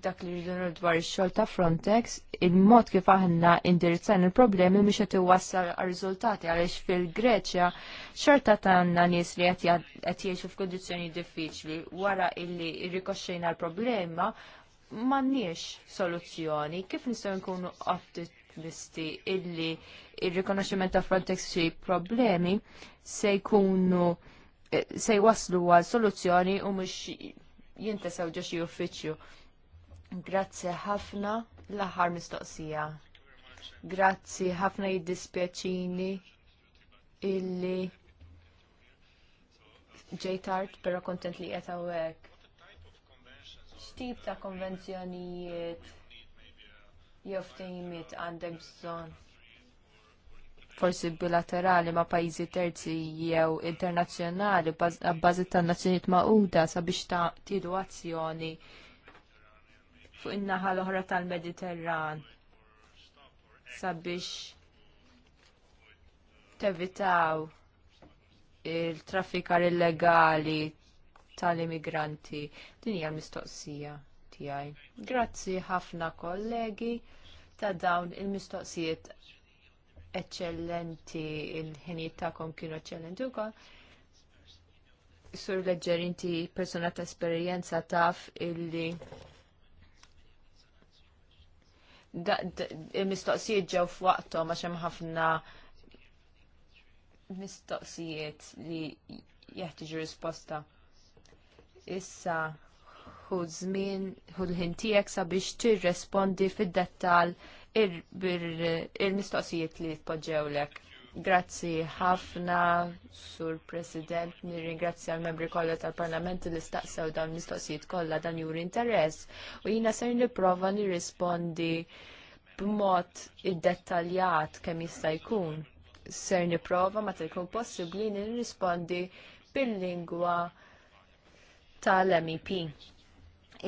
dak li rridu dwar ix-xogħol ta' Frontex, il-mod kif aħna indirizzajna il-problemi mhux qed iwassal riżultati għaliex fil-Greċja xorta tagħna nies li qed jgħixu f'kundizzjoni diffiċli wara illi rrikoxxejna l-problema m'għandniex soluzzjoni. Kif nistgħu nkunu optimisti illi ir-rikonoxximent ta' Frontex xi problemi se jkunu se jwaslu għal soluzzjoni u mhux jintesaw ġo xi uffiċċju. Grazzi ħafna l-aħħar mistoqsija. Grazzi ħafna jiddispjaċini illi ġejtart, pero kontent li qed hawnhekk. X'tip ta' konvenzjonijiet jew ftehimiet għandek bżonn? Forsi bilaterali ma' pajjiżi terzi jew internazzjonali bbażi tan-Nazzjonijiet Magħquda sabiex ta' tiedu azzjoni fuq in-naħa l-oħra tal-Mediterran sabiex tevitaw il-traffikar illegali tal-immigranti. Din hija l-mistoqsija tiegħi. Grazzi ħafna kollegi ta' dawn il-mistoqsijiet eccellenti, il-ħinijiet tagħkom kienu eccellenti wkoll. Sur leġġer inti persona ta' esperjenza taf illi il-mistoqsijiet ġew f'waqthom għax hemm ħafna mistoqsijiet li jeħtieġu risposta. Issa hu żmien hu l-ħin tiegħek sabiex tirrespondi fid-dettall il-mistoqsijiet li tpoġġewlek. Grazzi ħafna, Sur President, nirringrazzja l-membri kollha tal-Parlament li staqsew dawn l-mistoqsijiet kollha dan juri interess u jiena ser nipprova nirrispondi b'mod iddettaljat kemm jista' jkun. Ser nipprova ma jkun possibbli nirrispondi bil-lingwa tal-MEP.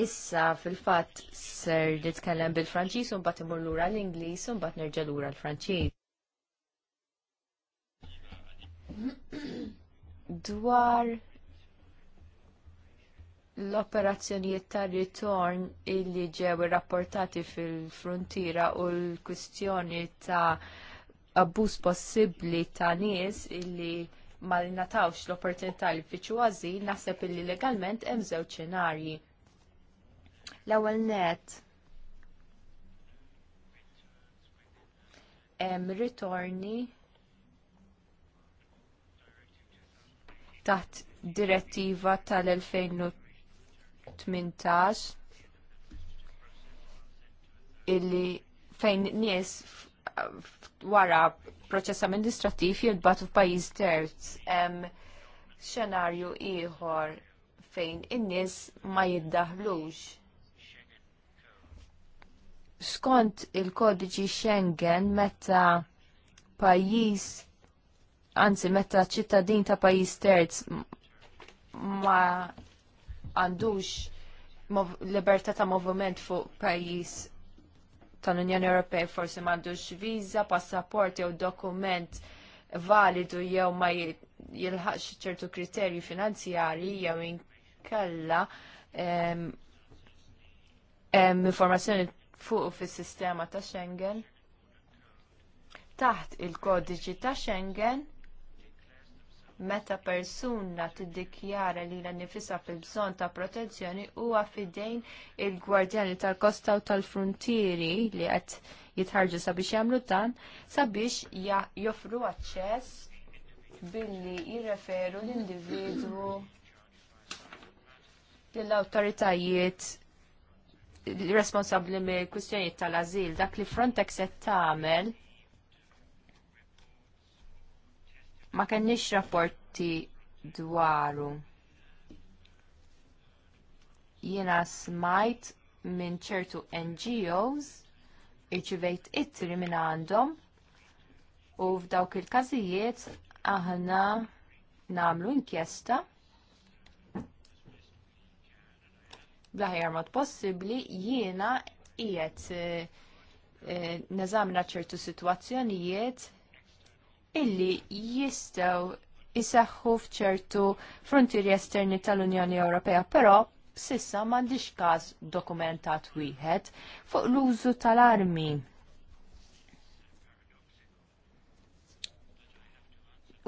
Issa fil-fatt ser nitkellem bil-Franċiż u mbagħad imur lura l-Ingliż u mbagħad nerġa' lura l-Franċiż dwar l-operazzjonijiet ta' ritorn illi ġew rapportati fil-frontiera u l-kwistjoni ta' abbuż possibbli ta' nies illi ma natawx l-opportunità li fiċu għazil naħseb illi legalment hemm żewġ ċenarji. L-ewwel net hemm ritorni taħt direttiva tal-2018 illi fejn nies wara proċess amministrattiv jilbatu f'pajjiż terz hemm xenarju ieħor fejn in-nies ma jiddaħlux. Skont il-kodiċi Schengen meta pajjiż anzi meta ċittadin ta' pajjiż terz ma għandux libertà ta' moviment fuq pajjiż tal-Unjoni Ewropea forsi m'għandux viza, passaport jew dokument validu jew ma jilħaqx ċertu kriterji finanzjarji jew inkella informazzjoni fuq fis-sistema ta' Schengen taħt il-kodiċi ta' Schengen meta persuna tiddikjara li l-nifisa fil-bżon ta' protezzjoni huwa fidejn il-gwardjani tal-kosta u tal-frontieri li qed jitħarġu sabiex jagħmlu dan sabiex joffru aċċess billi jirreferu l-individwu lill-awtoritajiet responsabbli mill kwistjonijiet tal-azil dak li Frontex qed tagħmel ma kenniex rapporti dwaru. Jiena smajt minn ċertu NGOs irċivejt ittri minn għandhom u f'dawk il-każijiet aħna nagħmlu inkjesta bl-aħjar mod possibbli jiena qiegħed eh, eh, neżamna ċertu sitwazzjonijiet illi jistaw jisaxħu fċertu frontieri esterni tal-Unjoni Ewropea, però sissa m'għandix każ dokumentat wieħed fuq l-użu tal-armi.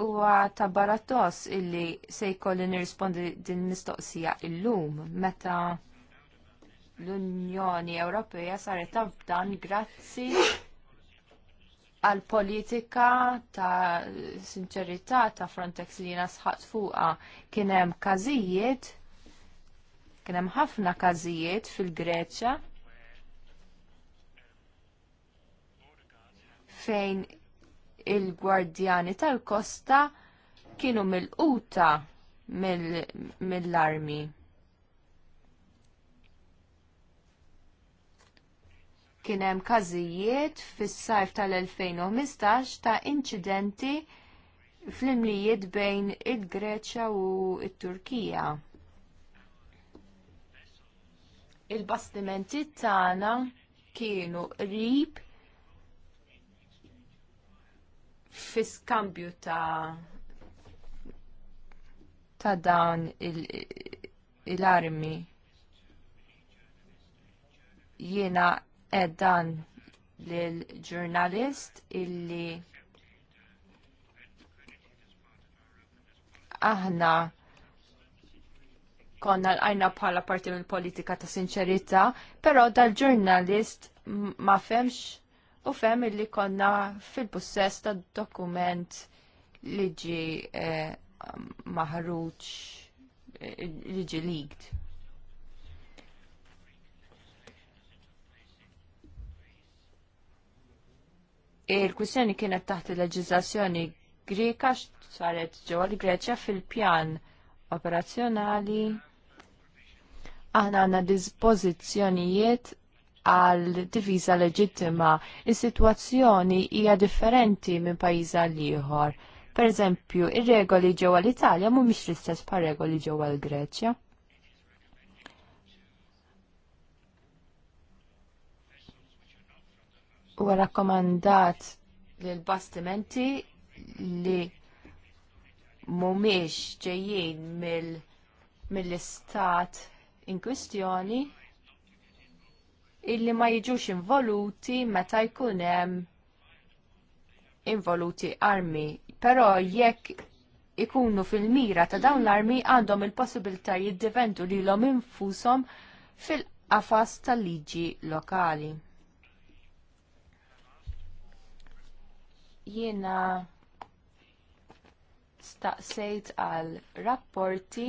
Huwa ta' baratos illi se jkolli nirrispondi din mistoqsija illum meta l-Unjoni Ewropea saret tabdan grazzi għal politika ta' sinċerità ta' Frontex li nasħat fuqa kien hemm każijiet kien hemm ħafna każijiet fil-Greċja fejn il-gwardjani tal-kosta kienu mill-quta mill-armi. Mil kien hemm każijiet fis-sajf tal-2015 ta' inċidenti fl-imlijiet bejn il-Greċja u t turkija Il-bastimenti tagħna kienu qrib fiskambju ta' ta' dan il-armi il jiena eddan l-ġurnalist illi aħna konna l-għajna bħala parti mill politika ta' sinċerità, pero dal-ġurnalist ma femx u fem illi konna fil-possess ta' dokument li eh, maħruċ eh, li ġi leaked. Il-kwistjoni kienet taħt il-leġizlazzjoni Greka saret ġewwa l-Greċja fil-pjan operazzjonali aħna għandna dispożizzjonijiet għal diviża leġittima. Is-sitwazzjoni hija differenti minn pajjiż għal ieħor. Per eżempju, ir-regoli ġewwa l-Italja mhumiex l-istess pa' regoli ġewwa l-Greċja. u rakkomandat li l-bastimenti li mumiex ġejjin mill-istat mil in kwistjoni illi ma jiġux involuti meta jkun hemm involuti armi. Però jekk ikunu fil-mira ta' dawn l-armi għandhom il-possibilità jiddiventu lilhom infushom fil-qafas tal-liġi lokali. jiena staqsejt għal rapporti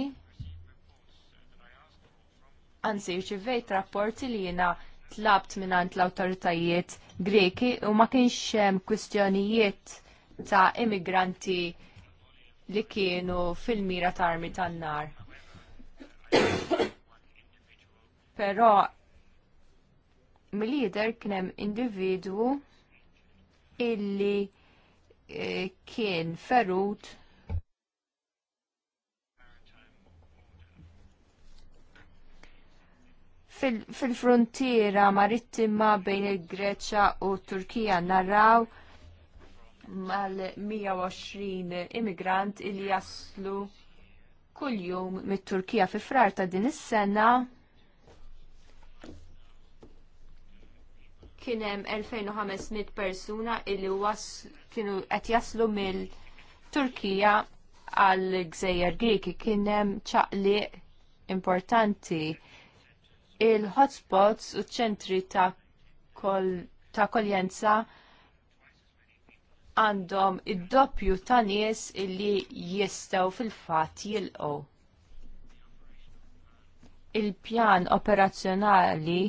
anzi rċivejt rapporti li jiena tlabt minant l-autoritajiet Greki u ma kienx hemm kwistjonijiet ta' immigranti li kienu fil-mira ta' armi tan-nar. Però mill-lider kien hemm individwu illi kien ferut fil-frontiera marittima bejn il-Greċa u Turkija narraw mal-120 immigrant il jaslu kuljum mit-Turkija fi frar ta' din is-sena kien hemm 2500 persuna illi waslu kienu qed jaslu mill-Turkija għal gżejjer Griki kien hemm ċaqliq importanti il-hotspots u ċentri ta' kol ta' koljenza għandhom id-doppju ta' nies illi jistgħu fil-fatt jilqgħu. Il-pjan operazzjonali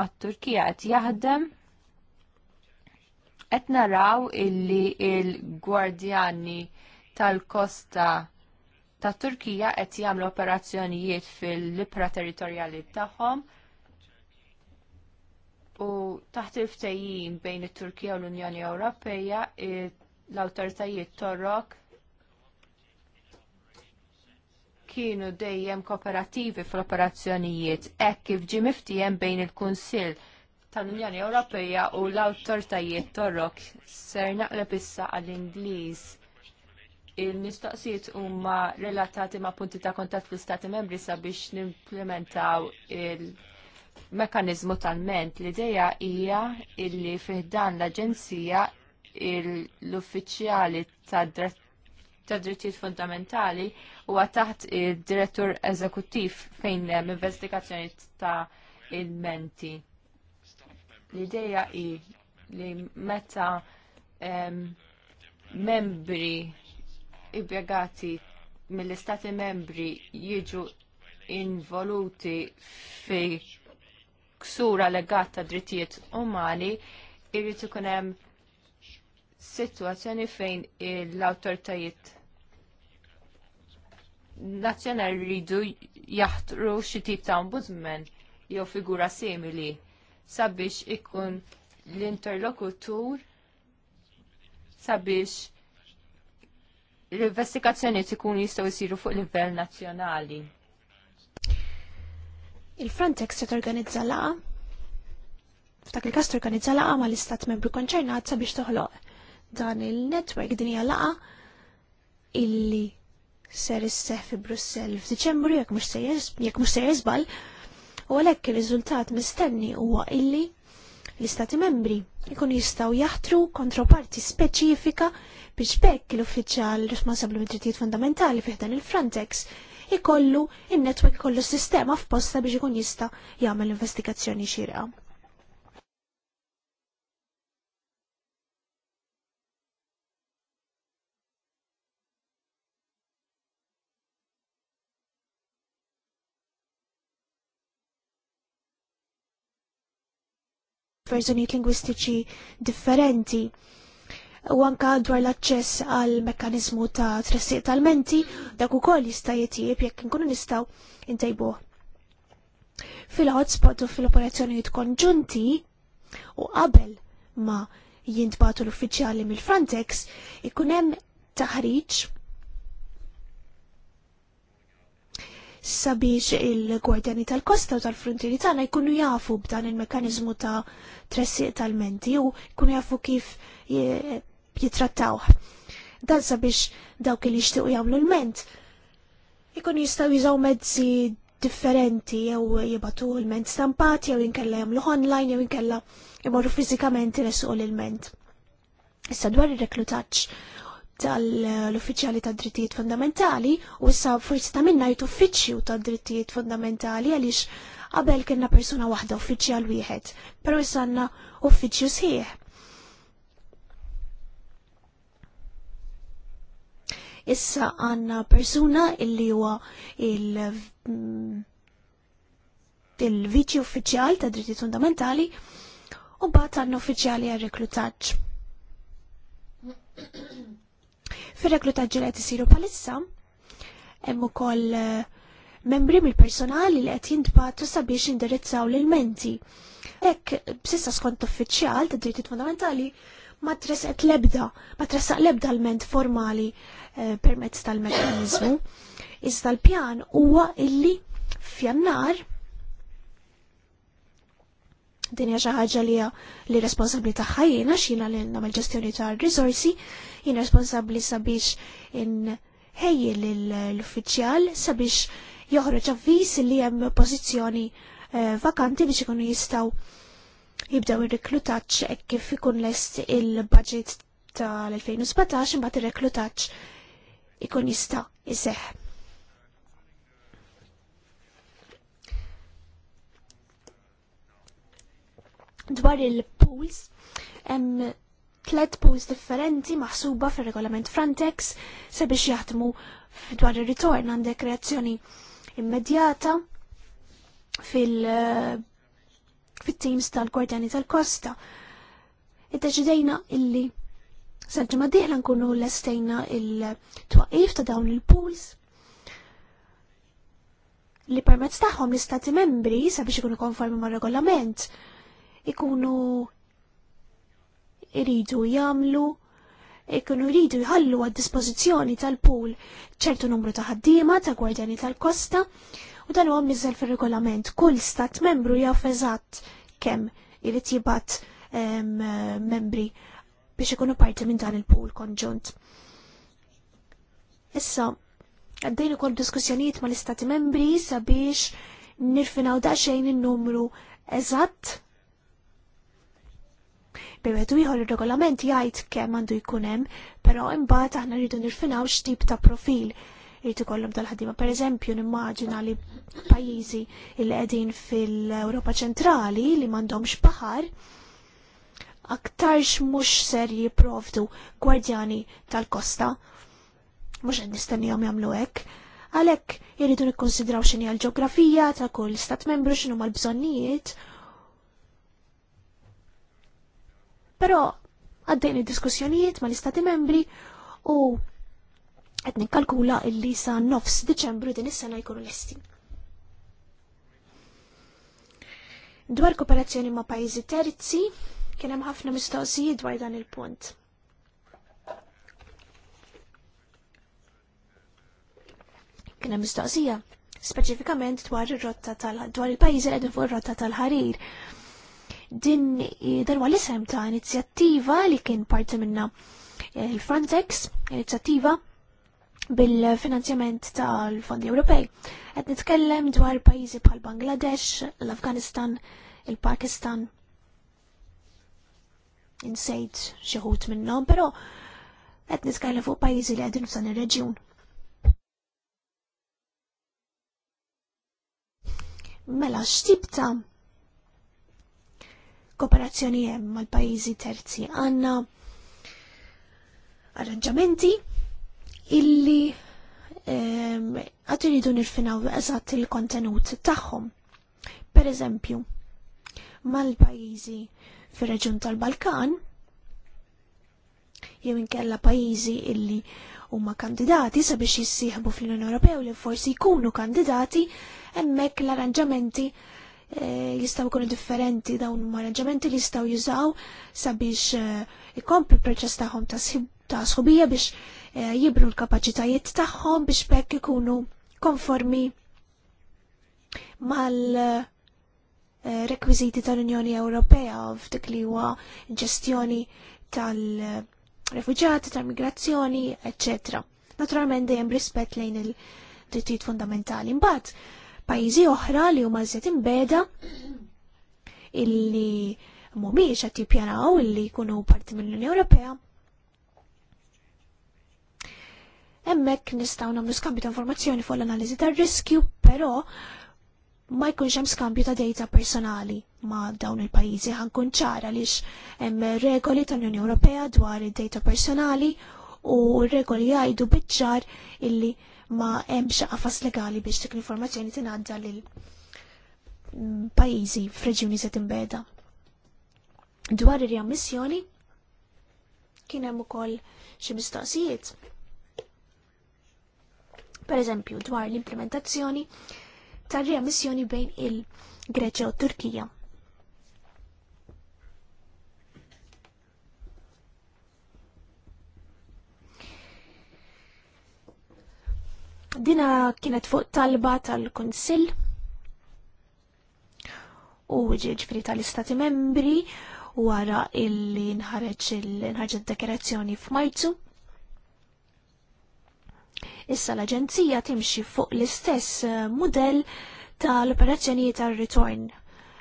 mat-Turkija qed jaħdem qed naraw illi il-gwardjani tal-kosta ta' Turkija qed jagħmlu operazzjonijiet fil-libra territorjali tagħhom u taħt il-ftejjin bejn it-Turkija u l-Unjoni Ewropea l-awtoritajiet Torok kienu dejjem kooperativi fl-operazzjonijiet hekk kif ġie miftijem bejn il-Kunsill tal-Unjoni Ewropea u l-awtoritajiet torrok ser naqleb issa għall-Ingliż. Il-mistoqsijiet huma relatati ma' punti ta' kontatt fl-Istati Membri sabiex nimplementaw il-mekanizmu tal-ment. L-ideja hija illi fiħdan l-Aġenzija l-uffiċjali tad ta' drittijiet fundamentali huwa taħt id direttur eżekuttiv fejn hemm investigazzjoni ta' il-menti l-ideja i li meta membri impjegati mill-istati membri jiġu involuti fi ksura legata drittijiet umani, irrid ikun hemm sitwazzjoni fejn l-awtoritajiet nazzjonali rridu jaħtru xi tip ta' ombudsman jew figura simili sabiex ikun l-interlokutur sabiex l-investigazzjoni ikun jistgħu jsiru fuq livell nazzjonali. Il-Frontex se torganizza laqa f'dak il-każ torganizza laqa mal-istat membru konċernat sabiex toħloq dan il netwerk din hija laqa illi ser isseħ fi Brussell f'Diċembru jekk mhux se jekk mhux se jeżbal u għalhekk ir-riżultat mistenni huwa illi l-Istati membri jkun jistgħu jaħtru kontroparti speċifika biex bekk l-uffiċjal responsabbli mid-drittijiet fundamentali fih dan il-Frontex ikollu in-netwerk kollu s sistema f'posta biex ikun jista' jagħmel investigazzjoni xierqa. verżjonijiet lingwistiċi differenti. U anka dwar l-aċċess għal mekkanizmu ta' tressiq tal-menti, dak ukoll jista' jitjieb jekk inkunu nistgħu ntejbuh. Fil-hotspot u fil-operazzjonijiet konġunti u qabel ma jintbatu l-uffiċjali mill-Frontex ikun hemm taħriġ sabiex il-gwardjani tal-kosta u tal-frontieri tagħna jkunu jafu b'dan il-mekkaniżmu ta' tressiq tal-menti u jkunu jafu kif jitrattawh. Dan sabiex dawk li jixtiequ jagħmlu l-ment jkunu jistgħu jużaw mezzi differenti jew jibatu l-ment stampat jew inkella jagħmlu online jew inkella imorru fiżikament inesuq l-ment. Issa dwar ir-reklutaġġ tal-uffiċjali ta' drittijiet fundamentali u issa forsi ta' minna jt uffiċċju ta' drittijiet fundamentali għaliex qabel kienna persuna waħda uffiċjal wieħed, però issa għandna uffiċċju sħiħ. Issa għandna persuna illi huwa il- il-viċi uffiċjal ta' drittijiet fundamentali u bat għandna uffiċjali għal reklutaġġ. Fir-reklutaġġi li qed isiru bħalissa hemm ukoll eh, membri mill-personali li qed jintbatu sabiex indirizzaw l-menti. Hekk b'sissa skont uffiċjal ta' diritti fundamentali ma tresqet lebda, ma tresaq lebda l-ment formali eh, permezz tal-mekanizmu. Iżda l-pjan huwa illi f'jannar din hija xi ħaġa li li responsabli tagħha ħajjina xina li nagħmel ġestjoni ta' risorsi, jien responsabbli sabiex inħejji l-uffiċjal sabiex joħroġ avviż li hemm pożizzjoni eh, vakanti biex ikunu jistgħu jibdew ir-reklutaġġ hekk kif ikun lest il-budget tal-2017 imbagħad ir-reklutaġġ ikun jista' jseħħ. Dwar il-pools, hemm tlet pools differenti maħsuba fir-regolament Frontex sabiex jaħdmu dwar ir-ritorn għandek reazzjoni immedjata fil- eh, fit-teams tal gordjani tal-Kosta. Iddeċidejna illi Sanġi diħla nkunu l-estejna il-twaqif ta' dawn il-pools li permezz tagħhom l-istati membri sabiex ikunu konformi ma' regolament ikunu iridu jamlu ikunu iridu jħallu għad dispożizzjoni tal-pool ċertu numru ta' ħaddiema ta' gwardjani tal-kosta u dan huwa miżel fir-regolament. Kull stat membru jaf eżatt kemm irid jibgħat membri biex ikunu parti minn dan il-pool konġunt. Issa, għaddejn ukoll diskussjonijiet mal istati membri sabiex nirfinaw daċxejn in numru eżatt Bewedu ieħor ir-regolament jgħid kemm għandu jkun hemm, però imbagħad aħna rridu nirfinaw x'tip ta' profil irti kollum tal-ħadima. Per eżempju, nimmaġina li pajjiżi il qegħdin fil-Ewropa ċentrali li m'għandhomx baħar, aktarx mhux ser jipprovdu gwardjani tal-kosta, mhux qed nistennihom jagħmlu hekk. Għalhekk jiridu nikkonsidraw x'inhi l-ġeografija ta' kull stat membru x'inhuma l bżonnijiet Però għaddejni id-diskussjonijiet ma l-istati membri u qed nikkalkula illi sa nofs Diċembru din is-sena jkunu l-esti. Dwar kooperazzjoni ma' pajjiżi terzi, kien hemm ħafna mistoqsijiet dwar dan il-punt. Kien hemm mistoqsija speċifikament dwar ir-rotta tal dwar il-pajjiżi qegħdin fuq ir-rotta tal-ħarir. tal tal ħarir din darwa l-isem ta' inizjattiva li kien parti minna eh, il-Frontex, inizjattiva bil-finanzjament tal-Fondi Ewropej. Qed nitkellem dwar pajjiżi bħal Bangladesh, l-Afganistan, il-Pakistan. Insejt xi ħut minnhom, però qed nitkellem fuq pajjiżi li għedin f'dan ir-reġjun. Mela x'tib ta' kooperazzjoni hemm mal-pajjiżi terzi. Għandna arranġamenti illi ehm, għad iridu nirfinaw eżatt il-kontenut tagħhom. Per eżempju, mal-pajjiżi fir-reġjun tal-Balkan, jew inkella pajjiżi illi huma kandidati sabiex jissieħbu fl-Unjoni Ewropea u li forsi jkunu kandidati hemmhekk l-arranġamenti Eh, jistaw kunu differenti dawn arranġamenti li jistaw jużaw sabiex eh, ikomplu proċess tagħhom ta' sħubija biex eh, jibru l-kapaċitajiet tagħhom biex bekk ikunu konformi mal rekwiziti tal-Unjoni Ewropea f'dik li huwa ġestjoni tal-refuġjati, tal-migrazzjoni, eccetera. Naturalment dejjem rispett lejn il-drittijiet fundamentali. Mbagħad pajjiżi oħra li huma żed imbeda illi mhumiex qed jippjanaw illi jkunu parti mill-Unjoni Ewropea. Hemmhekk nistgħu nagħmlu skambju ta' informazzjoni fuq l-analiżi tar-riskju, però ma jkunx hemm skambju ta' data personali ma' dawn il-pajjiżi ħankun ċara lix hemm regoli tal-Unjoni Ewropea dwar id-data personali u regoli jgħidu biċ-ċar illi ma hemmx qafas legali biex dik l-informazzjoni tingħadda lil pajjiżi f'reġjuni se timbeda. Dwar ir-riammissjoni kien hemm ukoll xi mistoqsijiet. Per eżempju, dwar l-implementazzjoni tar-riammissjoni bejn il-Greċja u Turkija. Dina kienet fuq talba tal-Kunsill u ġiġifri tal-Istati Membri wara illi nħareġ il-nħarġet dekorazzjoni f'Marzu. Issa l-Aġenzija timxi fuq l-istess eh, modell tal-operazzjoni tal-return.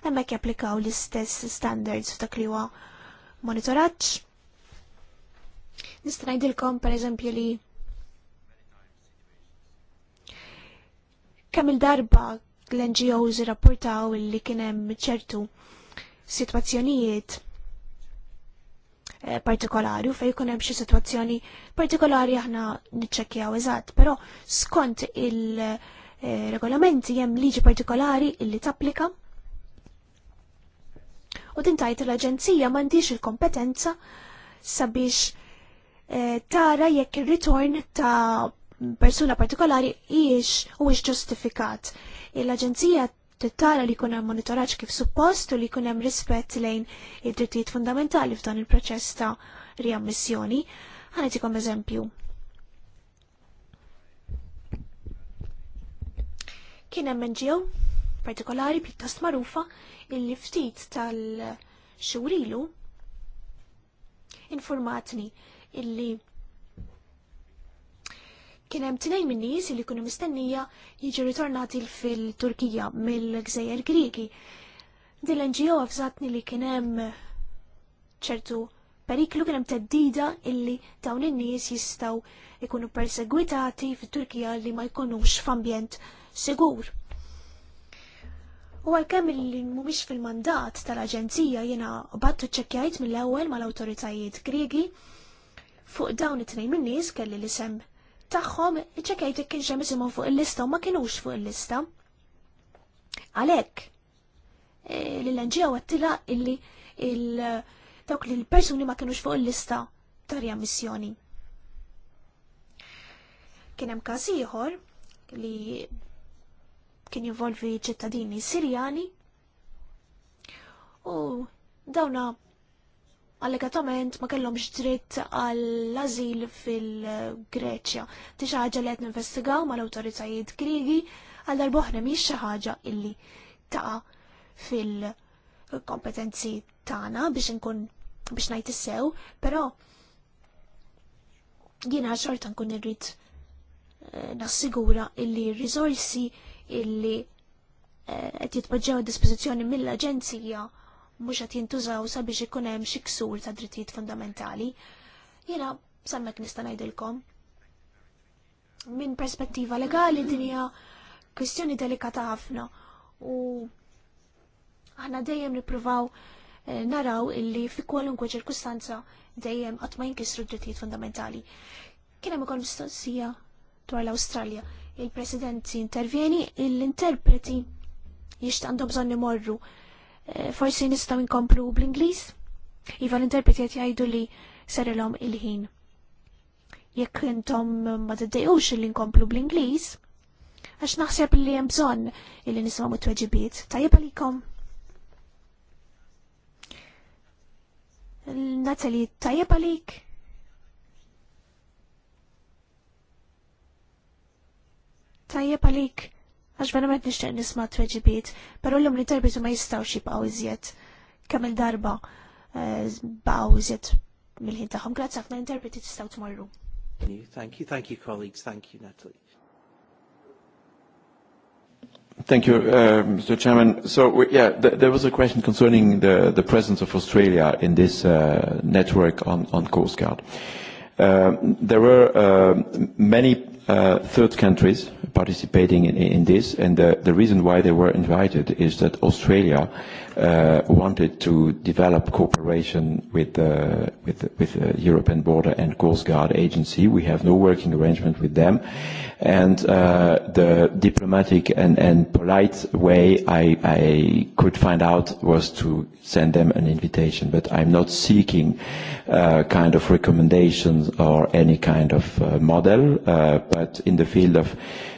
Hemmhekk japplikaw l-istess standards ta' li huwa monitoraġġ. Nista' ngħidilkom pereżempju li Kemm il-darba l-NGOs rapportaw li kienem ċertu situazzjonijiet eh, partikolari u fej kun hemm xi sitwazzjoni partikolari aħna niċċekkjaw eżatt, però skont il-regolamenti hemm liġi partikolari illi tapplika. U din tajt l-Aġenzija m'għandix il-kompetenza sabiex eh, tara jekk ir-ritorn ta' persuna partikolari ijiex u ix ġustifikat. L-Aġenzija tittara li kunem monitoraġġ kif suppost u li kunem rispett lejn id-drittijiet fundamentali f'dan il-proċess ta' riammissjoni. Għanetikom eżempju. Kien hemm partikolari pjuttost magħrufa il ftit tal-xurilu informatni illi kien hemm tnejn min-nies li kienu mistennija jiġu ritornati fil-Turkija mill-Gżejjer Griegi. Din l-NGO avżatni li kien hemm ċertu periklu kien hemm teddida illi dawn in-nies jistgħu jkunu persegwitati fit-Turkija li ma jkunux f'ambjent sigur. U għalkemm li mhumiex fil-mandat tal-Aġenzija jiena battu ċekkjajt mill-ewwel mal-awtoritajiet Griegi fuq dawn it-tnejn min-nies kelli li semm taħħom iċċekajt kien xemm isimhom fuq il-lista u ma kinux fuq il-lista. Għalhekk eh, l-NGO għattila illi il-tawk li l-persuni ma kinux fuq il-lista tarja riammissjoni. Kien hemm każ ieħor li kien involvi ċittadini Sirjani u dawna allegatament ma kellhomx dritt għall-azil fil-Greċja. Ti xi ħaġa li qed ninvestigaw mal-awtoritajiet Griegi għal darboħra mhix xi ħaġa illi taqa' fil-kompetenzi tagħna biex inkun biex ngħid issew, però jiena xorta nkun irrid eh, nassigura illi r-riżorsi illi eh, qed jitpoġġew a dispożizzjoni mill-Aġenzija mhux qed jintużaw sabiex ikun hemm xi ksur ta' drittijiet fundamentali. Jiena sammek nista' ngħidilkom. Min perspettiva legali din hija kwistjoni delikata ħafna u aħna dejjem nippruvaw eh, naraw illi fi kwalunkwe ċirkustanza dejjem qatt ma jinkisru drittijiet fundamentali. Kien hemm ukoll mistoqsija dwar l-Awstralja. Il-President intervjeni l-interpreti jixtaq għandhom bżonn imorru Eh, forsi nistaw inkomplu bl-Inglis? Iva l-interpretiet jajdu li sarilhom il-ħin. Jekk intom ma tiddejqux li nkomplu bl-Inglis, għax naħseb li hemm bżonn illi nisimgħu it weġibiet Tajjeb għalikom. Natali, tajjeb għalik? Tajjeb għalik għax verament nixtieq nisma' tweġibiet, però l-lum l-interpretu ma jistgħux jibqgħu iżjed kemm il-darba eh, baqgħu iżjed mill-ħin tagħhom. Grazzi ħafna interpreti tistgħu tmorru. Thank you, thank you colleagues, thank you Natalie. Thank you, uh, Mr. Chairman. So, we, yeah, th there was a question concerning the, the presence of Australia in this uh, network on, on Coast Guard. Uh, there were uh, many uh, third countries participating in, in this, and the, the reason why they were invited is that Australia uh, wanted to develop cooperation with the, uh, with, the, with the uh, European Border and Coast Guard Agency. We have no working arrangement with them. And uh, the diplomatic and, and polite way I, I could find out was to send them an invitation. But I'm not seeking uh, kind of recommendations or any kind of uh, model, uh, but in the field of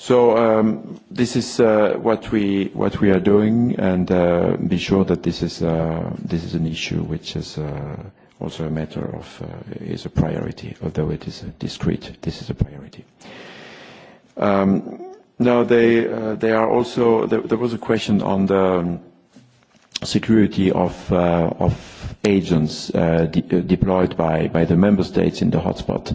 So um, this is uh, what we what we are doing, and uh, be sure that this is uh, this is an issue which is uh, also a matter of uh, is a priority, although it is discrete. This is a priority. Um, now they uh, they are also there, there was a question on the um, security of uh, of agents uh, de uh, deployed by by the member states in the hotspot. Uh,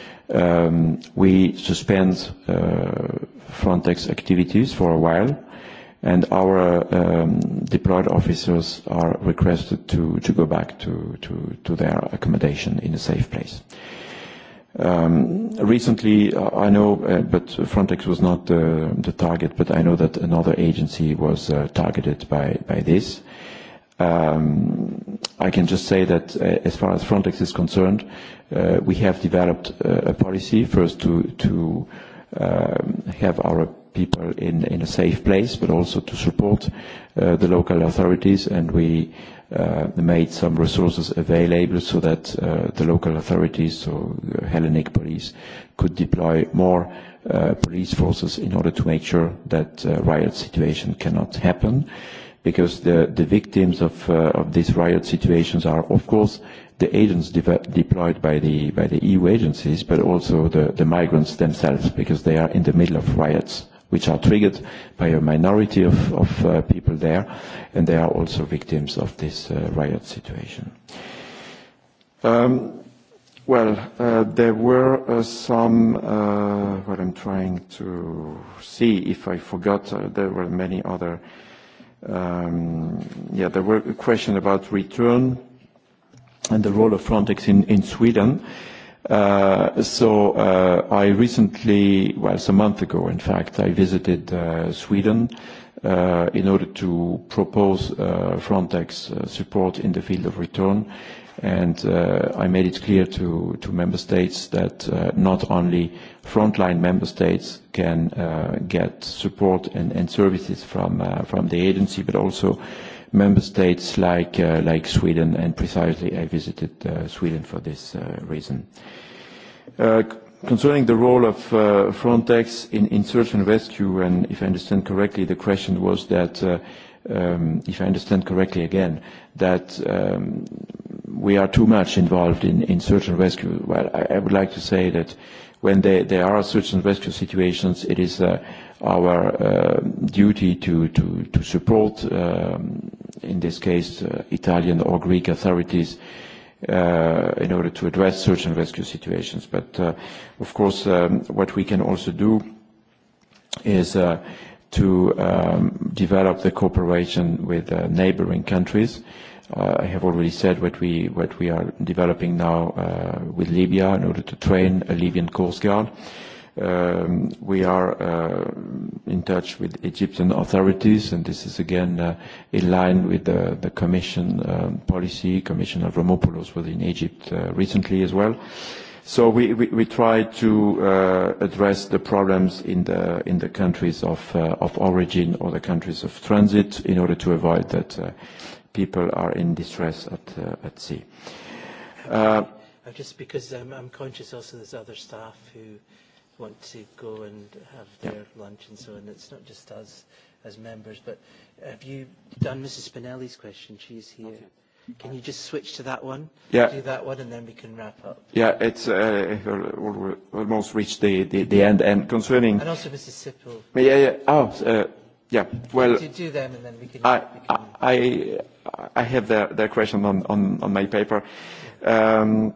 um, we suspend uh, Frontex activities for a while, and our uh, um, deployed officers are requested to, to go back to, to, to their accommodation in a safe place. Um, recently, uh, I know, uh, but Frontex was not uh, the target, but I know that another agency was uh, targeted by, by this. Um, I can just say that uh, as far as Frontex is concerned, uh, we have developed uh, a policy first to, to um, have our people in, in a safe place, but also to support uh, the local authorities. And we uh, made some resources available so that uh, the local authorities, so Hellenic police, could deploy more uh, police forces in order to make sure that uh, riot situation cannot happen. Because the, the victims of, uh, of these riot situations are, of course, uh, the agents de deployed by the, by the EU agencies, but also the, the migrants themselves, because they are in the middle of riots, which are triggered by a minority of, of uh, people there, and they are also victims of this uh, riot situation. Um, well, uh, there were uh, some, uh, what I'm trying to see if I forgot, uh, there were many other, um, yeah, there were a question about return and the role of Frontex in, in Sweden. Uh, so uh, I recently, well, it's a month ago, in fact, I visited uh, Sweden uh, in order to propose uh, Frontex uh, support in the field of return. And uh, I made it clear to, to member states that uh, not only frontline member states can uh, get support and, and services from, uh, from the agency, but also member states like, uh, like Sweden, and precisely I visited uh, Sweden for this uh, reason. Uh, concerning the role of uh, Frontex in, in search and rescue, and if I understand correctly, the question was that, uh, um, if I understand correctly again, that um, we are too much involved in, in search and rescue. Well, I, I would like to say that when there, there are search and rescue situations, it is uh, our uh, duty to, to, to support, uh, in this case, uh, Italian or Greek authorities uh, in order to address search and rescue situations. But, uh, of course, um, what we can also do is uh, to um, develop the cooperation with uh, neighboring countries. Uh, I have already said what we, what we are developing now uh, with Libya in order to train a Libyan Coast Guard. Uh, Um, we are uh, in touch with Egyptian authorities, and this is again uh, in line with the, the Commission um, policy, Commissioner Romopoulos was in Egypt uh, recently as well. So we, we, we try to uh, address the problems in the, in the countries of, uh, of origin or the countries of transit in order to avoid that uh, people are in distress at, uh, at sea. Uh, uh, uh just because I'm, I'm conscious also there's other staff who want to go and have their lunch and so on. It's not just us as members, but have you done Mrs. Spinelli's question? She's here. Can you just switch to that one? Yeah. Do that one and then we can wrap up. Yeah, it's uh, almost reached the, the, the end. And concerning... And also Mrs. Sippel. Yeah, yeah. Oh, uh, yeah. Well... Do, do them and then we can... I, we can... I, I have their, their question on, on, on my paper. Yeah. Um,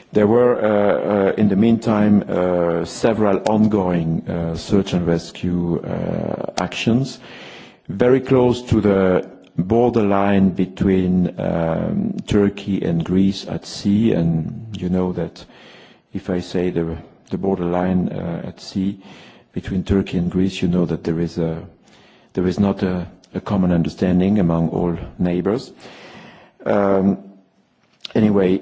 There were, uh, uh, in the meantime, uh, several ongoing uh, search and rescue uh, actions, very close to the borderline between um, Turkey and Greece at sea, and you know that if I say the, the borderline uh, at sea between Turkey and Greece, you know that there is, a, there is not a, a common understanding among all neighbors. Um, anyway,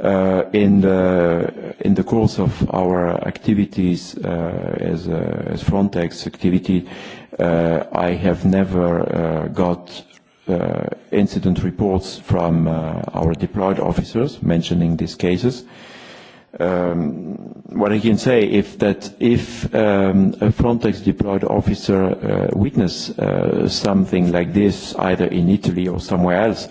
uh, in the in the course of our activities uh, as uh, as Frontex activity, uh, I have never uh, got uh, incident reports from uh, our deployed officers mentioning these cases. Um, what I can say if that if um, a Frontex deployed officer uh, witness uh, something like this either in Italy or somewhere else. Uh,